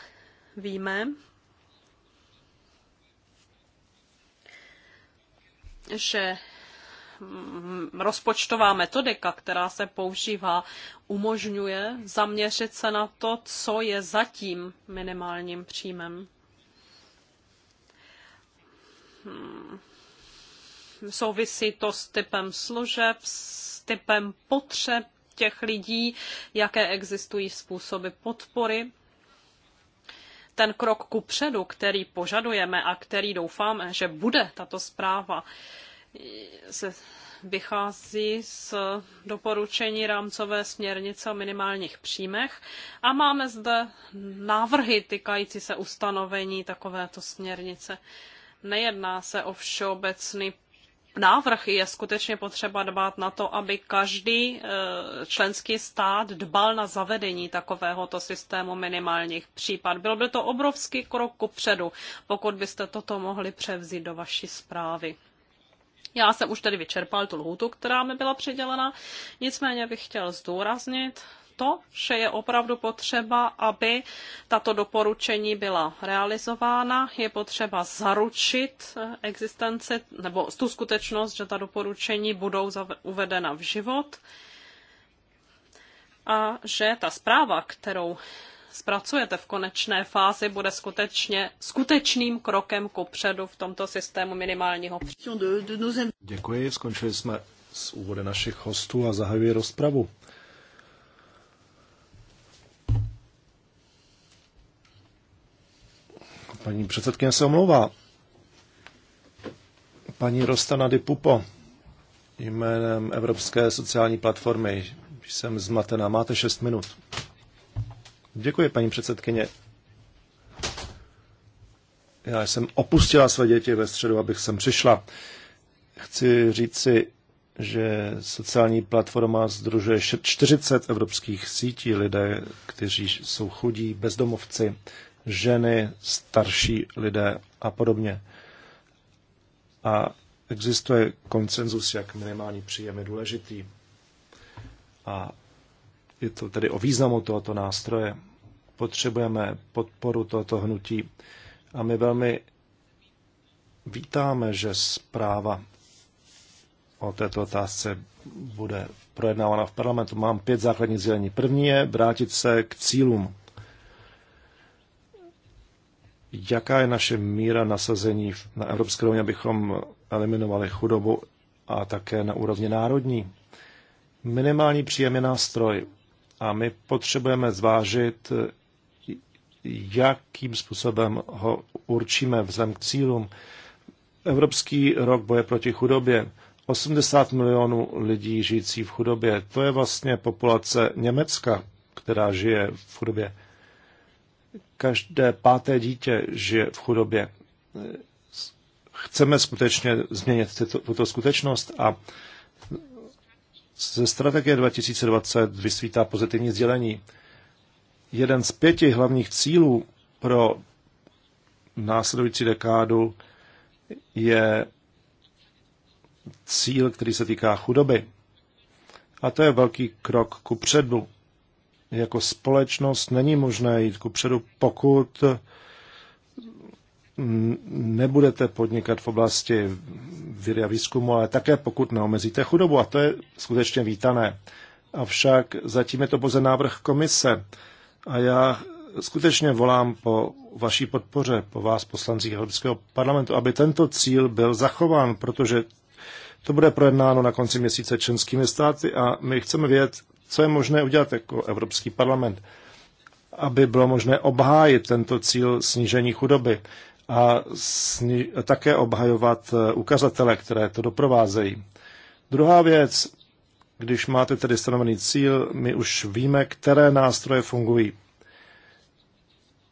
víme, že Mm, rozpočtová metodika, která se používá, umožňuje zaměřit se na to, co je zatím minimálním příjmem. Hmm souvisí to s typem služeb, s typem potřeb těch lidí, jaké existují způsoby podpory. Ten krok ku předu, který požadujeme a který doufáme, že bude tato zpráva, se vychází z doporučení rámcové směrnice o minimálních příjmech a máme zde návrhy týkající se ustanovení takovéto směrnice. Nejedná se o všeobecný návrh je skutečně potřeba dbát na to, aby každý e, členský stát dbal na zavedení takovéhoto systému minimálních případ. Byl by to obrovský krok kupředu, pokud byste toto mohli převzít do vaší zprávy. Já jsem už tady vyčerpal tu lhůtu, která mi byla přidělena, nicméně bych chtěl zdůraznit to, že je opravdu potřeba, aby tato doporučení byla realizována. Je potřeba zaručit eh, existenci nebo tu skutečnost, že ta doporučení budou uvedena v život a že ta zpráva, kterou zpracujete v konečné fázi, bude skutečně skutečným krokem ku předu v tomto systému minimálního. Děkuji, skončili jsme s úvody našich hostů a zahajuji rozpravu. Paní předsedkyně se omlouvá. Paní Rostana Di Pupo jménem Evropské sociální platformy. Jsem zmatená. Máte šest minut. Děkuji, paní předsedkyně. Já jsem opustila své děti ve středu, abych sem přišla. Chci říci, že sociální platforma združuje 40 evropských sítí lidé, kteří jsou chudí, bezdomovci, ženy, starší lidé a podobně. A existuje koncenzus, jak minimální příjem je důležitý. A je to tedy o významu tohoto nástroje. Potřebujeme podporu tohoto hnutí a my velmi vítáme, že zpráva o této otázce bude projednávána v parlamentu. Mám pět základních sdělení. První je vrátit se k cílům. Jaká je naše míra nasazení na Evropské unii, abychom eliminovali chudobu a také na úrovni národní? Minimální příjem je nástroj, a my potřebujeme zvážit, jakým způsobem ho určíme vzhledem k cílům. Evropský rok boje proti chudobě. 80 milionů lidí žijící v chudobě. To je vlastně populace Německa, která žije v chudobě. Každé páté dítě žije v chudobě. Chceme skutečně změnit tuto, tuto skutečnost a ze strategie 2020 vysvítá pozitivní sdělení. Jeden z pěti hlavních cílů pro následující dekádu je cíl, který se týká chudoby. A to je velký krok ku předu. Jako společnost není možné jít ku předu, pokud nebudete podnikat v oblasti vědy a výzkumu, ale také pokud neomezíte chudobu. A to je skutečně vítané. Avšak zatím je to pouze návrh komise. A já skutečně volám po vaší podpoře, po vás poslancích Evropského parlamentu, aby tento cíl byl zachován, protože to bude projednáno na konci měsíce členskými státy a my chceme vědět, co je možné udělat jako Evropský parlament, aby bylo možné obhájit tento cíl snížení chudoby a sni- také obhajovat eh, ukazatele, které to doprovázejí. Druhá věc, když máte tedy stanovený cíl, my už víme, které nástroje fungují.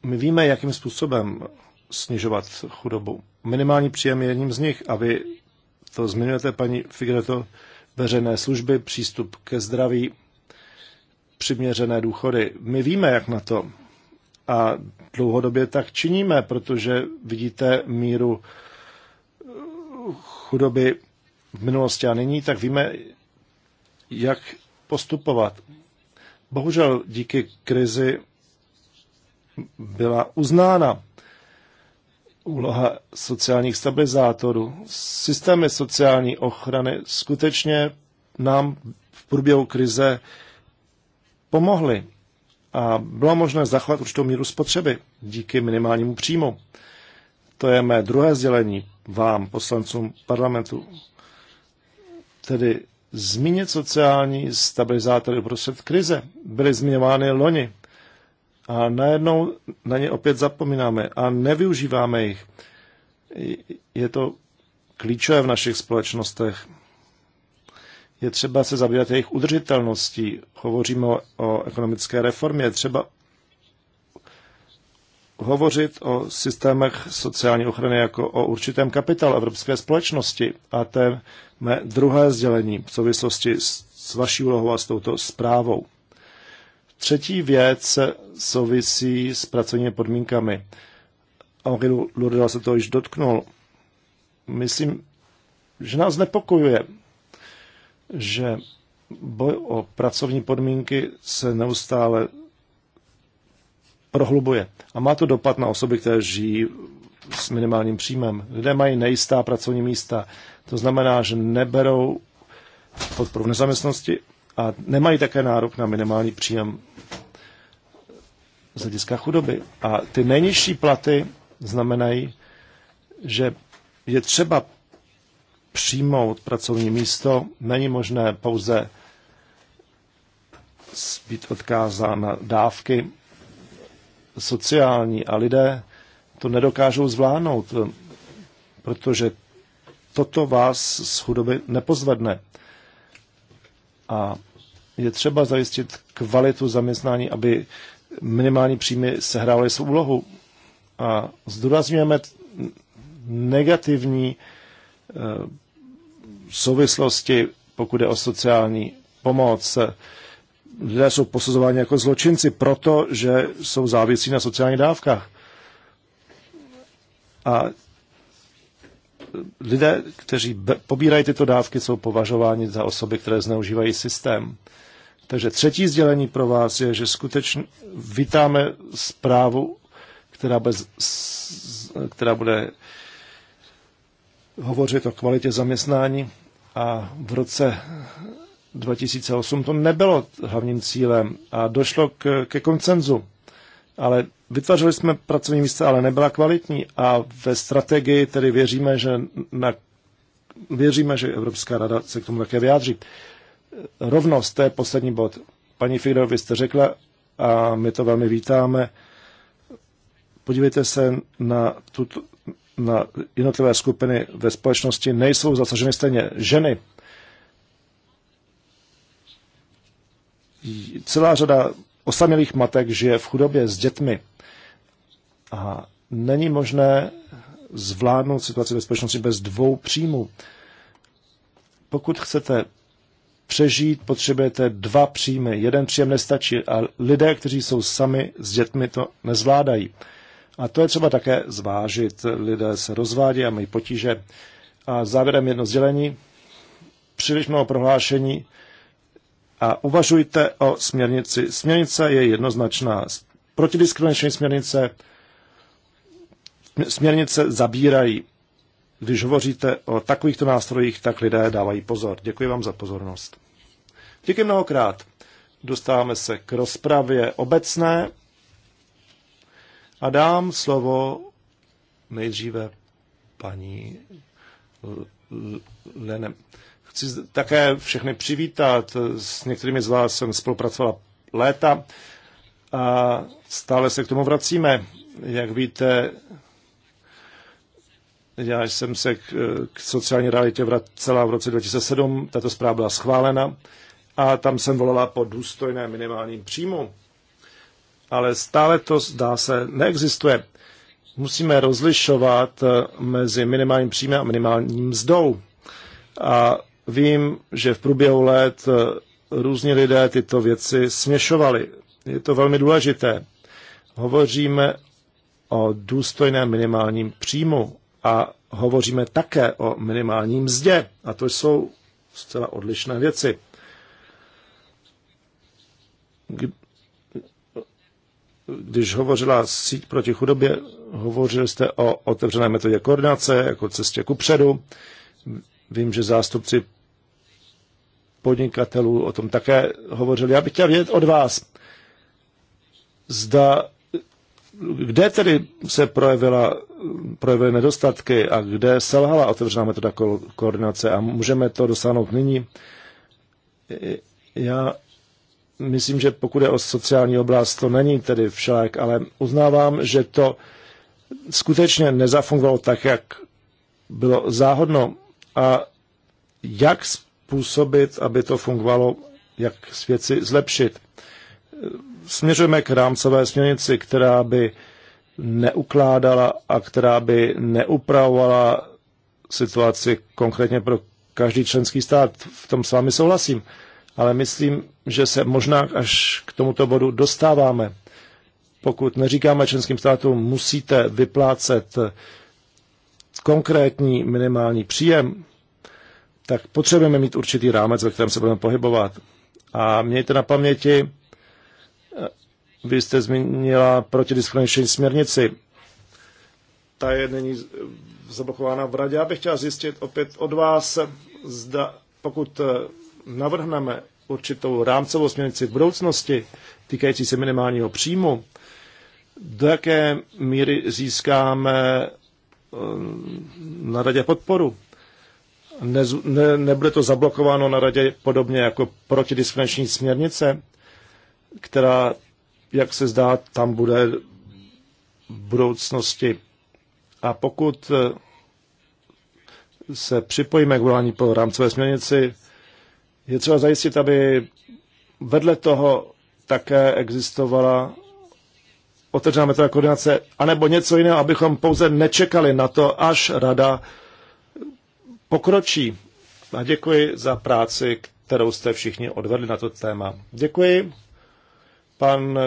My víme, jakým způsobem snižovat chudobu. Minimální příjem je jedním z nich a vy to zmiňujete, paní Figreto, veřejné služby, přístup ke zdraví, přiměřené důchody. My víme, jak na to. A dlouhodobě tak činíme, protože vidíte míru chudoby v minulosti a nyní, tak víme, jak postupovat. Bohužel díky krizi byla uznána úloha sociálních stabilizátorů. Systémy sociální ochrany skutečně nám v průběhu krize pomohly a bylo možné zachovat určitou míru spotřeby díky minimálnímu příjmu. To je mé druhé sdělení vám, poslancům parlamentu. Tedy zmínit sociální stabilizátory uprostřed krize. Byly zmiňovány loni a najednou na ně opět zapomínáme a nevyužíváme jich. Je to klíčové v našich společnostech je třeba se zabývat jejich udržitelností. Hovoříme o, o ekonomické reformě, je třeba hovořit o systémech sociální ochrany jako o určitém kapitálu evropské společnosti. A to je mé druhé sdělení v souvislosti s, s vaší úlohou a s touto zprávou. Třetí věc souvisí s pracovními podmínkami. Henri Lourdes se to již dotknul. Myslím, že nás nepokojuje že boj o pracovní podmínky se neustále prohlubuje. A má to dopad na osoby, které žijí s minimálním příjmem. Lidé mají nejistá pracovní místa. To znamená, že neberou podporu v nezaměstnosti a nemají také nárok na minimální příjem z hlediska chudoby. A ty nejnižší platy znamenají, že je třeba přijmout pracovní místo, není možné pouze být odkázán na dávky sociální a lidé to nedokážou zvládnout, protože toto vás z chudoby nepozvedne. A je třeba zajistit kvalitu zaměstnání, aby minimální příjmy sehrávaly svou úlohu. A zdůrazňujeme negativní eh, souvislosti, pokud je o sociální pomoc. Lidé jsou posuzováni jako zločinci, protože jsou závislí na sociálních dávkách. A lidé, kteří pobírají tyto dávky, jsou považováni za osoby, které zneužívají systém. Takže třetí sdělení pro vás je, že skutečně vítáme zprávu, která, bez, která bude hovořit o kvalitě zaměstnání a v roce 2008 to nebylo hlavním cílem a došlo k, ke koncenzu. Ale vytvářeli jsme pracovní místa, ale nebyla kvalitní a ve strategii tedy věříme, že, na, věříme, že Evropská rada se k tomu také vyjádří. Rovnost, to je poslední bod. Paní Figro, vy jste řekla a my to velmi vítáme. Podívejte se na tuto, na jednotlivé skupiny ve společnosti nejsou zasaženy stejně. Ženy. Celá řada osamělých matek žije v chudobě s dětmi a není možné zvládnout situaci ve společnosti bez dvou příjmů. Pokud chcete přežít, potřebujete dva příjmy. Jeden příjem nestačí a lidé, kteří jsou sami s dětmi, to nezvládají. A to je třeba také zvážit. Lidé se rozvádí a mají potíže. A závěrem jedno sdělení. Příliš mnoho prohlášení a uvažujte o směrnici. Směrnice je jednoznačná. Protidiskriminační směrnice směrnice zabírají. Když hovoříte o takovýchto nástrojích, tak lidé dávají pozor. Děkuji vám za pozornost. Díky mnohokrát. Dostáváme se k rozpravě obecné. A dám slovo nejdříve paní Lene. Chci také všechny přivítat. S některými z vás jsem spolupracovala léta a stále se k tomu vracíme. Jak víte, já jsem se k, k sociální realitě vracela v roce 2007, tato zpráva byla schválena a tam jsem volala po důstojné minimálním příjmu ale stále to zdá se neexistuje. Musíme rozlišovat eh, mezi minimálním příjmem a minimálním mzdou. A vím, že v průběhu let eh, různí lidé tyto věci směšovali. Je to velmi důležité. Hovoříme o důstojném minimálním příjmu a hovoříme také o minimálním mzdě. A to jsou zcela odlišné věci když hovořila síť proti chudobě, hovořil jste o otevřené metodě koordinace jako cestě ku předu. Vím, že zástupci podnikatelů o tom také hovořili. Já bych chtěl vědět od vás, zda, kde tedy se projevila, projevily nedostatky a kde selhala otevřená metoda ko- koordinace a můžeme to dosáhnout nyní. Já myslím, že pokud je o sociální oblast, to není tedy všelek, ale uznávám, že to skutečně nezafungovalo tak, jak bylo záhodno. A jak způsobit, aby to fungovalo, jak svěci zlepšit. Směřujeme k rámcové směrnici, která by neukládala a která by neupravovala situaci konkrétně pro každý členský stát. V tom s vámi souhlasím ale myslím, že se možná až k tomuto bodu dostáváme. Pokud neříkáme členským státům, musíte vyplácet konkrétní minimální příjem, tak potřebujeme mít určitý rámec, ve kterém se budeme pohybovat. A mějte na paměti, vy jste zmínila protidiskriminační směrnici. Ta je nyní zablokována v radě. Já bych chtěl zjistit opět od vás, zda, pokud navrhneme určitou rámcovou směrnici v budoucnosti týkající se minimálního příjmu, do jaké míry získáme eh, na radě podporu. Ne, ne, nebude to zablokováno na radě podobně jako protidiskriminační směrnice, která, jak se zdá, tam bude v budoucnosti. A pokud eh, se připojíme k volání po rámcové směrnici, je třeba zajistit, aby vedle toho také existovala otevřená metoda koordinace, anebo něco jiného, abychom pouze nečekali na to, až rada pokročí. A děkuji za práci, kterou jste všichni odvedli na to téma. Děkuji. Pan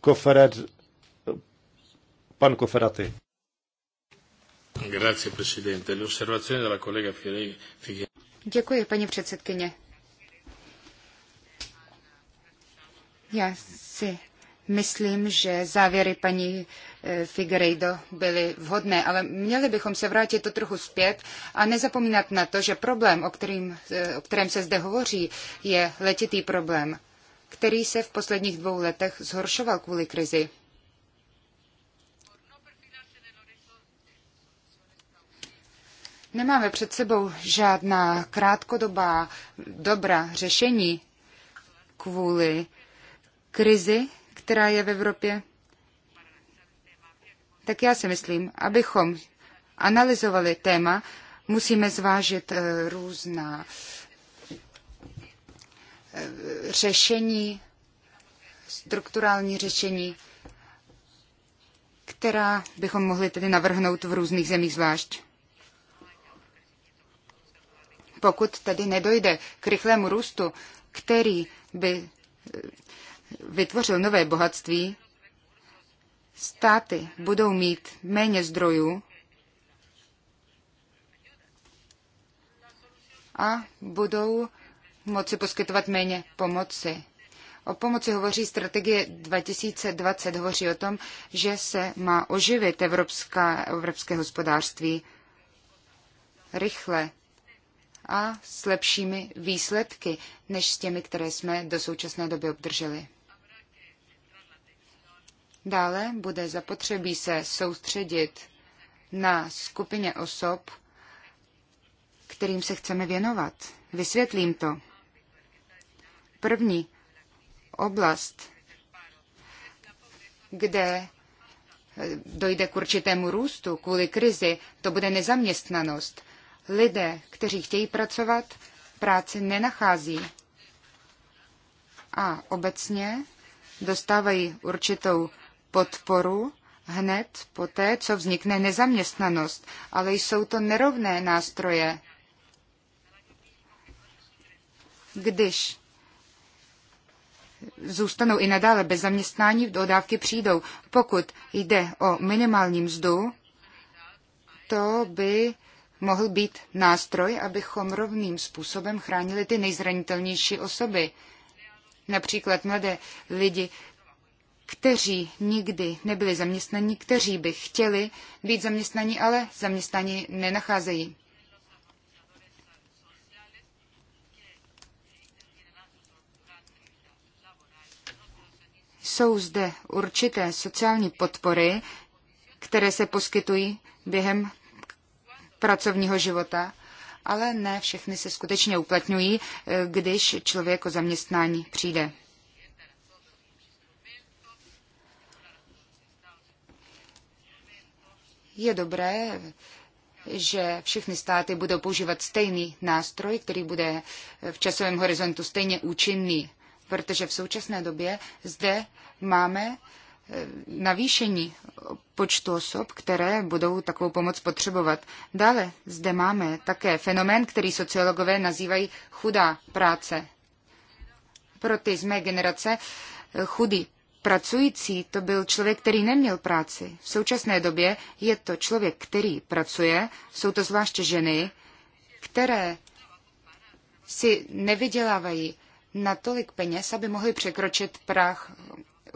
Koferet, pan Koferaty. Děkuji, paní předsedkyně. Já si myslím, že závěry paní eh, Figueiredo byly vhodné, ale měli bychom se vrátit to trochu zpět a nezapomínat na to, že problém, o, kterým, eh, o kterém se zde hovoří, je letitý problém, který se v posledních dvou letech zhoršoval kvůli krizi. Nemáme před sebou žádná krátkodobá dobrá řešení kvůli krizi, která je v Evropě? Tak já si myslím, abychom analyzovali téma, musíme zvážit eh, různá eh, řešení, strukturální řešení, která bychom mohli tedy navrhnout v různých zemích zvlášť. Pokud tedy nedojde k rychlému růstu, který by eh, vytvořil nové bohatství, státy budou mít méně zdrojů a budou moci poskytovat méně pomoci. O pomoci hovoří strategie 2020, hovoří o tom, že se má oživit evropská, evropské hospodářství rychle a s lepšími výsledky, než s těmi, které jsme do současné doby obdrželi. Dále bude zapotřebí se soustředit na skupině osob, kterým se chceme věnovat. Vysvětlím to. První oblast, kde dojde k určitému růstu kvůli krizi, to bude nezaměstnanost. Lidé, kteří chtějí pracovat, práci nenachází. A obecně dostávají určitou podporu hned po té, co vznikne nezaměstnanost, ale jsou to nerovné nástroje. Když zůstanou i nadále bez zaměstnání, do dávky přijdou. Pokud jde o minimální mzdu, to by mohl být nástroj, abychom rovným způsobem chránili ty nejzranitelnější osoby, například mladé lidi, kteří nikdy nebyli zaměstnaní, kteří by chtěli být zaměstnaní, ale zaměstnaní nenacházejí. Jsou zde určité sociální podpory, které se poskytují během pracovního života, ale ne všechny se skutečně uplatňují, eh, když člověk o zaměstnání přijde. Je dobré, že všechny státy budou používat stejný nástroj, který bude v časovém horizontu stejně účinný, protože v současné době zde máme eh, navýšení počtu osob, které budou takovou pomoc potřebovat. Dále zde máme také fenomén, který sociologové nazývají chudá práce. Pro ty z mé generace eh, chudý pracující to byl člověk, který neměl práci. V současné době je to člověk, který pracuje, jsou to zvláště ženy, které si nevydělávají natolik peněz, aby mohly překročit prach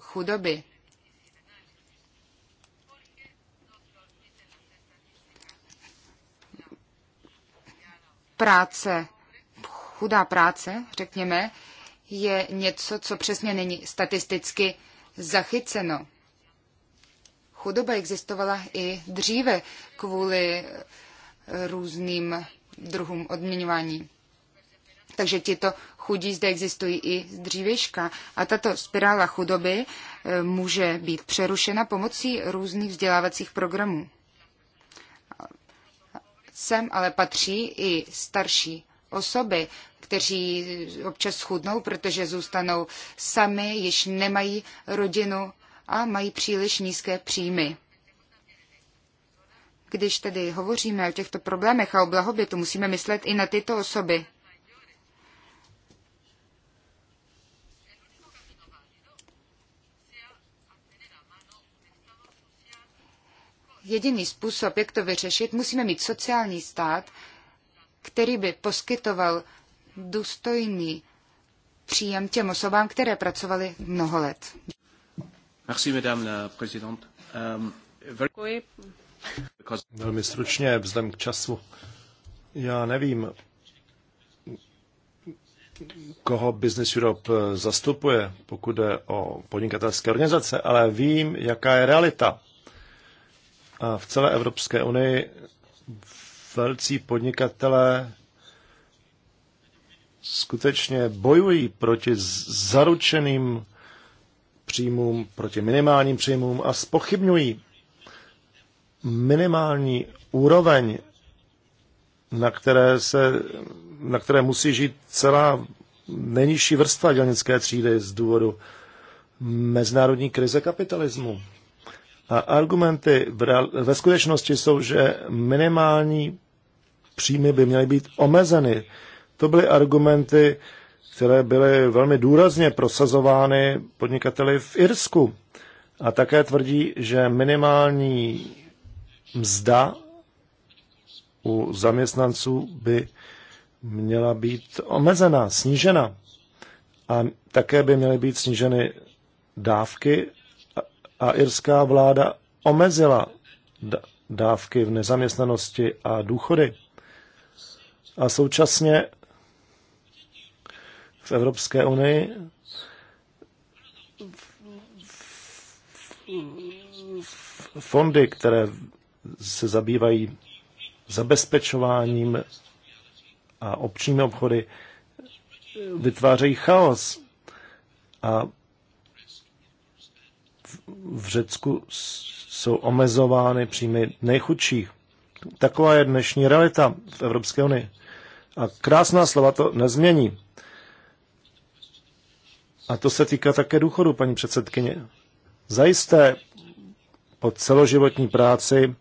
chudoby. Práce, chudá práce, řekněme, je něco, co přesně není statisticky zachyceno. Chudoba existovala i dříve kvůli eh, různým druhům odměňování. Takže tito chudí zde existují i z dřívěžka. A tato spirála chudoby eh, může být přerušena pomocí různých vzdělávacích programů. Sem ale patří i starší osoby, kteří občas chudnou, protože zůstanou sami, již nemají rodinu a mají příliš nízké příjmy. Když tedy hovoříme o těchto problémech a o blahobytu, musíme myslet i na tyto osoby. Jediný způsob, jak to vyřešit, musíme mít sociální stát, který by poskytoval důstojný příjem těm osobám, které pracovaly mnoho let. Merci, madame la présidente. Um, Velmi stručně, vzhledem k času. Já nevím, koho Business Europe zastupuje, pokud je o podnikatelské organizace, ale vím, jaká je realita. A v celé Evropské unii velcí podnikatelé skutečně bojují proti zaručeným příjmům, proti minimálním příjmům a spochybňují minimální úroveň, na které, se, na které musí žít celá nejnižší vrstva dělnické třídy z důvodu mezinárodní krize kapitalismu. A argumenty v real, ve skutečnosti jsou, že minimální příjmy by měly být omezeny. To byly argumenty, které byly velmi důrazně prosazovány podnikateli v Irsku. A také tvrdí, že minimální mzda u zaměstnanců by měla být omezena, snížena. A také by měly být sníženy dávky a irská vláda omezila dávky v nezaměstnanosti a důchody. A současně v Evropské unii fondy, které se zabývají zabezpečováním a občními obchody, vytvářejí chaos. A v Řecku jsou omezovány příjmy nejchudších. Taková je dnešní realita v Evropské unii. A krásná slova to nezmění. A to se týká také důchodu, paní předsedkyně. Zajisté po celoživotní práci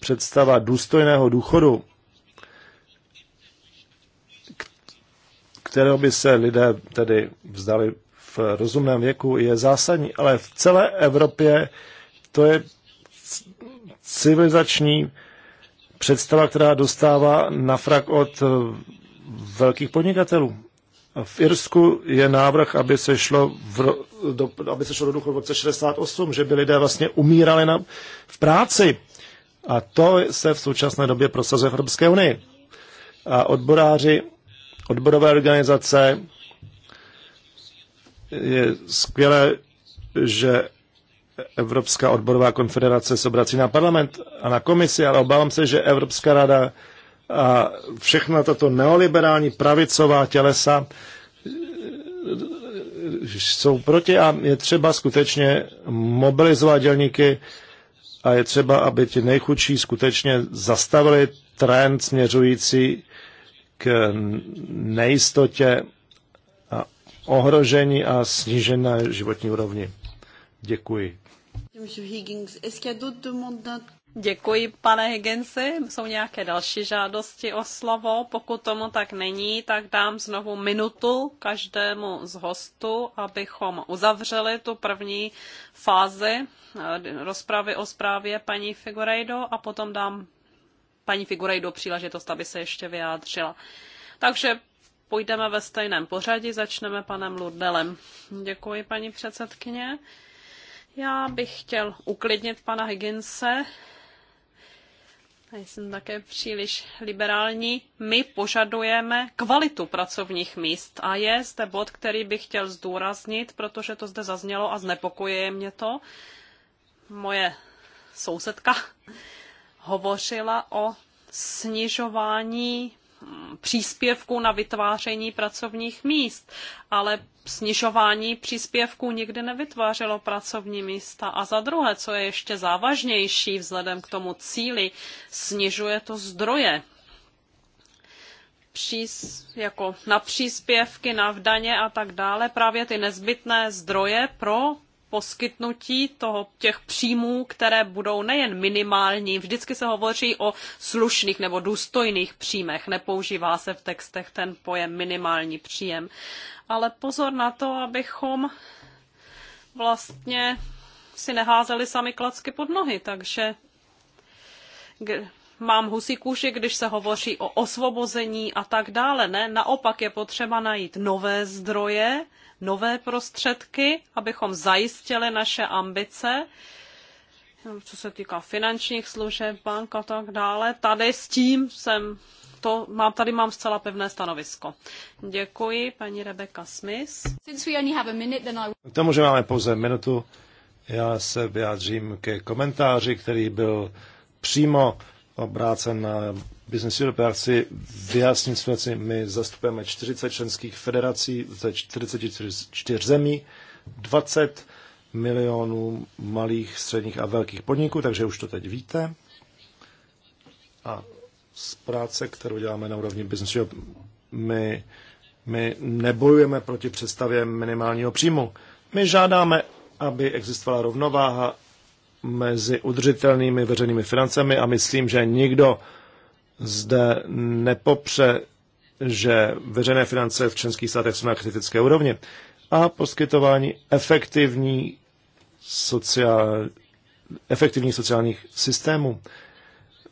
představa důstojného důchodu, kterého by se lidé tedy vzdali v rozumném věku, je zásadní, ale v celé Evropě to je civilizační představa, která dostává na frak od eh, velkých podnikatelů. V Irsku je návrh, aby se šlo, v, do, aby se šlo do důchodu v roce 68, že by lidé vlastně umírali na, v práci. A to se v současné době prosazuje v Evropské unii. A odboráři, odborové organizace, je skvělé, že Evropská odborová konfederace se obrací na parlament a na komisi, ale obávám se, že Evropská rada a všechna tato neoliberální pravicová tělesa eh, jsou proti a je třeba skutečně mobilizovat dělníky a je třeba, aby ti nejchudší skutečně zastavili trend směřující k nejistotě a ohrožení a snížené životní úrovni. Děkuji. Děkuji, pane Higginsi. Jsou nějaké další žádosti o slovo? Pokud tomu tak není, tak dám znovu minutu každému z hostů, abychom uzavřeli tu první fázi eh, rozpravy o zprávě paní Figurejdo a potom dám paní Figurejdo příležitost, aby se ještě vyjádřila. Takže půjdeme ve stejném pořadí, začneme panem Lurdelem. Děkuji, paní předsedkyně. Já bych chtěl uklidnit pana Higginse. Já jsem také příliš liberální. My požadujeme kvalitu pracovních míst a je zde bod, který bych chtěl zdůraznit, protože to zde zaznělo a znepokojuje mě to. Moje sousedka hovořila o snižování Hm, příspěvků na vytváření pracovních míst, ale snižování příspěvků nikdy nevytvářelo pracovní místa. A za druhé, co je ještě závažnější vzhledem k tomu cíli, snižuje to zdroje přís, jako na příspěvky, na vdaně a tak dále, právě ty nezbytné zdroje pro poskytnutí toho, těch příjmů, které budou nejen minimální, vždycky se hovoří o slušných nebo důstojných příjmech, nepoužívá se v textech ten pojem minimální příjem. Ale pozor na to, abychom vlastně si neházeli sami klacky pod nohy, takže mám husí kůži, když se hovoří o osvobození a tak dále. Ne, naopak je potřeba najít nové zdroje, nové prostředky, abychom zajistili naše ambice, co se týká finančních služeb, bank a tak dále. Tady s tím jsem to mám, tady mám zcela pevné stanovisko. Děkuji, paní Rebecca Smith. Tomu, že máme pouze minutu, já se vyjádřím ke komentáři, který byl přímo obrácen na Business Europe. Já chci vyjasnit situaci. My zastupujeme 40 členských federací ze 44 zemí, 20 milionů malých, středních a velkých podniků, takže už to teď víte. A z práce, kterou děláme na úrovni Business Europe, my, my nebojujeme proti představě minimálního příjmu. My žádáme, aby existovala rovnováha mezi udržitelnými veřejnými financemi a myslím, že nikdo zde nepopře, že veřejné finance v členských státech jsou na kritické úrovni a poskytování efektivní sociál, efektivních sociálních systémů.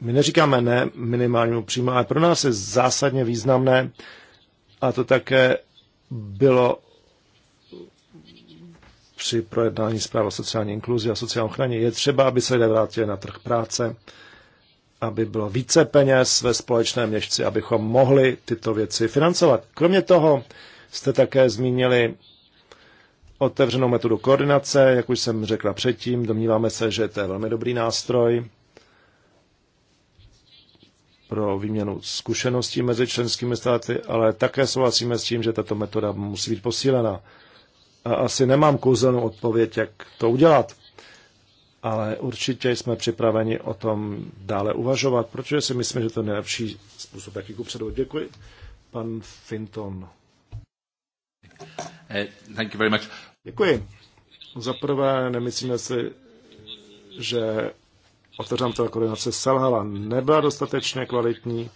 My neříkáme ne minimálnímu příjmu, ale pro nás je zásadně významné, a to také bylo při projednání zpráva sociální inkluzi a sociální ochraně. Je třeba, aby se lidé vrátili na trh práce, aby bylo více peněz ve společné měšci, abychom mohli tyto věci financovat. Kromě toho jste také zmínili otevřenou metodu koordinace, jak už jsem řekla předtím, domníváme se, že to je velmi dobrý nástroj pro výměnu zkušeností mezi členskými státy, ale také souhlasíme s tím, že tato metoda musí být posílena. A asi nemám kouzelnou odpověď, jak to udělat. Ale určitě jsme připraveni o tom dále uvažovat, protože si myslím, že to je nejlepší způsob, jaký kupředu. Děkuji. Pan Finton. Eh, thank you very much. Děkuji. Za prvé, nemyslíme si, že otevřená koordinace selhala. Nebyla dostatečně kvalitní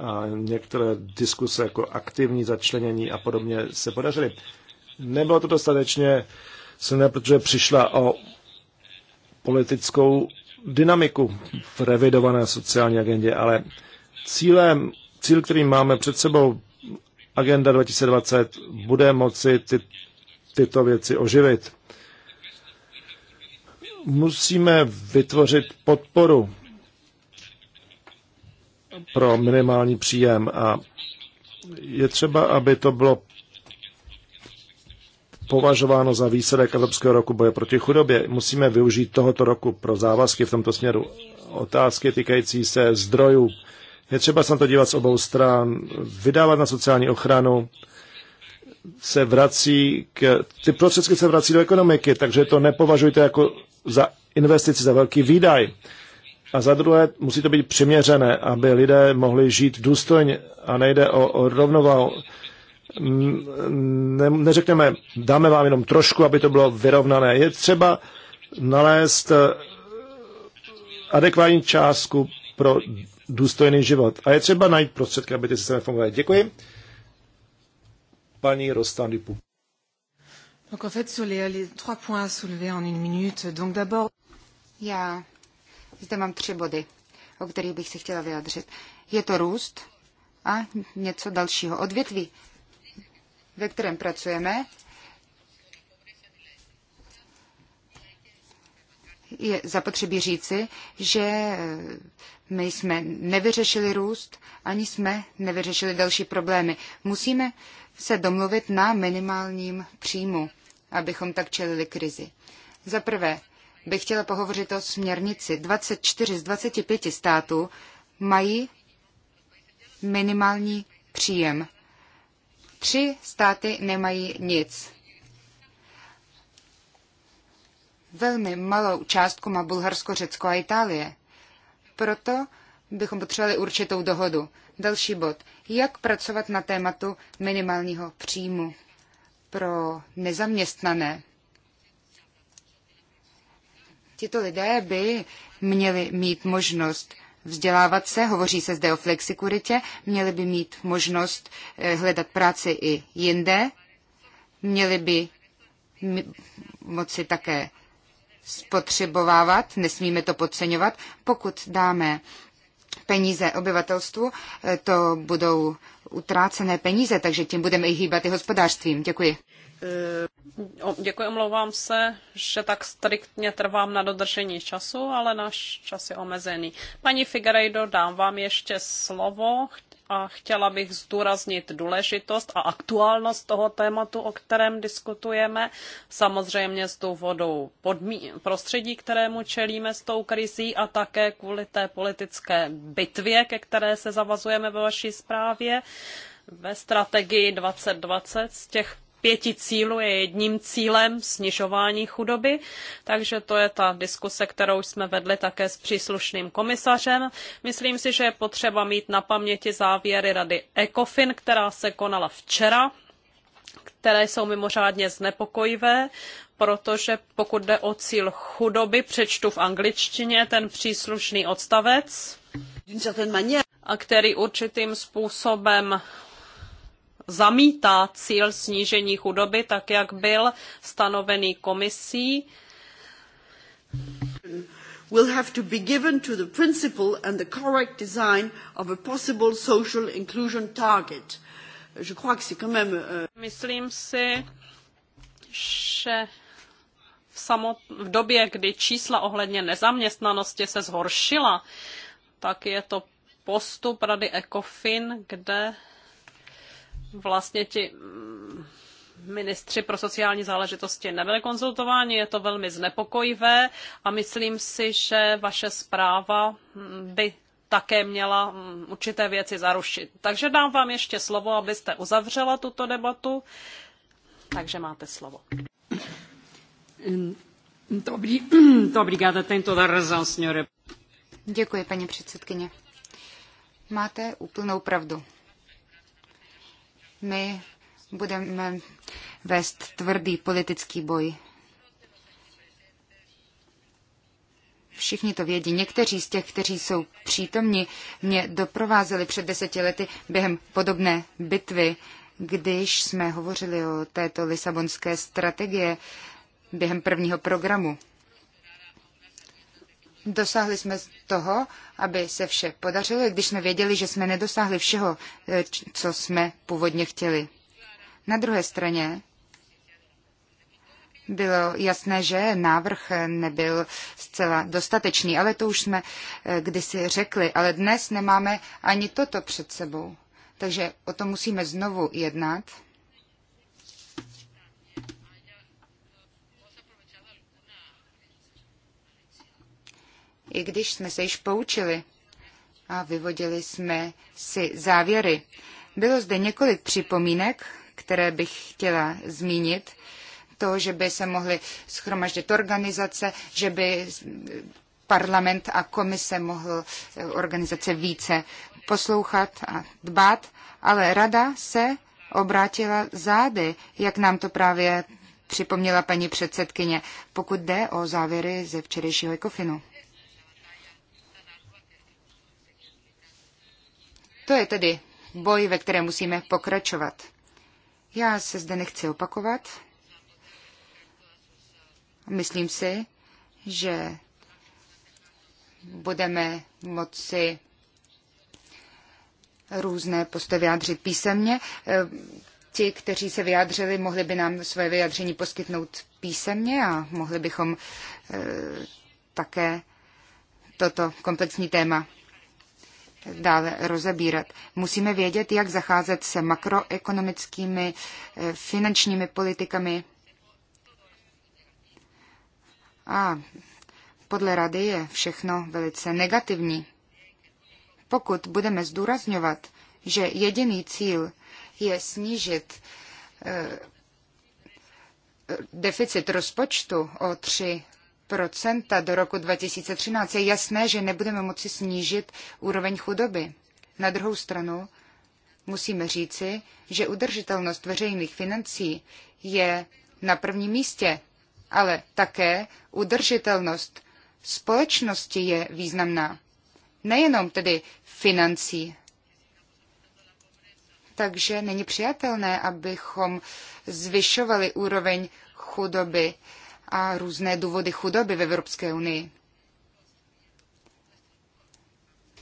a některé diskuse jako aktivní začlenění a podobně se podařily. Nebylo to dostatečně silné, protože přišla o politickou dynamiku v revidované sociální agendě, ale cílem, cíl, který máme před sebou, agenda 2020, bude moci ty, tyto věci oživit. Musíme vytvořit podporu pro minimální příjem a je třeba, aby to bylo považováno za výsledek Evropského roku boje proti chudobě. Musíme využít tohoto roku pro závazky v tomto směru. Otázky týkající se zdrojů. Je třeba se na to dívat z obou stran. Vydávat na sociální ochranu se vrací k, ty prostředky se vrací do ekonomiky, takže to nepovažujte jako za investici, za velký výdaj. A za druhé, musí to být přiměřené, aby lidé mohli žít důstojně a nejde o, o rovnováhu ne, neřekneme, dáme vám jenom trošku, aby to bylo vyrovnané. Je třeba nalézt eh, adekvátní částku pro důstojný život. A je třeba najít prostředky, aby ty systémy fungovaly. Děkuji. Paní Rostandipu. Donc en fait, sur les, les trois points à soulever en une minute, donc d'abord... Já zde mám tři body, o kterých bych se chtěla vyjádřit. Je to růst a něco dalšího odvětví ve kterém pracujeme, je zapotřebí říci, že my jsme nevyřešili růst, ani jsme nevyřešili další problémy. Musíme se domluvit na minimálním příjmu, abychom tak čelili krizi. Za prvé bych chtěla pohovořit o směrnici. 24 z 25 států mají minimální příjem. Tři státy nemají nic. Velmi malou částku má Bulharsko, Řecko a Itálie. Proto bychom potřebovali určitou dohodu. Další bod. Jak pracovat na tématu minimálního příjmu pro nezaměstnané? Tito lidé by měli mít možnost vzdělávat se, hovoří se zde o flexikuritě, měli by mít možnost eh, hledat práci i jinde, měli by moci také spotřebovávat, nesmíme to podceňovat. Pokud dáme peníze obyvatelstvu, eh, to budou utrácené peníze, takže tím budeme i hýbat i hospodářstvím. Děkuji. Eh, děkuji, omlouvám se, že tak striktně trvám na dodržení času, ale náš čas je omezený. Paní Figueiredo, dám vám ještě slovo a chtěla bych zdůraznit důležitost a aktuálnost toho tématu, o kterém diskutujeme, samozřejmě z důvodu podmí- prostředí, kterému čelíme s tou krizí a také kvůli té politické bitvě, ke které se zavazujeme ve vaší zprávě ve strategii 2020 z těch pěti cílů je jedním cílem snižování chudoby, takže to je ta diskuse, kterou jsme vedli také s příslušným komisařem. Myslím si, že je potřeba mít na paměti závěry rady ECOFIN, která se konala včera které jsou mimořádně znepokojivé, protože pokud jde o cíl chudoby, přečtu v angličtině ten příslušný odstavec, a který určitým způsobem zamítá cíl snížení chudoby, tak jak byl stanovený komisí. Will have to be given to the principle and the correct design of a possible social inclusion target. Je crois que c'est quand même, uh... Myslím si, že v, samot... v době, kdy čísla ohledně nezaměstnanosti se zhoršila, tak je to postup Rady ECOFIN, kde vlastně ti mm, ministři pro sociální záležitosti nebyli konzultováni, je to velmi znepokojivé a myslím si, že vaše zpráva mm, by také měla mm, určité věci zarušit. Takže dám vám ještě slovo, abyste uzavřela tuto debatu. Takže máte slovo. Dobrý, Děkuji, paní předsedkyně. Máte úplnou pravdu. My budeme vést tvrdý politický boj. Všichni to vědí. Někteří z těch, kteří jsou přítomni, mě doprovázeli před deseti lety během podobné bitvy, když jsme hovořili o této lisabonské strategie během prvního programu. Dosáhli jsme toho, aby se vše podařilo, i když jsme věděli, že jsme nedosáhli všeho, e, co jsme původně chtěli. Na druhé straně bylo jasné, že návrh nebyl zcela dostatečný, ale to už jsme e, kdysi řekli. Ale dnes nemáme ani toto před sebou. Takže o tom musíme znovu jednat. i když jsme se již poučili a vyvodili jsme si závěry. Bylo zde několik připomínek, které bych chtěla zmínit. To, že by se mohly schromaždit organizace, že by parlament a komise mohl organizace více poslouchat a dbát, ale rada se obrátila zády, jak nám to právě připomněla paní předsedkyně, pokud jde o závěry ze včerejšího ekofinu. To je tedy boj, ve kterém musíme pokračovat. Já se zde nechci opakovat. Myslím si, že budeme moci různé postoje vyjádřit písemně. E, ti, kteří se vyjádřili, mohli by nám své vyjádření poskytnout písemně a mohli bychom e, také toto komplexní téma dále rozebírat. Musíme vědět, jak zacházet se makroekonomickými eh, finančními politikami. A podle rady je všechno velice negativní. Pokud budeme zdůrazňovat, že jediný cíl je snížit eh, deficit rozpočtu o 3 procenta do roku 2013, je jasné, že nebudeme moci snížit úroveň chudoby. Na druhou stranu musíme říci, že udržitelnost veřejných financí je na prvním místě, ale také udržitelnost společnosti je významná. Nejenom tedy financí. Takže není přijatelné, abychom zvyšovali úroveň chudoby a různé důvody chudoby v Evropské unii.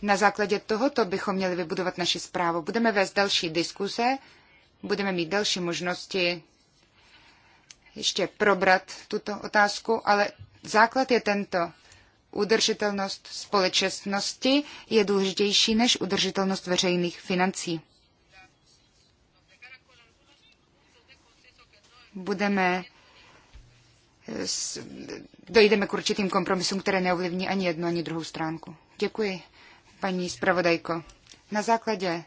Na základě tohoto bychom měli vybudovat naši zprávu. Budeme vést další diskuse, budeme mít další možnosti ještě probrat tuto otázku, ale základ je tento. Udržitelnost společnosti je důležitější než udržitelnost veřejných financí. Budeme dojdeme k určitým kompromisům, které neovlivní ani jednu, ani druhou stránku. Děkuji, paní zpravodajko. Na základě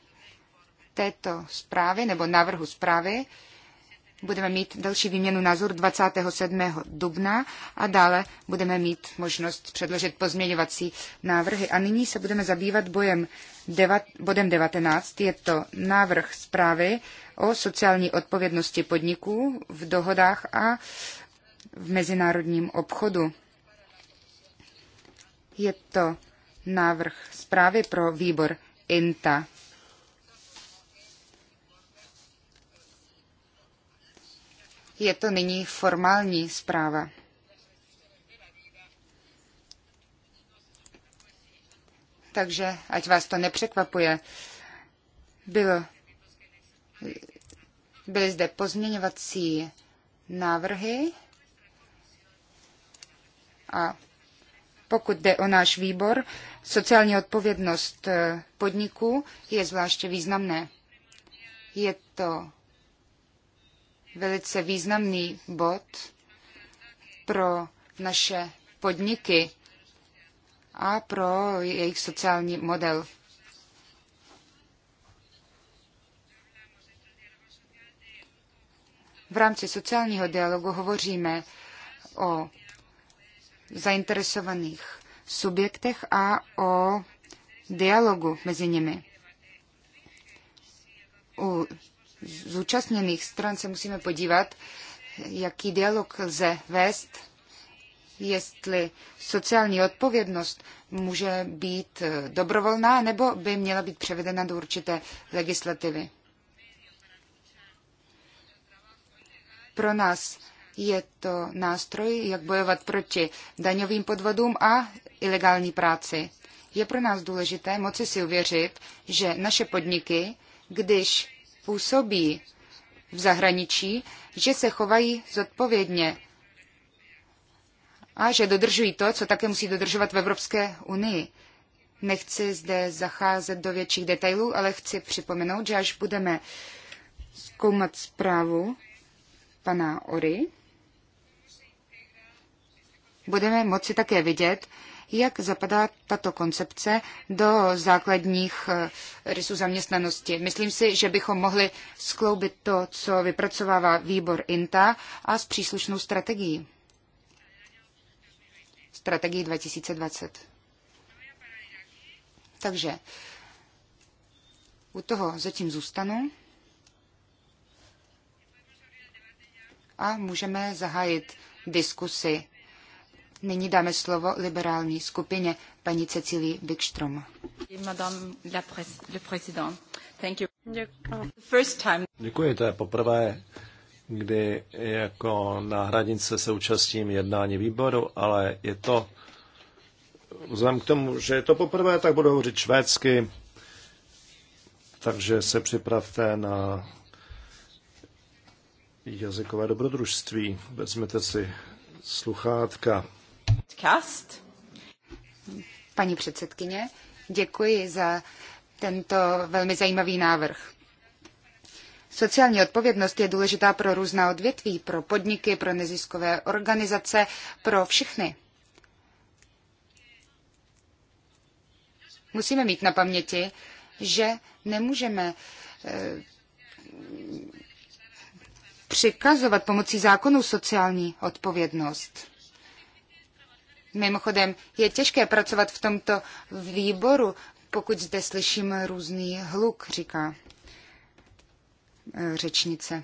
této zprávy nebo návrhu zprávy budeme mít další výměnu názor 27. dubna a dále budeme mít možnost předložit pozměňovací návrhy. A nyní se budeme zabývat bojem devat, bodem 19. Je to návrh zprávy o sociální odpovědnosti podniků v dohodách a v mezinárodním obchodu. Je to návrh zprávy pro výbor INTA. Je to nyní formální zpráva. Takže ať vás to nepřekvapuje, bylo, byly zde pozměňovací návrhy a pokud jde o náš výbor, sociální odpovědnost eh, podniků je zvláště významné. Je to velice významný bod pro naše podniky a pro jejich sociální model. V rámci sociálního dialogu hovoříme o zainteresovaných subjektech a o dialogu mezi nimi. U zúčastněných stran se musíme podívat, jaký dialog lze vést, jestli sociální odpovědnost může být dobrovolná nebo by měla být převedena do určité legislativy. Pro nás je to nástroj, jak bojovat proti daňovým podvodům a ilegální práci. Je pro nás důležité moci si uvěřit, že naše podniky, když působí v zahraničí, že se chovají zodpovědně a že dodržují to, co také musí dodržovat v Evropské unii. Nechci zde zacházet do větších detailů, ale chci připomenout, že až budeme zkoumat zprávu pana Ory, budeme moci také vidět, jak zapadá tato koncepce do základních eh, rysů zaměstnanosti. Myslím si, že bychom mohli skloubit to, co vypracovává výbor INTA a s příslušnou strategií. Strategii 2020. Takže u toho zatím zůstanu. A můžeme zahájit diskusy. Nyní dáme slovo liberální skupině paní Cecilii Wikström. Děkuji, to je poprvé, kdy jako náhradnice se účastním jednání výboru, ale je to, vzhledem k tomu, že je to poprvé, tak budu hovořit švédsky, takže se připravte na jazykové dobrodružství. Vezměte si sluchátka. Paní předsedkyně, děkuji za tento velmi zajímavý návrh. Sociální odpovědnost je důležitá pro různá odvětví, pro podniky, pro neziskové organizace, pro všechny. Musíme mít na paměti, že nemůžeme eh, přikazovat pomocí zákonu sociální odpovědnost. Mimochodem, je těžké pracovat v tomto výboru, pokud zde slyším různý hluk, říká eh, řečnice.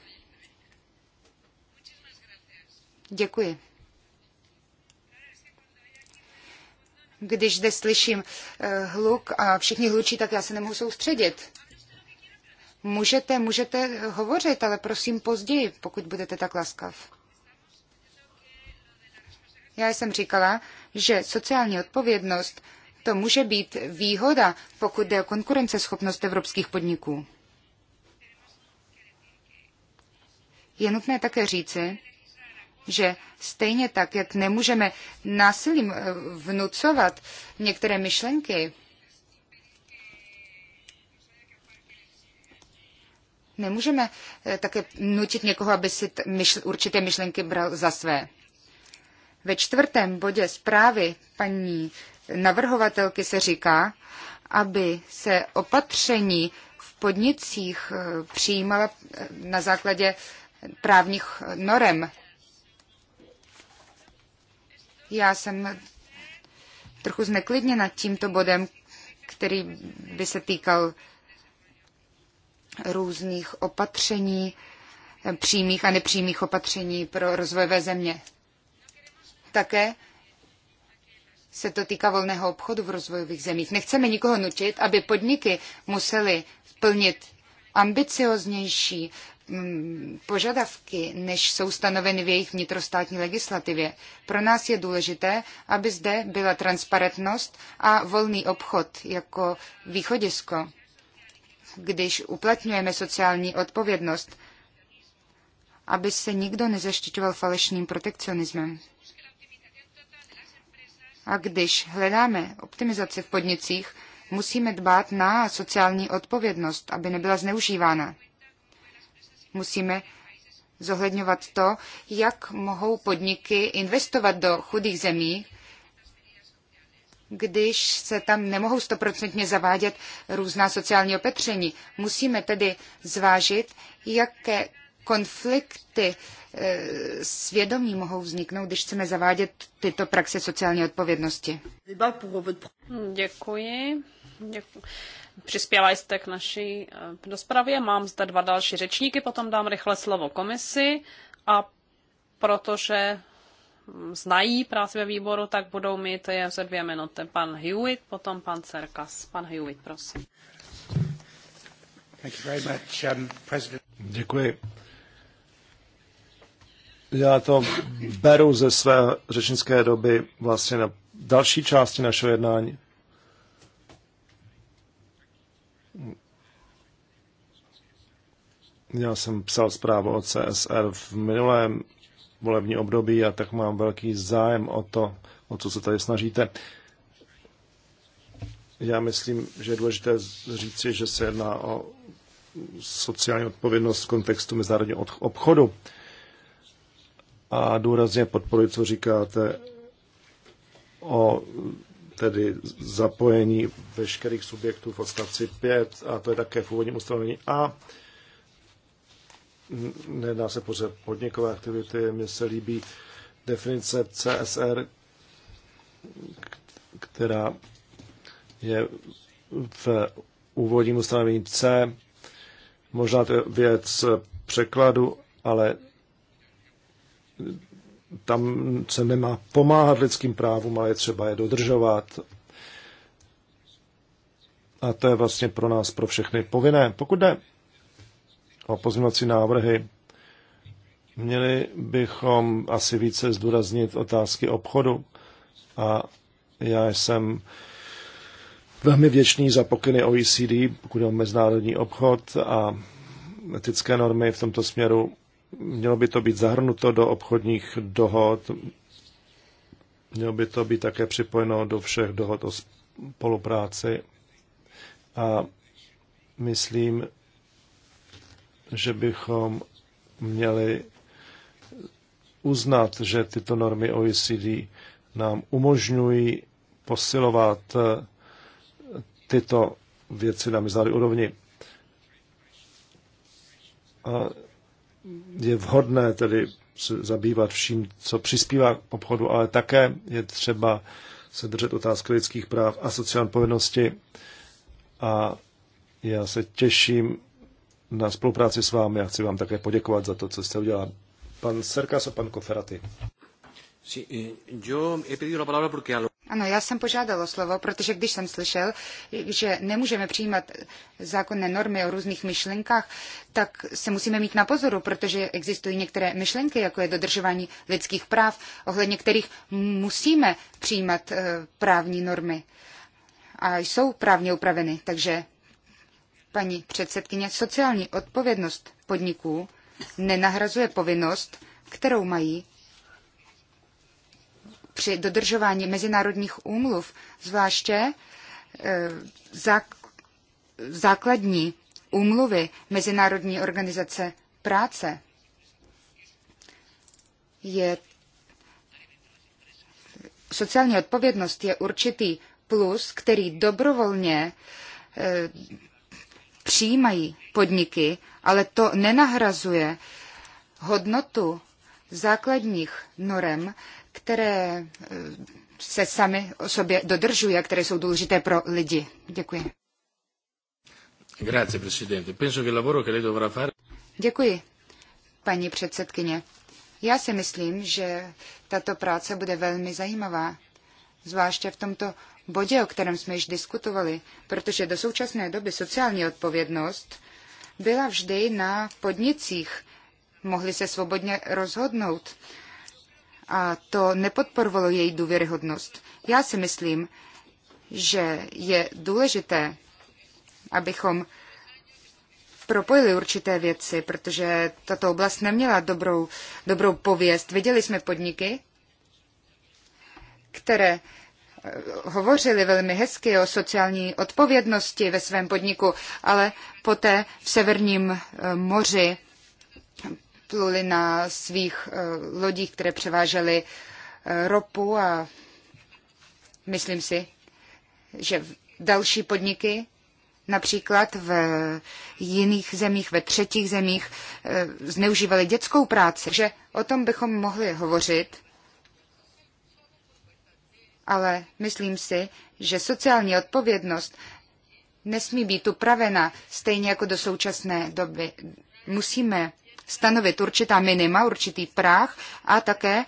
Děkuji. Když zde slyším eh, hluk a všichni hlučí, tak já se nemohu soustředit. Můžete, můžete hovořit, ale prosím později, pokud budete tak laskav. Já jsem říkala, že sociální odpovědnost to může být výhoda, pokud jde o konkurenceschopnost evropských podniků. Je nutné také říci, že stejně tak, jak nemůžeme násilím eh, vnucovat některé myšlenky, nemůžeme eh, také nutit někoho, aby si myšl, určité myšlenky bral za své. Ve čtvrtém bodě zprávy paní navrhovatelky se říká, aby se opatření v podnicích eh, přijímala eh, na základě právních norem. Já jsem trochu zneklidněna tímto bodem, který by se týkal různých opatření, eh, přímých a nepřímých opatření pro rozvojové země. Také se to týká volného obchodu v rozvojových zemích. Nechceme nikoho nutit, aby podniky musely plnit ambicioznější mm, požadavky, než jsou stanoveny v jejich vnitrostátní legislativě. Pro nás je důležité, aby zde byla transparentnost a volný obchod jako východisko. Když uplatňujeme sociální odpovědnost, aby se nikdo nezaštiťoval falešným protekcionismem. A když hledáme optimizaci v podnicích, musíme dbát na sociální odpovědnost, aby nebyla zneužívána. Musíme zohledňovat to, jak mohou podniky investovat do chudých zemí, když se tam nemohou stoprocentně zavádět různá sociální opatření. Musíme tedy zvážit, jaké konflikty eh, svědomí mohou vzniknout, když chceme zavádět tyto praxe sociální odpovědnosti. Děkuji. Děkuji. Přispěla jste k naší eh, rozpravě. Mám zde dva další řečníky, potom dám rychle slovo komisi a protože znají práci ve výboru, tak budou mít je ze dvě minuty. Pan Hewitt, potom pan Cerkas. Pan Hewitt, prosím. Um, Děkuji. Já to beru ze své řečnické doby vlastně na další části našeho jednání. Já jsem psal zprávu o CSR v minulém volební období a tak mám velký zájem o to, o co se tady snažíte. Já myslím, že je důležité říci, že se jedná o sociální odpovědnost v kontextu mezinárodního obchodu a důrazně podporuji, co říkáte o tedy zapojení veškerých subjektů v odstavci 5, a to je také v úvodním ustanovení A. Nedá se pořád podnikové aktivity, mně se líbí definice CSR, která je v úvodním ustanovení C. Možná to je věc překladu, ale tam se nemá pomáhat lidským právům, ale je třeba je dodržovat. A to je vlastně pro nás, pro všechny povinné. Pokud jde o pozměňovací návrhy, měli bychom asi více zdůraznit otázky obchodu. A já jsem velmi věčný za pokyny OECD, pokud je o mezinárodní obchod a etické normy v tomto směru Mělo by to být zahrnuto do obchodních dohod, mělo by to být také připojeno do všech dohod o spolupráci a myslím, že bychom měli uznat, že tyto normy OECD nám umožňují posilovat eh, tyto věci na mezinárodní úrovni. A je vhodné tedy se zabývat vším, co přispívá k obchodu, ale také je třeba se držet otázky lidských práv a sociální povinnosti. A já se těším na spolupráci s vámi a chci vám také poděkovat za to, co jste udělal. Pan Serkas a pan Koferaty. Sí, eh, yo he pedido la palabra porque a lo... Ano, já jsem požádal o slovo, protože když jsem slyšel, že nemůžeme přijímat zákonné normy o různých myšlenkách, tak se musíme mít na pozoru, protože existují některé myšlenky, jako je dodržování lidských práv, ohledně kterých musíme přijímat eh, právní normy a jsou právně upraveny. Takže, paní předsedkyně, sociální odpovědnost podniků nenahrazuje povinnost, kterou mají při dodržování mezinárodních úmluv, zvláště e, základní úmluvy Mezinárodní organizace práce. Je sociální odpovědnost je určitý plus, který dobrovolně e, přijímají podniky, ale to nenahrazuje hodnotu základních norem, které eh, se sami o sobě dodržují a které jsou důležité pro lidi. Děkuji. Grazie, presidente. Penso che il lavoro che lei dovrà fare... Děkuji, paní předsedkyně. Já si myslím, že tato práce bude velmi zajímavá, zvláště v tomto bodě, o kterém jsme již diskutovali, protože do současné doby sociální odpovědnost byla vždy na podnicích. Mohli se svobodně rozhodnout a to nepodporovalo její důvěryhodnost. Já si myslím, že je důležité, abychom propojili určité věci, protože tato oblast neměla dobrou, dobrou pověst. Viděli jsme podniky, které eh, hovořili velmi hezky o sociální odpovědnosti ve svém podniku, ale poté v Severním eh, moři pluli na svých eh, lodích, které převážely eh, ropu a myslím si, že další podniky, například v jiných zemích, ve třetích zemích, eh, zneužívaly dětskou práci. Takže o tom bychom mohli hovořit, ale myslím si, že sociální odpovědnost nesmí být upravena stejně jako do současné doby. Musíme stanovit určitá minima, určitý práh a také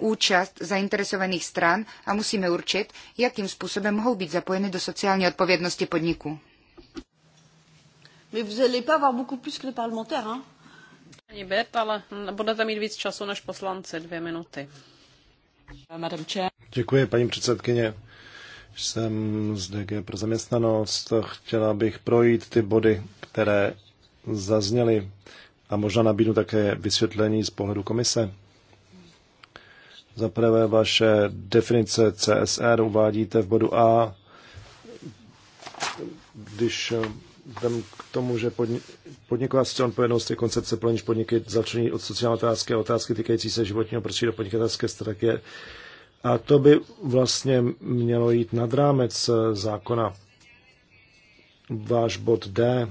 účast zainteresovaných stran a musíme určit, jakým způsobem mohou být zapojeny do sociální odpovědnosti podniků. Pani Bert, ale budete mít víc času než poslanci, dvě minuty. Děkuji, paní předsedkyně. Jsem z DG pro zaměstnanost. Chtěla bych projít ty body, které zazněly a možná nabídnu také vysvětlení z pohledu komise. Za prvé vaše definice CSR uvádíte v bodu A, když jdem eh, k tomu, že podni- podniková sociální odpovědnost je koncepce, pro podniky začlení od sociální otázky a otázky týkající se životního prostředí do podnikatelské strategie. A to by vlastně mělo jít nad rámec eh, zákona. Váš bod D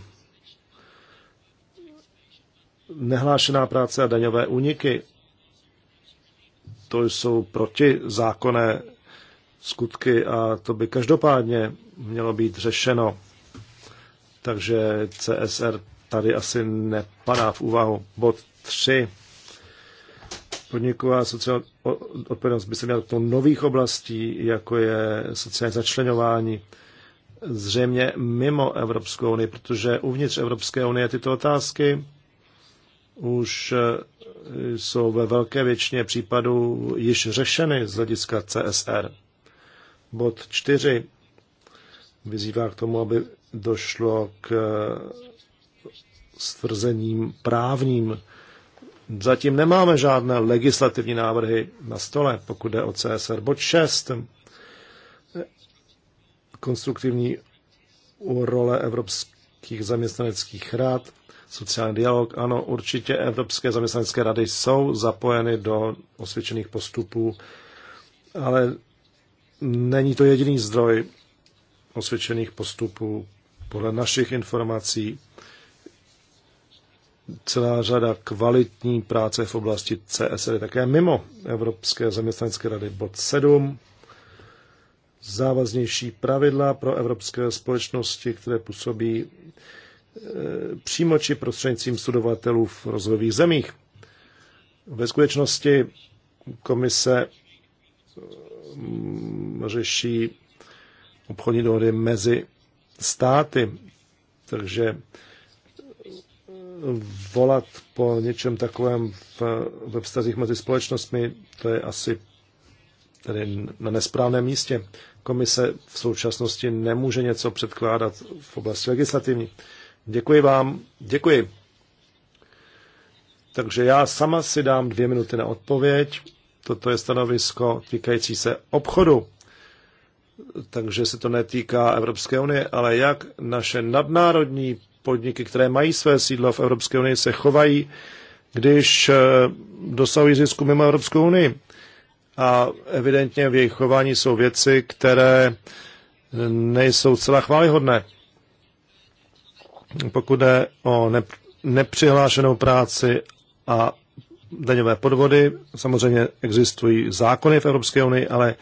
nehlášená práce a daňové úniky. To jsou protizákonné skutky a to by každopádně mělo být řešeno. Takže CSR tady asi nepadá v úvahu. Bod 3. Podniková sociální odpovědnost by se měla do nových oblastí, jako je sociální začlenování, zřejmě mimo Evropskou unii, protože uvnitř Evropské unie tyto otázky už eh, jsou ve velké většině případů již řešeny z hlediska CSR. Bod 4 vyzývá k tomu, aby došlo k eh, stvrzením právním. Zatím nemáme žádné legislativní návrhy na stole, pokud jde o CSR. Bod 6. Konstruktivní role evropských zaměstnaneckých rad sociální dialog. Ano, určitě Evropské zaměstnanecké rady jsou zapojeny do osvědčených postupů, ale není to jediný zdroj osvědčených postupů. Podle našich informací celá řada kvalitní práce v oblasti CSR také mimo Evropské zaměstnanecké rady. Bod 7. Závaznější pravidla pro evropské společnosti, které působí Eh, přímo či prostřednictvím studovatelů v rozvojových zemích. Ve skutečnosti komise mm, řeší obchodní dohody mezi státy, takže volat po něčem takovém v, ve vztazích mezi společnostmi, to je asi tady na nesprávném místě. Komise v současnosti nemůže něco předkládat v oblasti legislativní. Děkuji vám. Děkuji. Takže já sama si dám dvě minuty na odpověď. Toto je stanovisko týkající se obchodu. Takže se to netýká Evropské unie, ale jak naše nadnárodní podniky, které mají své sídlo v Evropské unii, se chovají, když eh, dosahují zisku mimo Evropskou unii. A evidentně v jejich chování jsou věci, které eh, nejsou celá chválihodné pokud jde o nepřihlášenou práci a daňové podvody, samozřejmě existují zákony v Evropské unii, ale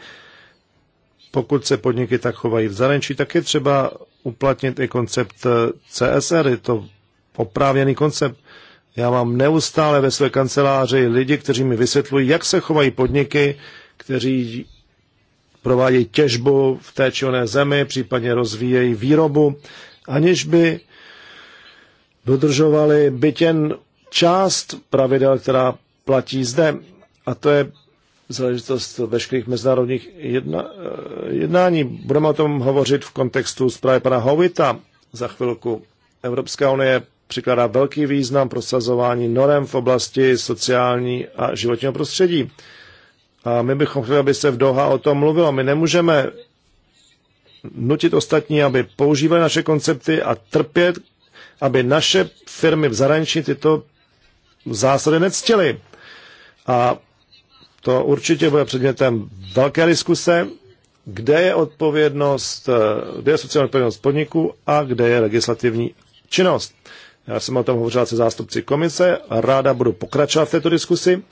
pokud se podniky tak chovají v zahraničí, tak je třeba uplatnit i koncept CSR, je to oprávěný koncept. Já mám neustále ve své kanceláři lidi, kteří mi vysvětlují, jak se chovají podniky, kteří provádějí těžbu v té či oné zemi, případně rozvíjejí výrobu, aniž by dodržovali byt jen část pravidel, která platí zde. A to je záležitost veškerých mezinárodních jedna, eh, jednání. Budeme o tom hovořit v kontextu zprávy pana Hovita za chvilku. Evropská unie přikládá velký význam prosazování norem v oblasti sociální a životního prostředí. A my bychom chtěli, aby se v Doha o tom mluvilo. My nemůžeme nutit ostatní, aby používali naše koncepty a trpět aby naše firmy v zahraničí tyto zásady nectily. A to určitě bude předmětem velké diskuse, kde je odpovědnost, eh, kde je sociální odpovědnost podniku a kde je legislativní činnost. Já jsem o tom hovořil se zástupci komise, ráda budu pokračovat v této diskusi,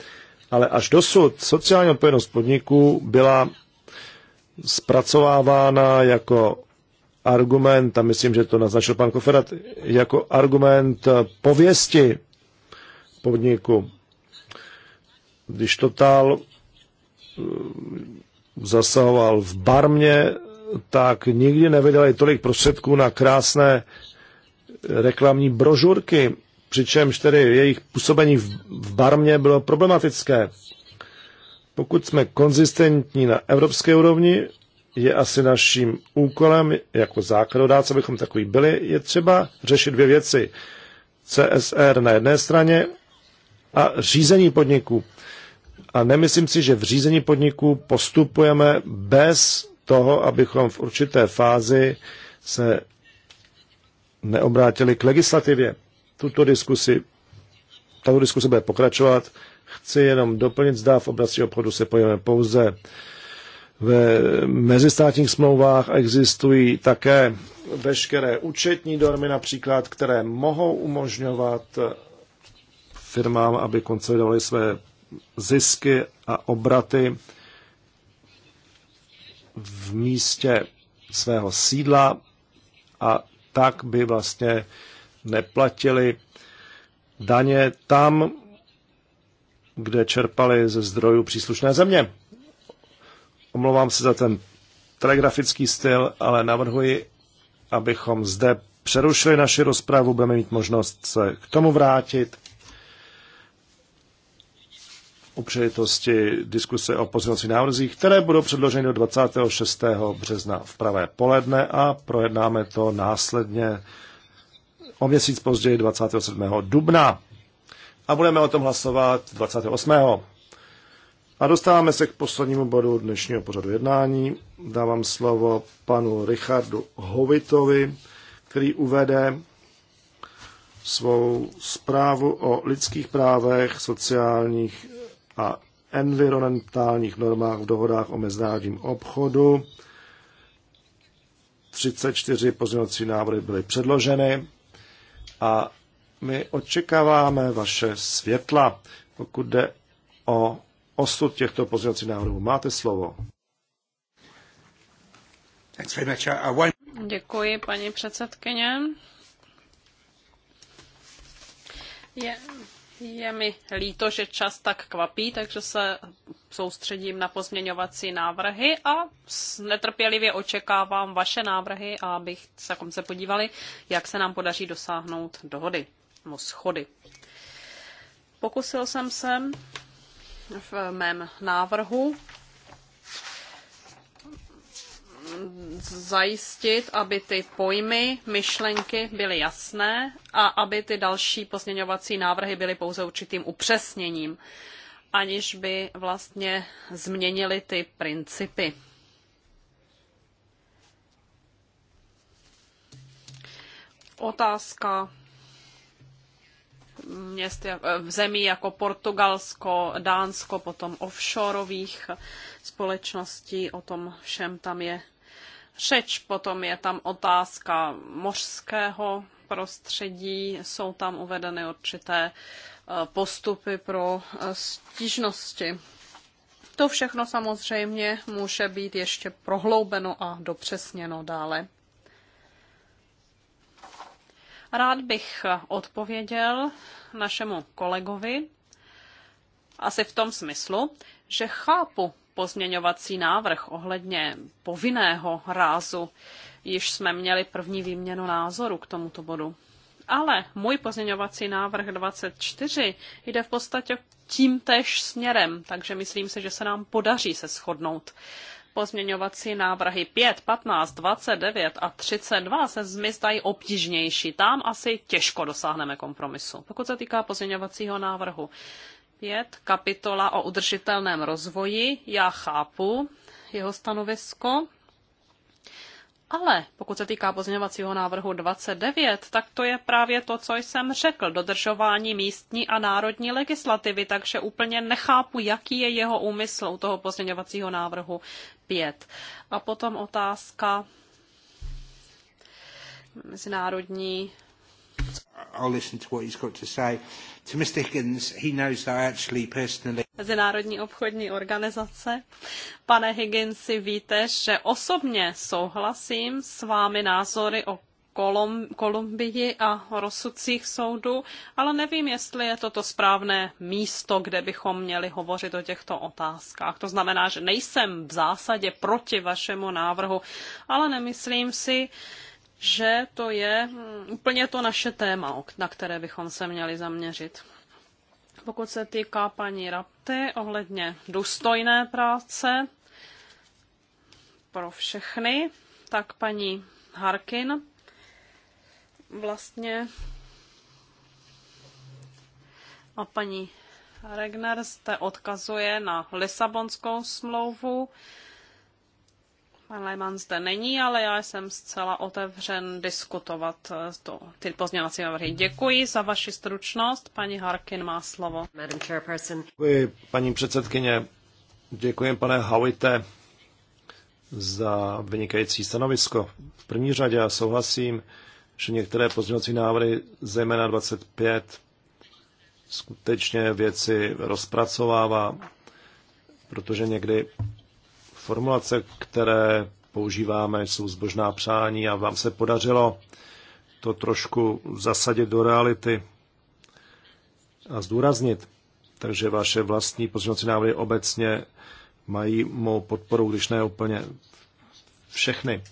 ale až dosud sociální odpovědnost podniků byla zpracovávána jako argument, a myslím, že to naznačil pan Koferat, jako argument pověsti podniku. Když Total eh, zasahoval v Barmě, tak nikdy nevydali tolik prostředků na krásné reklamní brožurky, přičemž tedy jejich působení v Barmě bylo problematické. Pokud jsme konzistentní na evropské úrovni, je asi naším úkolem jako zákonodáce, abychom takový byli, je třeba řešit dvě věci. CSR na jedné straně a řízení podniků. A nemyslím si, že v řízení podniků postupujeme bez toho, abychom v určité fázi se neobrátili k legislativě. Tuto diskusi, tato diskuse bude pokračovat. Chci jenom doplnit, zda v oblasti obchodu se pojeme pouze ve mezistátních smlouvách existují také veškeré účetní normy například, které mohou umožňovat firmám, aby konsolidovali své zisky a obraty v místě svého sídla a tak by vlastně neplatili daně tam, kde čerpali ze zdrojů příslušné země. Omlouvám se za ten telegrafický styl, ale navrhuji, abychom zde přerušili naši rozpravu, budeme mít možnost se k tomu vrátit u příležitosti diskuse o pozměňovacích návrzích, které budou předloženy do 26. března v pravé poledne a projednáme to následně o měsíc později 27. dubna. A budeme o tom hlasovat 28. A dostáváme se k poslednímu bodu dnešního pořadu jednání. Dávám slovo panu Richardu Hovitovi, který uvede svou zprávu o lidských právech, sociálních a environmentálních normách v dohodách o mezinárodním obchodu. 34 pozměňovací návrhy byly předloženy a my očekáváme vaše světla, pokud jde o osud těchto pozměňovacích návrhů. Máte slovo. Děkuji, paní předsedkyně. Je, je mi líto, že čas tak kvapí, takže se soustředím na pozměňovací návrhy a netrpělivě očekávám vaše návrhy, abych se se podívali, jak se nám podaří dosáhnout dohody nebo schody. Pokusil jsem se v mém návrhu zajistit, aby ty pojmy, myšlenky byly jasné a aby ty další pozměňovací návrhy byly pouze určitým upřesněním, aniž by vlastně změnily ty principy. Otázka měst, eh, v zemí jako Portugalsko, Dánsko, potom offshoreových společností, o tom všem tam je řeč, potom je tam otázka mořského prostředí, jsou tam uvedeny určité eh, postupy pro eh, stížnosti. To všechno samozřejmě může být ještě prohloubeno a dopřesněno dále. Rád bych odpověděl našemu kolegovi asi v tom smyslu, že chápu pozměňovací návrh ohledně povinného rázu. Již jsme měli první výměnu názoru k tomuto bodu. Ale můj pozměňovací návrh 24 jde v podstatě tím též směrem, takže myslím si, že se nám podaří se shodnout Pozměňovací návrhy 5, 15, 29 a 32 se mi zdají obtížnější. Tam asi těžko dosáhneme kompromisu. Pokud se týká pozměňovacího návrhu 5, kapitola o udržitelném rozvoji, já chápu jeho stanovisko, ale pokud se týká pozměňovacího návrhu 29, tak to je právě to, co jsem řekl, dodržování místní a národní legislativy, takže úplně nechápu, jaký je jeho úmysl u toho pozměňovacího návrhu 5. A potom otázka mezinárodní Mezinárodní obchodní organizace. Pane Higginsi, víte, že osobně souhlasím s vámi názory o Kolum, Kolumbii a rozsudcích soudu, ale nevím, jestli je toto správné místo, kde bychom měli hovořit o těchto otázkách. To znamená, že nejsem v zásadě proti vašemu návrhu, ale nemyslím si, že to je hm, úplně to naše téma, na které bychom se měli zaměřit. Pokud se týká paní Rapty ohledně důstojné práce pro všechny, tak paní Harkin vlastně a paní Regner zde odkazuje na Lisabonskou smlouvu, Pan Lehmann zde není, ale já jsem zcela otevřen diskutovat eh, to, ty pozměňovací návrhy. Děkuji za vaši stručnost. Paní Harkin má slovo. Děkuji, paní předsedkyně. Děkuji, pane Hawite, za vynikající stanovisko. V první řadě já souhlasím, že některé pozměňovací návrhy, zejména 25, skutečně věci rozpracovává, protože někdy Formulace, které používáme, jsou zbožná přání a vám se podařilo to trošku zasadit do reality a zdůraznit. Takže vaše vlastní pozměňovací návrhy obecně mají mou podporu, když ne úplně všechny.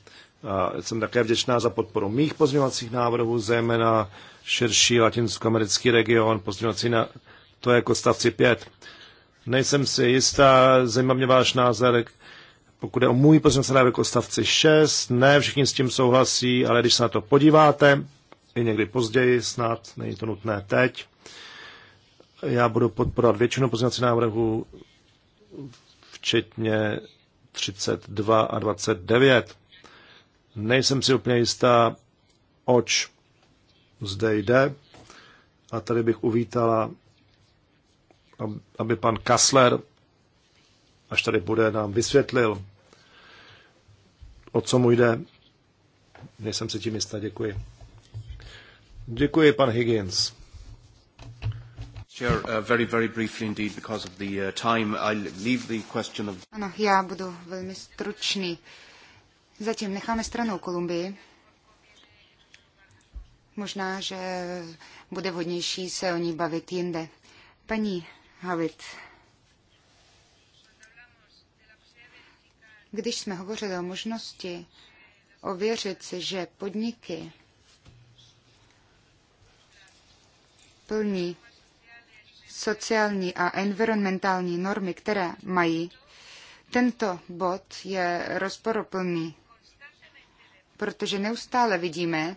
A jsem také vděčná za podporu mých pozměňovacích návrhů, zejména širší latinskoamerický region, pozměňovací na, to je jako stavci 5. Nejsem si jistá, zajímá mě váš názor pokud je o můj pozměňovací návrh odstavci 6, ne, všichni s tím souhlasí, ale když se na to podíváte, i někdy později, snad není to nutné teď, já budu podporovat většinu pozměňovacích návrhů, včetně 32 a 29. Nejsem si úplně jistá, oč zde jde. A tady bych uvítala, aby pan Kassler, až tady bude, nám vysvětlil, o co mu jde. Nejsem si tím jistá, děkuji. Děkuji, pan Higgins. Ano, já budu velmi stručný. Zatím necháme stranou Kolumbii. Možná, že bude vhodnější se o ní bavit jinde. Paní Havit, Když jsme hovořili o možnosti ověřit si, že podniky plní sociální a environmentální normy, které mají, tento bod je rozporuplný, protože neustále vidíme,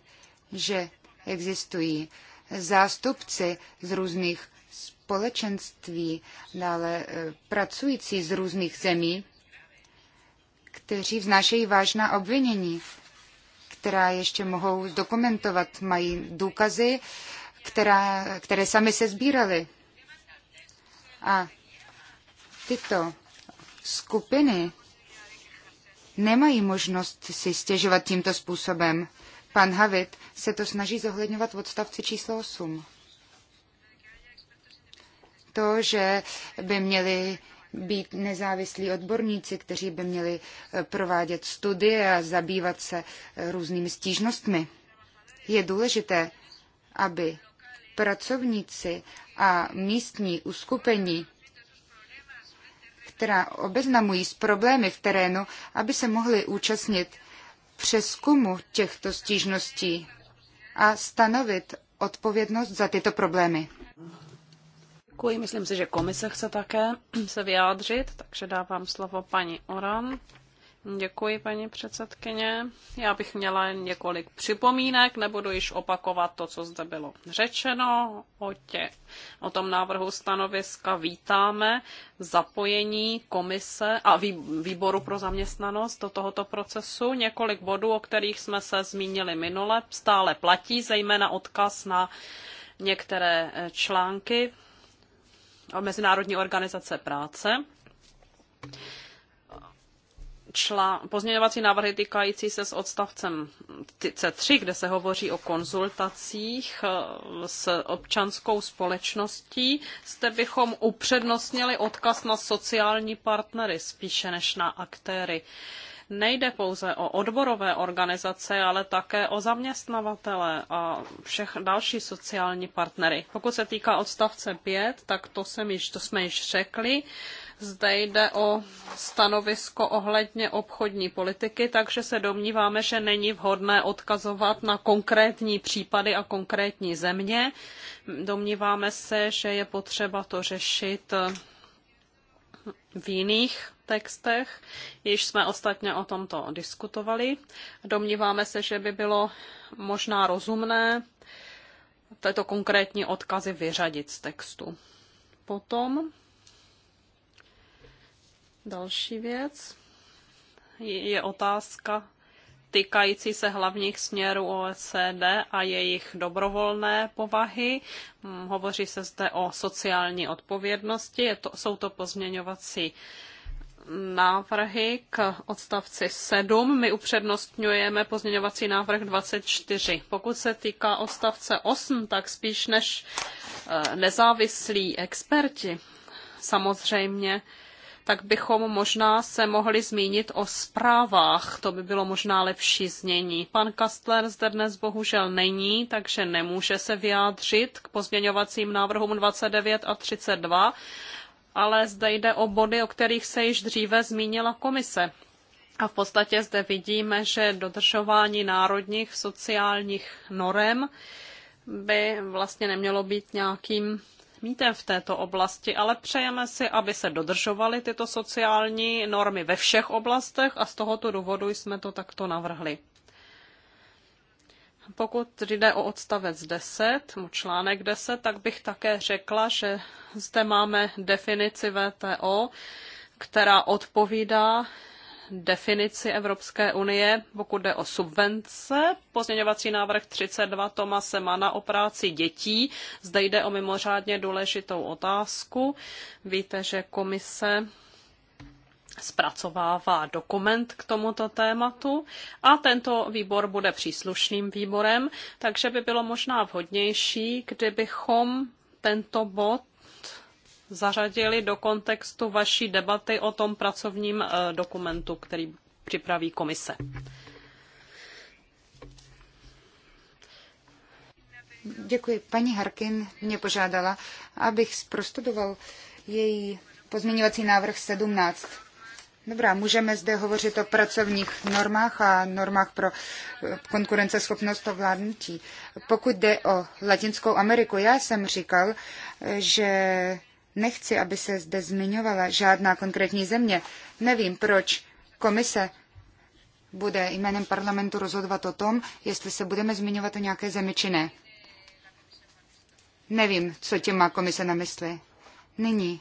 že existují zástupci z různých společenství, dále eh, pracující z různých zemí, kteří vznášejí vážná obvinění, která ještě mohou dokumentovat, mají důkazy, která, které sami se sbírali. A tyto skupiny nemají možnost si stěžovat tímto způsobem. Pan Havit se to snaží zohledňovat v odstavci číslo 8. To, že by měli být nezávislí odborníci, kteří by měli eh, provádět studie a zabývat se eh, různými stížnostmi. Je důležité, aby pracovníci a místní uskupení která obeznamují s problémy v terénu, aby se mohli účastnit přeskumu těchto stížností a stanovit odpovědnost za tyto problémy. Děkuji. Myslím si, že komise chce také se vyjádřit, takže dávám slovo paní Oran. Děkuji, paní předsedkyně. Já bych měla jen několik připomínek, nebudu již opakovat to, co zde bylo řečeno o, tě, o tom návrhu stanoviska. Vítáme zapojení komise a výboru pro zaměstnanost do tohoto procesu. Několik bodů, o kterých jsme se zmínili minule, stále platí, zejména odkaz na některé články Mezinárodní organizace práce. Čla, pozměňovací návrhy týkající se s odstavcem C3, kde se hovoří o konzultacích eh, s občanskou společností, zde bychom upřednostnili odkaz na sociální partnery spíše než na aktéry. Uh, nejde pouze o odborové organizace, ale také o zaměstnavatele a všech další sociální partnery. Pokud se týká odstavce 5, tak to, jsem již, to jsme již řekli. Zde jde o stanovisko ohledně obchodní politiky, takže se domníváme, že není vhodné odkazovat na konkrétní případy a konkrétní země. Domníváme se, že je potřeba to řešit v jiných textech, již jsme ostatně o tomto diskutovali. Domníváme se, že by bylo možná rozumné této konkrétní odkazy vyřadit z textu. Potom další věc je otázka týkající se hlavních směrů OECD a jejich dobrovolné povahy. Hm, hovoří se zde o sociální odpovědnosti. Je to, jsou to pozměňovací návrhy k odstavci 7. My upřednostňujeme pozměňovací návrh 24. Pokud se týká odstavce 8, tak spíš než e, nezávislí experti, samozřejmě, tak bychom možná se mohli zmínit o zprávách. To by bylo možná lepší znění. Pan Kastler zde dnes bohužel není, takže nemůže se vyjádřit k pozměňovacím návrhům 29 a 32 ale zde jde o body, o kterých se již dříve zmínila komise. A v podstatě zde vidíme, že dodržování národních sociálních norem by vlastně nemělo být nějakým mýtem v této oblasti, ale přejeme si, aby se dodržovaly tyto sociální normy ve všech oblastech a z tohoto důvodu jsme to takto navrhli. Pokud jde o odstavec 10, článek 10, tak bych také řekla, že zde máme definici VTO, která odpovídá definici Evropské unie, pokud jde o subvence. Pozměňovací návrh 32 Toma Mana o práci dětí. Zde jde o mimořádně důležitou otázku. Víte, že komise zpracovává dokument k tomuto tématu a tento výbor bude příslušným výborem, takže by bylo možná vhodnější, kdybychom tento bod zařadili do kontextu vaší debaty o tom pracovním eh, dokumentu, který připraví komise. Děkuji. Paní Harkin mě požádala, abych zprostudoval její pozměňovací návrh 17. Dobrá, můžeme zde hovořit o pracovních normách a normách pro eh, konkurenceschopnost a vládnutí. Pokud jde o Latinskou Ameriku, já jsem říkal, eh, že nechci, aby se zde zmiňovala žádná konkrétní země. Nevím, proč komise bude jménem parlamentu rozhodovat o tom, jestli se budeme zmiňovat o nějaké zemi či ne. Nevím, co tě má komise na mysli. Nyní.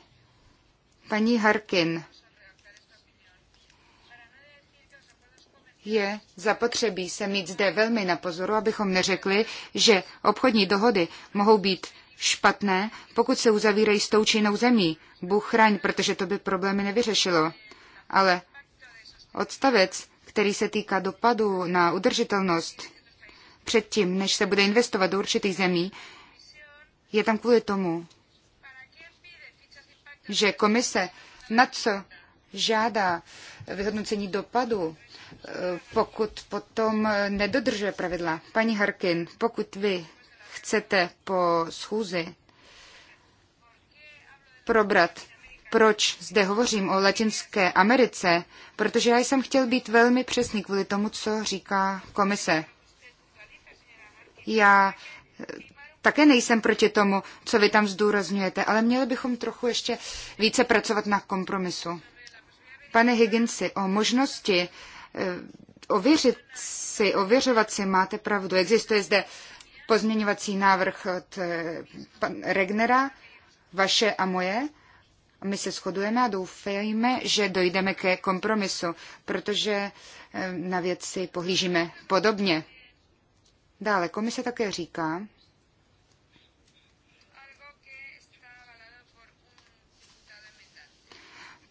Paní Harkin je zapotřebí se mít zde velmi na pozoru, abychom neřekli, že obchodní dohody mohou být špatné, pokud se uzavírají s tou či zemí. Bůh chraň, protože to by problémy nevyřešilo. Ale odstavec, který se týká dopadu na udržitelnost předtím, než se bude investovat do určitých zemí, je tam kvůli tomu, že komise na co žádá vyhodnocení dopadu pokud potom nedodržuje pravidla. Paní Harkin, pokud vy chcete po schůzi probrat, proč zde hovořím o Latinské Americe, protože já jsem chtěl být velmi přesný kvůli tomu, co říká komise. Já eh, také nejsem proti tomu, co vy tam zdůrazňujete, ale měli bychom trochu ještě více pracovat na kompromisu. Pane Higginsi, o možnosti Eh, ověřit si, ověřovat si, máte pravdu. Existuje zde pozměňovací návrh od eh, pan Regnera, vaše a moje. My se shodujeme a doufejme, že dojdeme ke kompromisu, protože eh, na věci pohlížíme podobně. Dále komise také říká,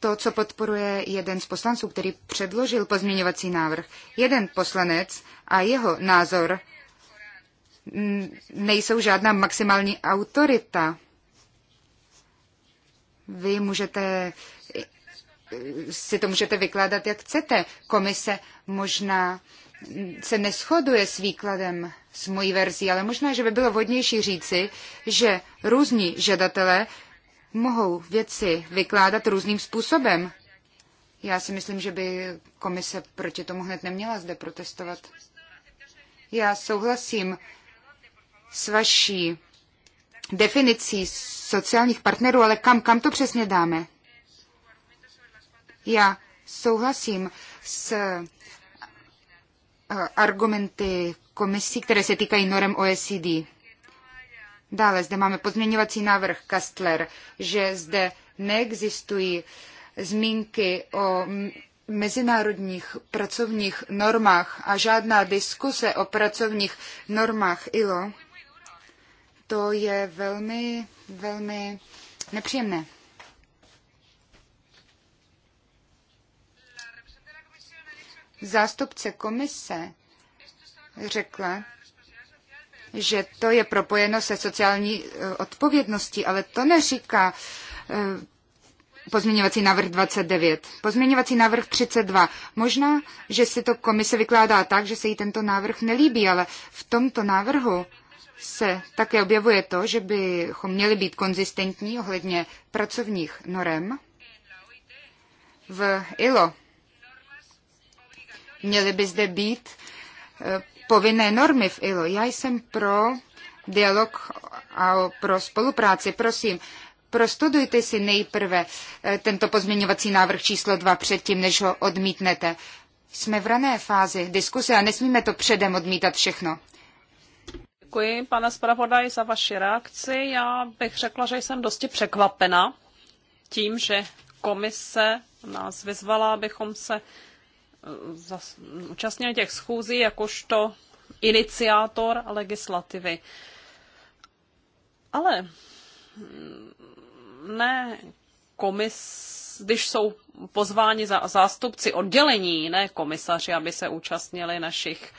to, co podporuje jeden z poslanců, který předložil pozměňovací návrh. Jeden poslanec a jeho názor nejsou žádná maximální autorita. Vy můžete si to můžete vykládat, jak chcete. Komise možná se neschoduje s výkladem s mojí verzí, ale možná, že by bylo vhodnější říci, že různí žadatelé mohou věci vykládat různým způsobem. Já si myslím, že by komise proti tomu hned neměla zde protestovat. Já souhlasím s vaší definicí sociálních partnerů, ale kam, kam to přesně dáme? Já souhlasím s eh, argumenty komisí, které se týkají norem OECD. Dále zde máme pozměňovací návrh Kastler, že zde neexistují zmínky o mezinárodních pracovních normách a žádná diskuse o pracovních normách ILO, to je velmi, velmi nepříjemné. Zástupce komise řekla, že to je propojeno se sociální eh, odpovědností, ale to neříká eh, pozměňovací návrh 29. Pozměňovací návrh 32. Možná, že si to komise vykládá tak, že se jí tento návrh nelíbí, ale v tomto návrhu se také objevuje to, že bychom měli být konzistentní ohledně pracovních norem. V ILO měly by zde být eh, povinné normy v ILO. Já jsem pro dialog a pro spolupráci. Prosím, prostudujte si nejprve eh, tento pozměňovací návrh číslo 2 předtím, než ho odmítnete. Jsme v rané fázi diskuse a nesmíme to předem odmítat všechno. Děkuji, pane zpravodaj, za vaši reakci. Já bych řekla, že jsem dosti překvapena tím, že komise nás vyzvala, abychom se účastnil těch schůzí jakožto iniciátor legislativy. Ale ne komis, když jsou pozváni za, zástupci oddělení, ne komisaři, aby se účastnili našich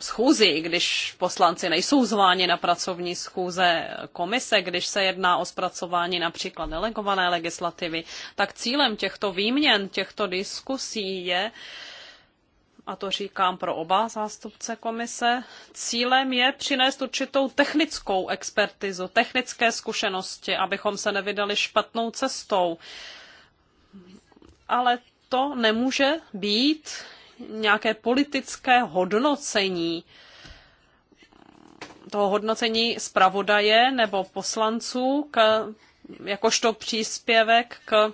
schůzi, když poslanci nejsou zváni na pracovní schůze komise, když se jedná o zpracování například delegované legislativy, tak cílem těchto výměn, těchto diskusí je, a to říkám pro oba zástupce komise, cílem je přinést určitou technickou expertizu, technické zkušenosti, abychom se nevydali špatnou cestou. Ale to nemůže být nějaké politické hodnocení toho hodnocení zpravodaje nebo poslanců k, jakožto příspěvek k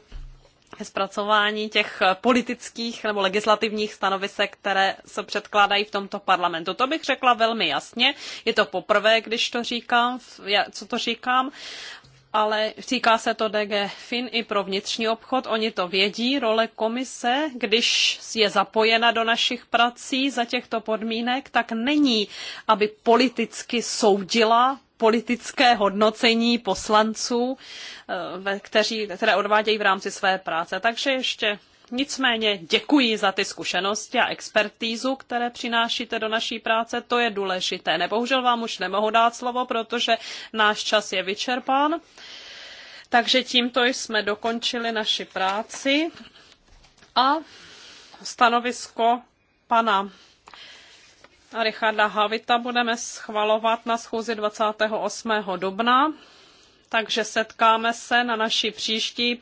zpracování těch politických nebo legislativních stanovisek, které se předkládají v tomto parlamentu. To bych řekla velmi jasně. Je to poprvé, když to říkám, co to říkám ale týká se to DG Fin i pro vnitřní obchod. Oni to vědí, role komise, když je zapojena do našich prací za těchto podmínek, tak není, aby politicky soudila politické hodnocení poslanců, eh, kteří, které odvádějí v rámci své práce. Takže ještě Nicméně děkuji za ty zkušenosti a expertízu, které přinášíte do naší práce, to je důležité. Nebohužel vám už nemohu dát slovo, protože náš čas je vyčerpán. Takže tímto jsme dokončili naši práci a stanovisko pana Richarda Havita budeme schvalovat na schůzi 28. dubna, takže setkáme se na naší příští